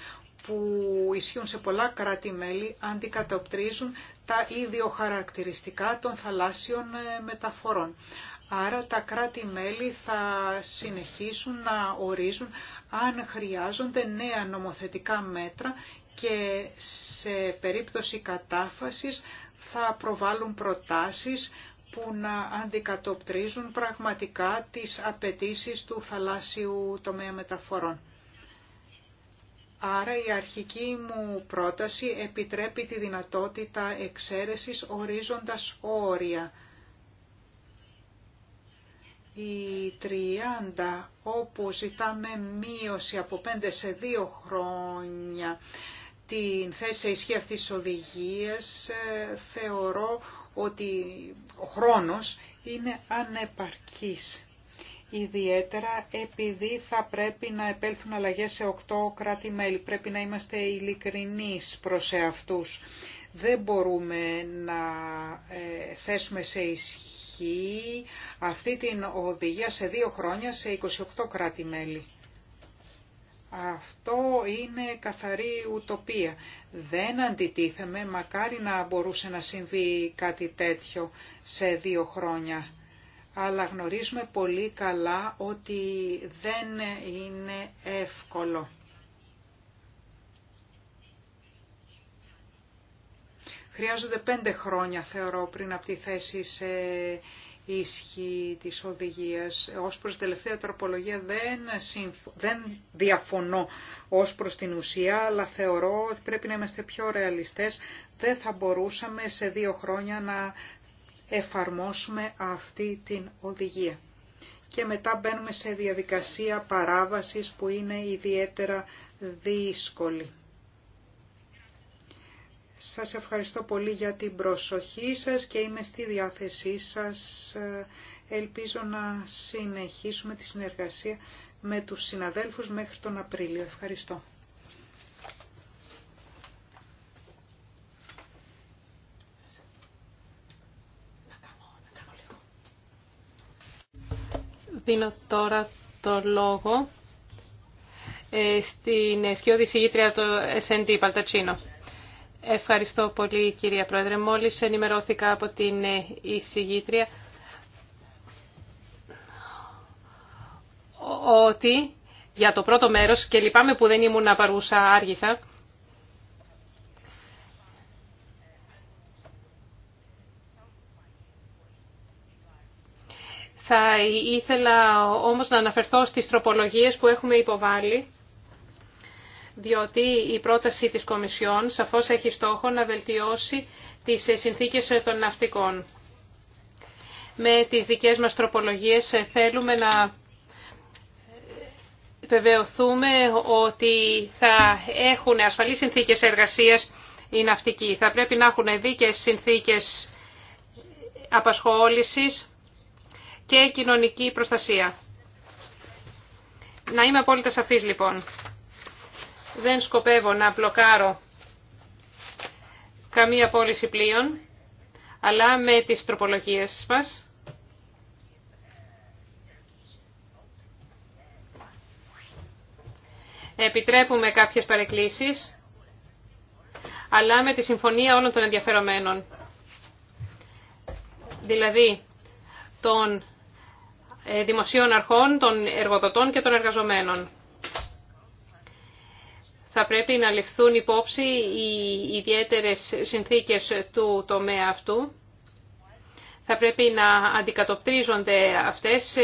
που ισχύουν σε πολλά κράτη-μέλη αντικατοπτρίζουν τα ίδιο χαρακτηριστικά των θαλάσσιων ε, μεταφορών. Άρα τα κράτη-μέλη θα συνεχίσουν να ορίζουν αν χρειάζονται νέα νομοθετικά μέτρα και σε περίπτωση κατάφασης θα προβάλλουν προτάσεις που να αντικατοπτρίζουν πραγματικά τις απαιτήσεις του θαλάσσιου τομέα μεταφορών. Άρα η αρχική μου πρόταση επιτρέπει τη δυνατότητα εξαίρεσης ορίζοντας όρια. Η 30 όπου ζητάμε μείωση από 5 σε 2 χρόνια την θέση ισχύ αυτής της οδηγίας ε, θεωρώ ότι ο χρόνος είναι ανεπαρκής. Ιδιαίτερα επειδή θα πρέπει να επέλθουν αλλαγές σε 8 κράτη-μέλη. Πρέπει να είμαστε ειλικρινείς προς αυτούς. Δεν μπορούμε να ε, θέσουμε σε ισχύ αυτή την οδηγία σε δύο χρόνια σε 28 κράτη-μέλη. Αυτό είναι καθαρή ουτοπία. Δεν αντιτίθεμαι, μακάρι να μπορούσε να συμβεί κάτι τέτοιο σε δύο χρόνια. Αλλά γνωρίζουμε πολύ καλά ότι δεν είναι εύκολο. Χρειάζονται πέντε χρόνια, θεωρώ, πριν από τη θέση σε ισχύ της οδηγίας. Ως προς τελευταία τροπολογία δεν, δεν διαφωνώ ως προς την ουσία, αλλά θεωρώ ότι πρέπει να είμαστε πιο ρεαλιστές. Δεν θα μπορούσαμε σε δύο χρόνια να εφαρμόσουμε αυτή την οδηγία. Και μετά μπαίνουμε σε διαδικασία παράβασης που είναι ιδιαίτερα δύσκολη. Σας ευχαριστώ πολύ για την προσοχή σας και είμαι στη διάθεσή σας. Ελπίζω να συνεχίσουμε τη συνεργασία με τους συναδέλφους μέχρι τον Απρίλιο. Ευχαριστώ. Δίνω τώρα το λόγο ε, στην σκιώδη συγγήτρια του SND Παλτατσίνο. Ευχαριστώ πολύ κυρία Πρόεδρε. Μόλις ενημερώθηκα από την εισηγήτρια ότι για το πρώτο μέρος και λυπάμαι που δεν ήμουν να παρούσα, άργησα. Θα ήθελα όμως να αναφερθώ στις τροπολογίες που έχουμε υποβάλει διότι η πρόταση της Κομισιόν σαφώς έχει στόχο να βελτιώσει τις συνθήκες των ναυτικών. Με τις δικές μας τροπολογίες θέλουμε να βεβαιωθούμε ότι θα έχουν ασφαλείς συνθήκες εργασίας οι ναυτικοί. Θα πρέπει να έχουν δίκαιες συνθήκες απασχόλησης και κοινωνική προστασία. Να είμαι απόλυτα σαφής λοιπόν. Δεν σκοπεύω να μπλοκάρω καμία πώληση πλοίων, αλλά με τις τροπολογίες μας επιτρέπουμε κάποιες παρεκκλήσεις, αλλά με τη συμφωνία όλων των ενδιαφερομένων. Δηλαδή, των ε, δημοσίων αρχών, των εργοδοτών και των εργαζομένων θα πρέπει να ληφθούν υπόψη οι ιδιαίτερες συνθήκες του τομέα αυτού. Θα πρέπει να αντικατοπτρίζονται αυτές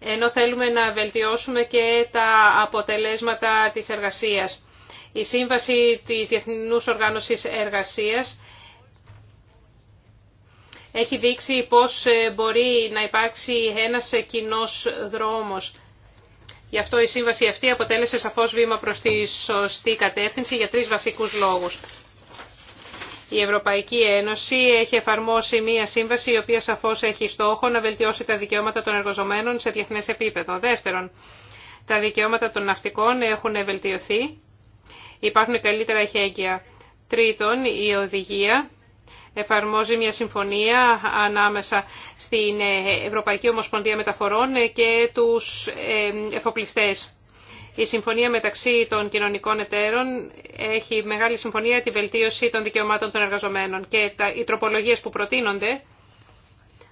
ενώ θέλουμε να βελτιώσουμε και τα αποτελέσματα της εργασίας. Η Σύμβαση της Διεθνούς Οργάνωσης Εργασίας έχει δείξει πώς μπορεί να υπάρξει ένας κοινός δρόμος Γι' αυτό η σύμβαση αυτή αποτέλεσε σαφω βήμα προς τη σωστή κατεύθυνση για τρεις βασικούς λόγους. Η Ευρωπαϊκή Ένωση έχει εφαρμόσει μία σύμβαση η οποία σαφώς έχει στόχο να βελτιώσει τα δικαιώματα των εργαζομένων σε διεθνέ επίπεδο. Δεύτερον, τα δικαιώματα των ναυτικών έχουν βελτιωθεί, υπάρχουν καλύτερα εχέγγυα. Τρίτον, η οδηγία εφαρμόζει μια συμφωνία ανάμεσα στην ε, Ευρωπαϊκή Ομοσπονδία Μεταφορών ε, και τους ε, εφοπλιστές. Η συμφωνία μεταξύ των κοινωνικών εταίρων έχει μεγάλη συμφωνία τη βελτίωση των δικαιωμάτων των εργαζομένων και τα, οι τροπολογίες που προτείνονται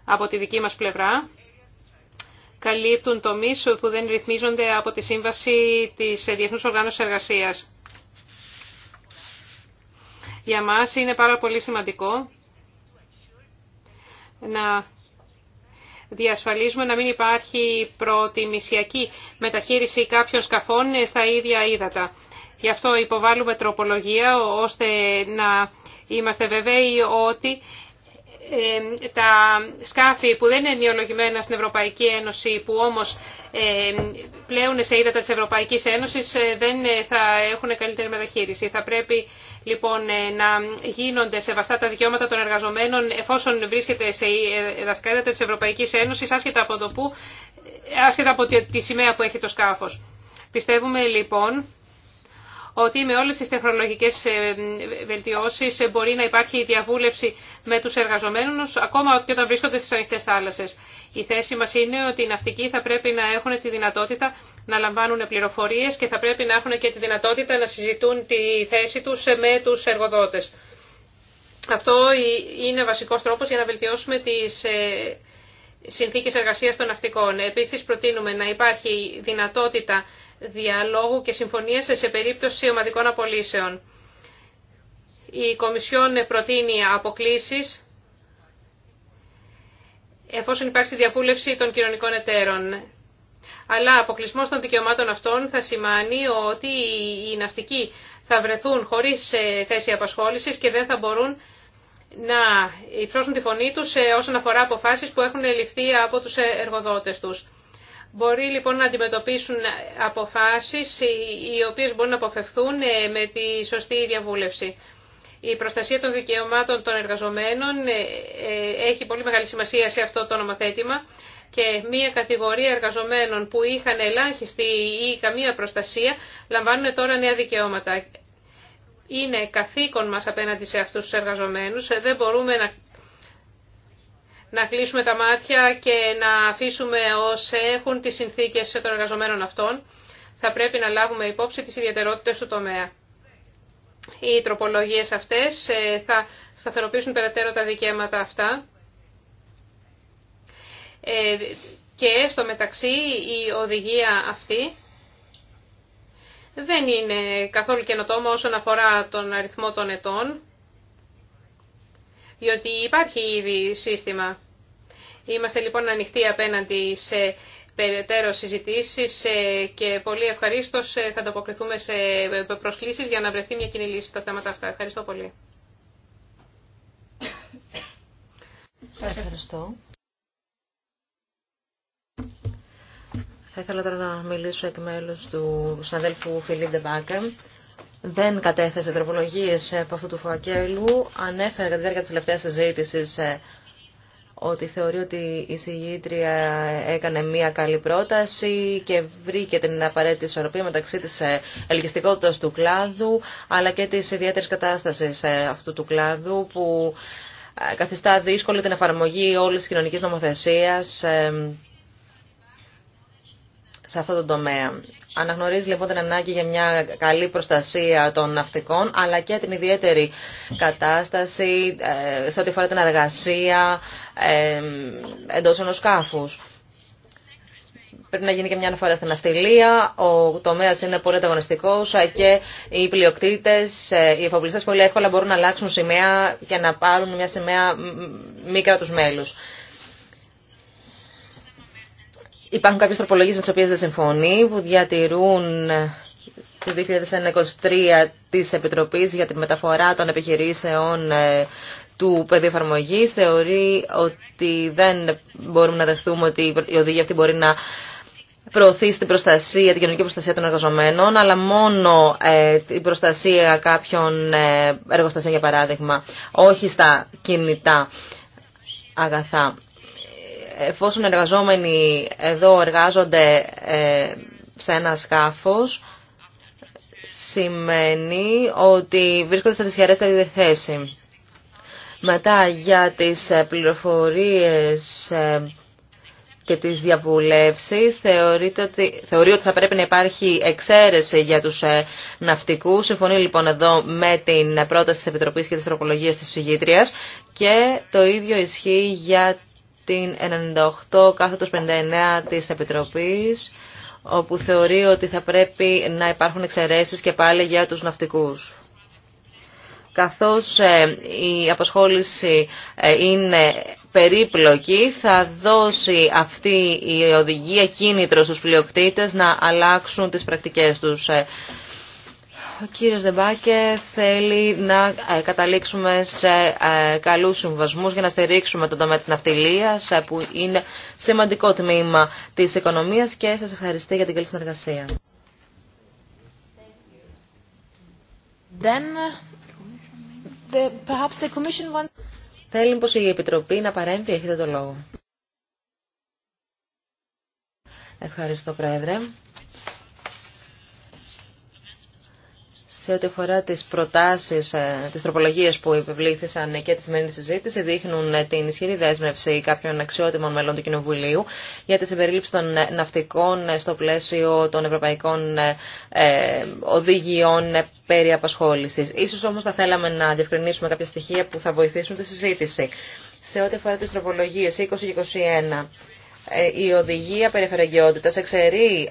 από τη δική μας πλευρά καλύπτουν τομείς που δεν ρυθμίζονται από τη Σύμβαση της Διεθνούς Οργάνωσης Εργασίας. Για μας είναι πάρα πολύ σημαντικό να διασφαλίζουμε να μην υπάρχει προτιμησιακή μεταχείριση κάποιων σκαφών στα ίδια ύδατα. Γι' αυτό υποβάλλουμε τροπολογία ώστε να είμαστε βεβαίοι ότι τα σκάφη που δεν είναι ενιολογημένα στην Ευρωπαϊκή Ένωση, που όμως πλέουν σε ύδατα της Ευρωπαϊκής Ένωσης, ε, δεν ε, θα έχουν καλύτερη μεταχείριση. Θα πρέπει λοιπόν ε, να γίνονται σεβαστά τα δικαιώματα των εργαζομένων εφόσον βρίσκεται σε ε, εδαφικά έδατα της Ευρωπαϊκής Ένωσης άσχετα από, το που, ε, άσχετα από τη σημαία που έχει το σκάφος. Πιστεύουμε λοιπόν ότι με όλες τις τεχνολογικές ε, βελτιώσεις ε, μπορεί να υπάρχει διαβούλευση με τους εργαζομένους, ακόμα και όταν βρίσκονται στις ανοιχτές θάλασσες. Η θέση μας είναι ότι οι ναυτικοί θα πρέπει να έχουν τη δυνατότητα να λαμβάνουν πληροφορίες και θα πρέπει να έχουν και τη δυνατότητα να συζητούν τη θέση τους ε, με τους εργοδότες. Αυτό είναι βασικός τρόπος για να βελτιώσουμε τις συνθήκες εργασίας των ναυτικών. Επίσης προτείνουμε να υπάρχει δυνατότητα διαλόγου και συμφωνίας σε περίπτωση ομαδικών απολύσεων. Η Κομισιόν προτείνει αποκλήσεις εφόσον υπάρξει διαβούλευση των κοινωνικών εταίρων. Αλλά αποκλεισμό των δικαιωμάτων αυτών θα σημαίνει ότι οι ναυτικοί θα βρεθούν χωρί ε, θέση απασχόλησης και δεν θα μπορούν να υψώσουν τη φωνή του ε, όσον αφορά αποφάσεις που έχουν ληφθεί από τους ε, εργοδότες τους. Μπορεί λοιπόν να αντιμετωπίσουν αποφάσεις οι οποίες μπορούν να αποφευθούν ε, με τη σωστή διαβούλευση. Η προστασία των δικαιωμάτων των εργαζομένων ε, ε, έχει πολύ μεγάλη σημασία σε αυτό το νομοθέτημα και μία κατηγορία εργαζομένων που είχαν ελάχιστη ή καμία προστασία λαμβάνουν τώρα νέα δικαιώματα. Είναι καθήκον μας απέναντι σε αυτούς τους εργαζομένους. Δεν μπορούμε να να κλείσουμε τα μάτια και να αφήσουμε όσοι έχουν τις συνθήκες των εργαζομένων αυτών. Θα πρέπει να λάβουμε υπόψη τις ιδιαιτερότητες του τομέα. Οι τροπολογίες αυτές ε, θα σταθεροποιήσουν περαιτέρω τα δικαίματα αυτά. Ε, και στο μεταξύ η οδηγία αυτή δεν είναι καθόλου καινοτόμα όσον αφορά τον αριθμό των ετών διότι υπάρχει ήδη σύστημα. Είμαστε λοιπόν ανοιχτοί απέναντι σε περαιτέρω συζητήσεις και πολύ ευχαριστώ. Ε, θα ανταποκριθούμε σε προσκλήσεις για να βρεθεί μια κοινή λύση στα θέματα αυτά. Ευχαριστώ πολύ. Σας ευχαριστώ. Θα ήθελα τώρα να μιλήσω εκ μέλους του συναδέλφου Φιλίντε Μπάκεμ δεν κατέθεσε τροπολογίε από αυτού του φακέλου. Ανέφερε κατά τη διάρκεια της τελευταίας συζήτηση ε, ότι θεωρεί ότι η συγγήτρια έκανε μία καλή πρόταση και βρήκε την απαραίτητη ισορροπία μεταξύ της ε, ελκυστικότητας του κλάδου αλλά και της ιδιαίτερη κατάστασης ε, αυτού του κλάδου που καθιστά δύσκολη την εφαρμογή όλης της κοινωνικής νομοθεσίας σε αυτό το τομέα. Αναγνωρίζει λοιπόν την ανάγκη για μια καλή προστασία των ναυτικών, αλλά και την ιδιαίτερη κατάσταση ε, σε ό,τι αφορά την εργασία ε, εντό ενός σκάφου. Πρέπει να γίνει και μια αναφορά στην ναυτιλία. ο τομέα είναι πολύ ανταγωνιστικό ε, και οι πλειοκτήτε, οι εφοπλιστέ πολύ εύκολα μπορούν να αλλάξουν σημαία και να πάρουν μια σημαία μη του μέλου. Υπάρχουν κάποιες τροπολογίες με τις οποίες δεν συμφωνεί, που διατηρούν το 2023 της Επιτροπής για τη μεταφορά των επιχειρήσεων ε, του πεδίου εφαρμογή θεωρεί ότι δεν μπορούμε να δεχθούμε ότι η οδηγία αυτή μπορεί να προωθεί στην προστασία, την κοινωνική προστασία των εργαζομένων, αλλά μόνο ε, την προστασία κάποιων ε, εργοστασίων, για παράδειγμα, όχι στα κινητά αγαθά εφόσον εργαζόμενοι εδώ εργάζονται ε, σε ένα σκάφος, σημαίνει ότι βρίσκονται σε δυσχερέστερη θέση. Μετά για τις ε, πληροφορίες ε, και τις διαβουλεύσεις θεωρείται ότι, θεωρεί ότι θα πρέπει να υπάρχει εξαίρεση για τους ναυτικούς. Συμφωνεί λοιπόν εδώ με την πρόταση της Επιτροπής και της Τροπολογίας της Συγήτριας και το ίδιο ισχύει για την 98 κάθετος 59 της Επιτροπής όπου θεωρεί ότι θα πρέπει να υπάρχουν εξαιρέσεις και πάλι για τους ναυτικούς. Καθώς ε, η απασχόληση ε, είναι περίπλοκη, θα δώσει αυτή η οδηγία κίνητρο στους πλειοκτήτες να αλλάξουν τις πρακτικές τους. Ε, ο κύριος Δεμπάκε θέλει να ε, καταλήξουμε σε ε, καλούς συμβασμούς για να στηρίξουμε τον τομέα της ναυτιλίας ε, που είναι σημαντικό τμήμα της οικονομίας και σας ευχαριστώ για την καλή συνεργασία. Θέλει πως η Επιτροπή να παρέμβει, έχετε το λόγο. Ευχαριστώ, Πρόεδρε. σε ό,τι αφορά τι προτάσει, ε, τι τροπολογίε που επιβλήθησαν και τη σημερινή συζήτηση δείχνουν ε, την ισχυρή δέσμευση κάποιων αξιότιμων μελών του Κοινοβουλίου για τη συμπερίληψη των ε, ναυτικών στο πλαίσιο των ευρωπαϊκών οδηγιών περί απασχόλησης. Ίσως όμως θα θέλαμε να διευκρινίσουμε κάποια στοιχεία που θα βοηθήσουν τη συζήτηση. Σε ό,τι αφορά τι τροπολογιε 20 και 21, η οδηγία περιφερειακότητας εξαιρεί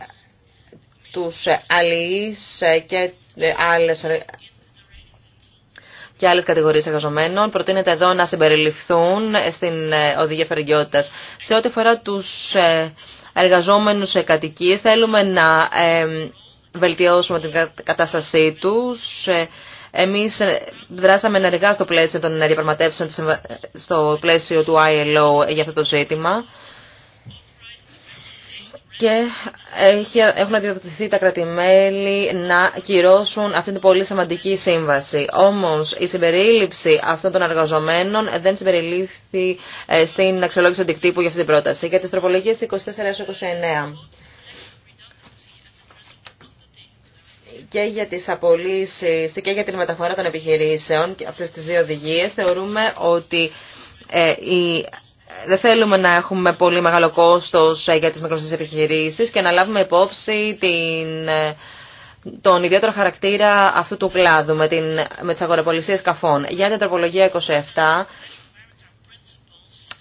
τους αλληλείς και ε, άλλες και άλλε κατηγορίε εργαζομένων. Προτείνεται εδώ να συμπεριληφθούν ε, στην ε, οδηγία φερεγγιότητα. Σε ό,τι αφορά τους εργαζόμενους σε κατοικίε, θέλουμε να βελτιώσουμε την κατάστασή τους. Εμείς δράσαμε ενεργά στο πλαίσιο των διαπραγματεύσεων, στο πλαίσιο του ILO για αυτό το ζήτημα και έχουν αντιδοτηθεί τα κρατημέλη να κυρώσουν αυτή την πολύ σημαντική σύμβαση. Όμως η συμπερίληψη αυτών των εργαζομένων δεν συμπεριλήφθη ε, στην αξιολόγηση αντικτύπου για αυτή την πρόταση. Για τις τροπολογίες 24-29 και για τις απολύσεις και για την μεταφορά των επιχειρήσεων και αυτές τις δύο οδηγίες θεωρούμε ότι ε, η δεν θέλουμε να έχουμε πολύ μεγάλο κόστος ε, για τις μικρομεσαίες επιχειρήσεις και να λάβουμε υπόψη την, ε, τον ιδιαίτερο χαρακτήρα αυτού του κλάδου με, την, με τις αγοραπολισίες καφών. Για την τροπολογία 27,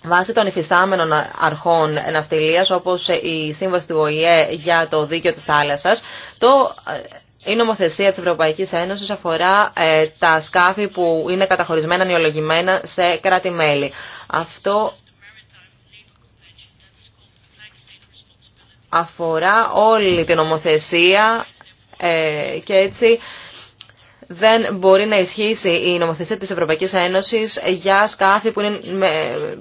βάσει των υφιστάμενων αρχών ναυτιλία, όπως η Σύμβαση του ΟΗΕ για το Δίκαιο της θάλασσα, το... Ε, η νομοθεσία τη Ευρωπαϊκή Ένωση αφορά τα σκάφη που είναι καταχωρισμένα, νιολογημένα σε κράτη-μέλη. Αυτό αφορά όλη την νομοθεσία ε, και έτσι δεν μπορεί να ισχύσει η νομοθεσία της Ευρωπαϊκής Ένωσης για σκάφη που, είναι,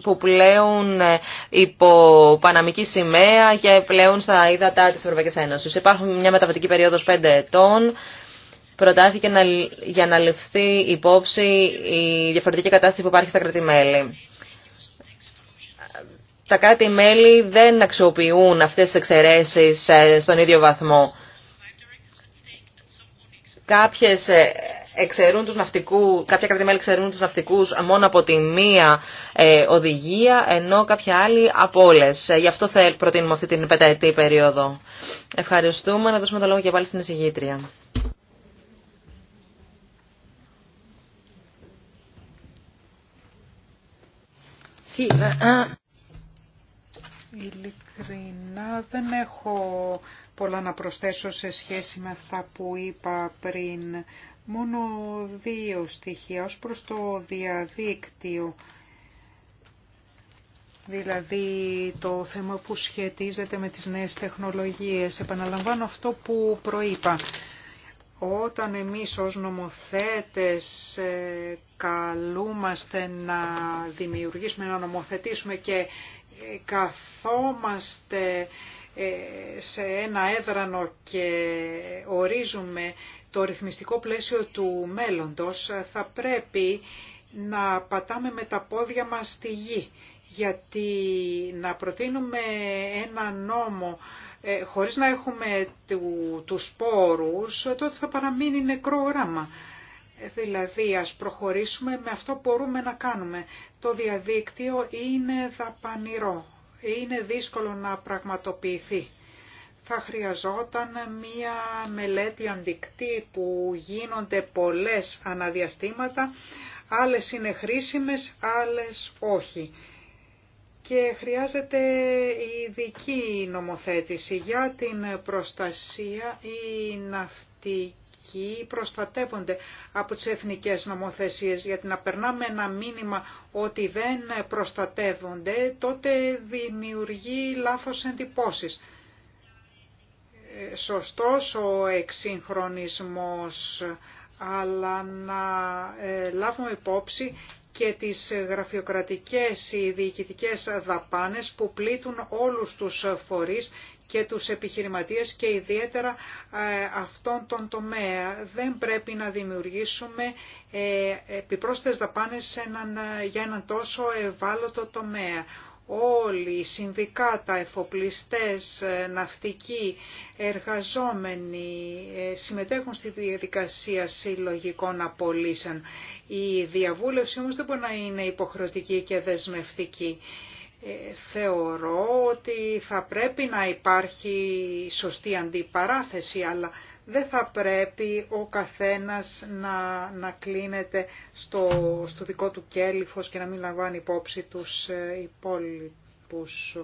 που πλέουν ε, υπό παναμική σημαία και πλέουν στα ύδατα της Ευρωπαϊκής Ένωσης. Υπάρχουν μια μεταβατική περίοδος 5 ετών. Προτάθηκε να, για να ληφθεί υπόψη η διαφορετική κατάσταση που υπάρχει στα κρατημέλη τα κράτη-μέλη δεν αξιοποιούν αυτές τις εξαιρέσεις ε, στον ίδιο βαθμό. Κάποιες ε, εξαιρούν τους ναυτικού, κάποια κράτη-μέλη εξαιρούν τους ναυτικούς μόνο από τη μία ε, οδηγία, ενώ κάποια άλλη από όλε. Γι' αυτό θα προτείνουμε αυτή την πενταετή περίοδο. Ευχαριστούμε. Να δώσουμε το λόγο και πάλι στην εισηγήτρια. Ειλικρινά δεν έχω πολλά να προσθέσω σε σχέση με αυτά που είπα πριν. Μόνο δύο στοιχεία ως προς το διαδίκτυο. Δηλαδή το θέμα που σχετίζεται με τις νέες τεχνολογίες. Επαναλαμβάνω αυτό που προείπα. Όταν εμείς ως νομοθέτες ε, καλούμαστε να δημιουργήσουμε, να νομοθετήσουμε και ε, καθόμαστε ε, σε ένα έδρανο και ορίζουμε το ρυθμιστικό πλαίσιο του μέλλοντος, θα πρέπει να πατάμε με τα πόδια μας στη γη. Γιατί να προτείνουμε ένα νόμο ε, χωρίς να έχουμε του, τους σπόρους τότε θα παραμείνει νεκρό οράμα. Δηλαδή, ας προχωρήσουμε με αυτό που μπορούμε να κάνουμε. Το διαδίκτυο είναι δαπανηρό, είναι δύσκολο να πραγματοποιηθεί. Θα χρειαζόταν μία μελέτη που γίνονται πολλές αναδιαστήματα, άλλες είναι χρήσιμες, άλλες όχι. Και χρειάζεται ειδική νομοθέτηση για την προστασία η ναυτική εκεί προστατεύονται από τις εθνικές νομοθεσίες. Γιατί να περνάμε ένα μήνυμα ότι δεν προστατεύονται, τότε δημιουργεί λάθος εντυπώσεις. Ε, σωστός ο εξυγχρονισμός, αλλά να ε, λάβουμε υπόψη και τις γραφειοκρατικές ή διοικητικές δαπάνες που πλήττουν όλους τους φορείς και τους επιχειρηματίες και ιδιαίτερα ε, αυτόν τον τομέα. Δεν πρέπει να δημιουργήσουμε ε, επιπρόσθετες δαπάνες ε, για έναν τόσο ευάλωτο τομέα. Όλοι οι συνδικάτα, εφοπλιστές, ναυτικοί, εργαζόμενοι συμμετέχουν στη διαδικασία συλλογικών απολύσεων. Η διαβούλευση όμως δεν μπορεί να είναι υποχρεωτική και δεσμευτική. Ε, θεωρώ ότι θα πρέπει να υπάρχει σωστή αντιπαράθεση, αλλά δεν θα πρέπει ο καθένας να, να κλείνεται στο, στο δικό του κέλυφος και να μην λαμβάνει υπόψη τους ε, υπόλοιπους.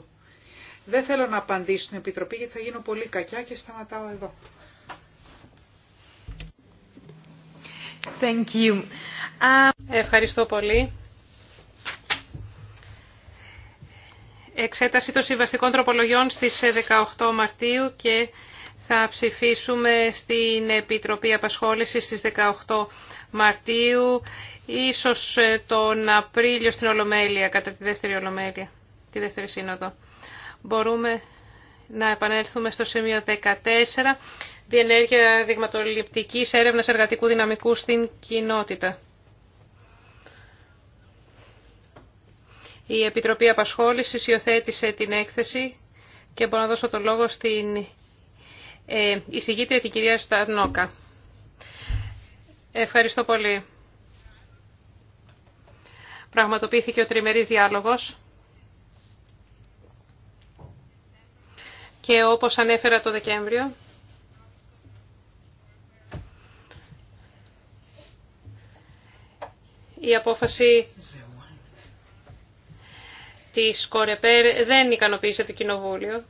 Δεν θέλω να απαντήσω στην Επιτροπή γιατί θα γίνω πολύ κακιά και σταματάω εδώ. Um, Ευχαριστώ πολύ. εξέταση των συμβαστικών τροπολογιών στις 18 ε, Μαρτίου και θα ψηφίσουμε στην Επιτροπή Απασχόλησης στις 18 Μαρτίου, ίσως ε, τον Απρίλιο στην Ολομέλεια, κατά τη δεύτερη Ολομέλεια, τη δεύτερη σύνοδο. Μπορούμε να επανέλθουμε στο σημείο 14, διενέργεια δειγματοληπτικής έρευνας εργατικού δυναμικού στην κοινότητα. Η Επιτροπή Απασχόλησης υιοθέτησε την έκθεση και μπορώ να δώσω το λόγο στην ε, εισηγήτρια την κυρία Στανόκα. Ευχαριστώ πολύ. Πραγματοποιήθηκε ο τριμερής διάλογος και όπως ανέφερα το Δεκέμβριο η απόφαση της Κορεπέρ δεν ικανοποίησε το Κοινοβούλιο.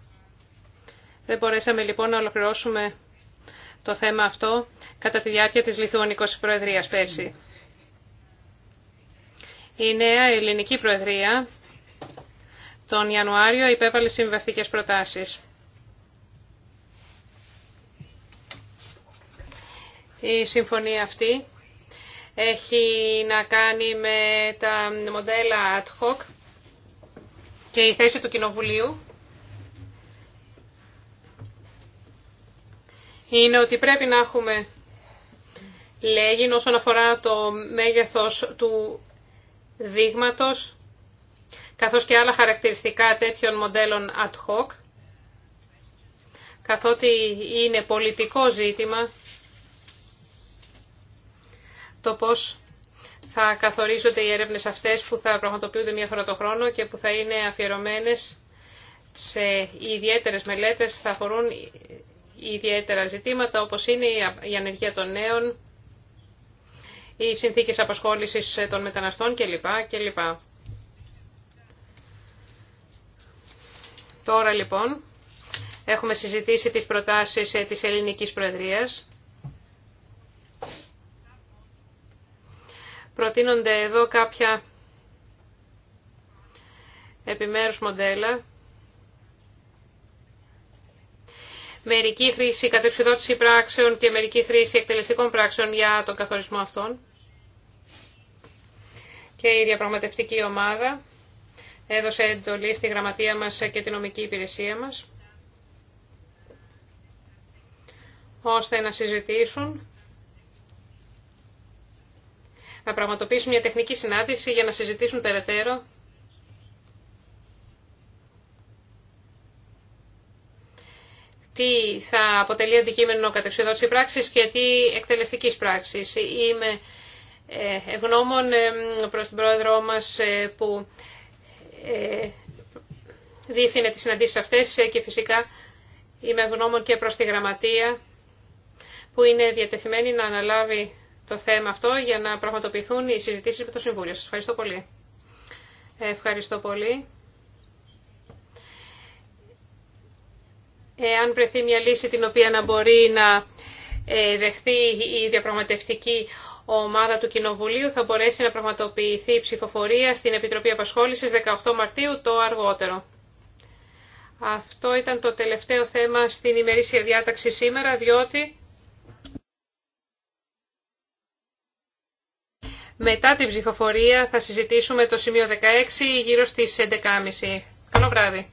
Δεν μπορέσαμε λοιπόν να ολοκληρώσουμε το θέμα αυτό κατά τη διάρκεια της Λιθουανικής Προεδρίας πέρσι. Η νέα ελληνική Προεδρία τον Ιανουάριο υπέβαλε συμβαστικές προτάσεις. Η συμφωνία αυτή έχει να κάνει με τα μοντέλα ad hoc και η θέση του Κοινοβουλίου είναι ότι πρέπει να έχουμε λέγει όσον αφορά το μέγεθος του δείγματος καθώς και άλλα χαρακτηριστικά τέτοιων μοντέλων ad hoc καθότι είναι πολιτικό ζήτημα το πώς θα καθορίζονται οι έρευνες αυτές που θα πραγματοποιούνται μία φορά το χρόνο και που θα είναι αφιερωμένες σε ιδιαίτερες μελέτες, θα αφορούν ιδιαίτερα ζητήματα όπως είναι η ανεργία των νέων, οι συνθήκες απασχόλησης των μεταναστών κλπ. κλπ. Τώρα λοιπόν έχουμε συζητήσει τις προτάσεις ε, της Ελληνικής Προεδρίας. Προτείνονται εδώ κάποια επιμέρους μοντέλα. Μερική χρήση κατευθυνότηση πράξεων και μερική χρήση εκτελεστικών πράξεων για τον καθορισμό αυτών. Και η διαπραγματευτική ομάδα έδωσε εντολή στη γραμματεία μας και τη νομική υπηρεσία μας, ώστε να συζητήσουν να πραγματοποιήσουν μια τεχνική συνάντηση για να συζητήσουν περαιτέρω τι θα αποτελεί αντικείμενο κατεξοδότηση πράξης και τι εκτελεστικής πράξης. Είμαι ε, ευγνώμων ε, προς την πρόεδρό μας ε, που διεύθυνε τις συναντήσεις αυτές και φυσικά είμαι ευγνώμων και προς τη γραμματεία που είναι διατεθειμένη να αναλάβει το θέμα αυτό για να πραγματοποιηθούν οι συζητήσεις με το Συμβούλιο. Σας ευχαριστώ πολύ. Ευχαριστώ πολύ. Εάν βρεθεί μια λύση την οποία να μπορεί να ε, δεχθεί η διαπραγματευτική ομάδα του Κοινοβουλίου θα μπορέσει να πραγματοποιηθεί η ψηφοφορία στην Επιτροπή Απασχόλησης 18 Μαρτίου το αργότερο. Αυτό ήταν το τελευταίο θέμα στην ημερήσια διάταξη σήμερα, διότι Μετά την ψηφοφορία θα συζητήσουμε το σημείο 16 γύρω στις 11.30. Καλό βράδυ.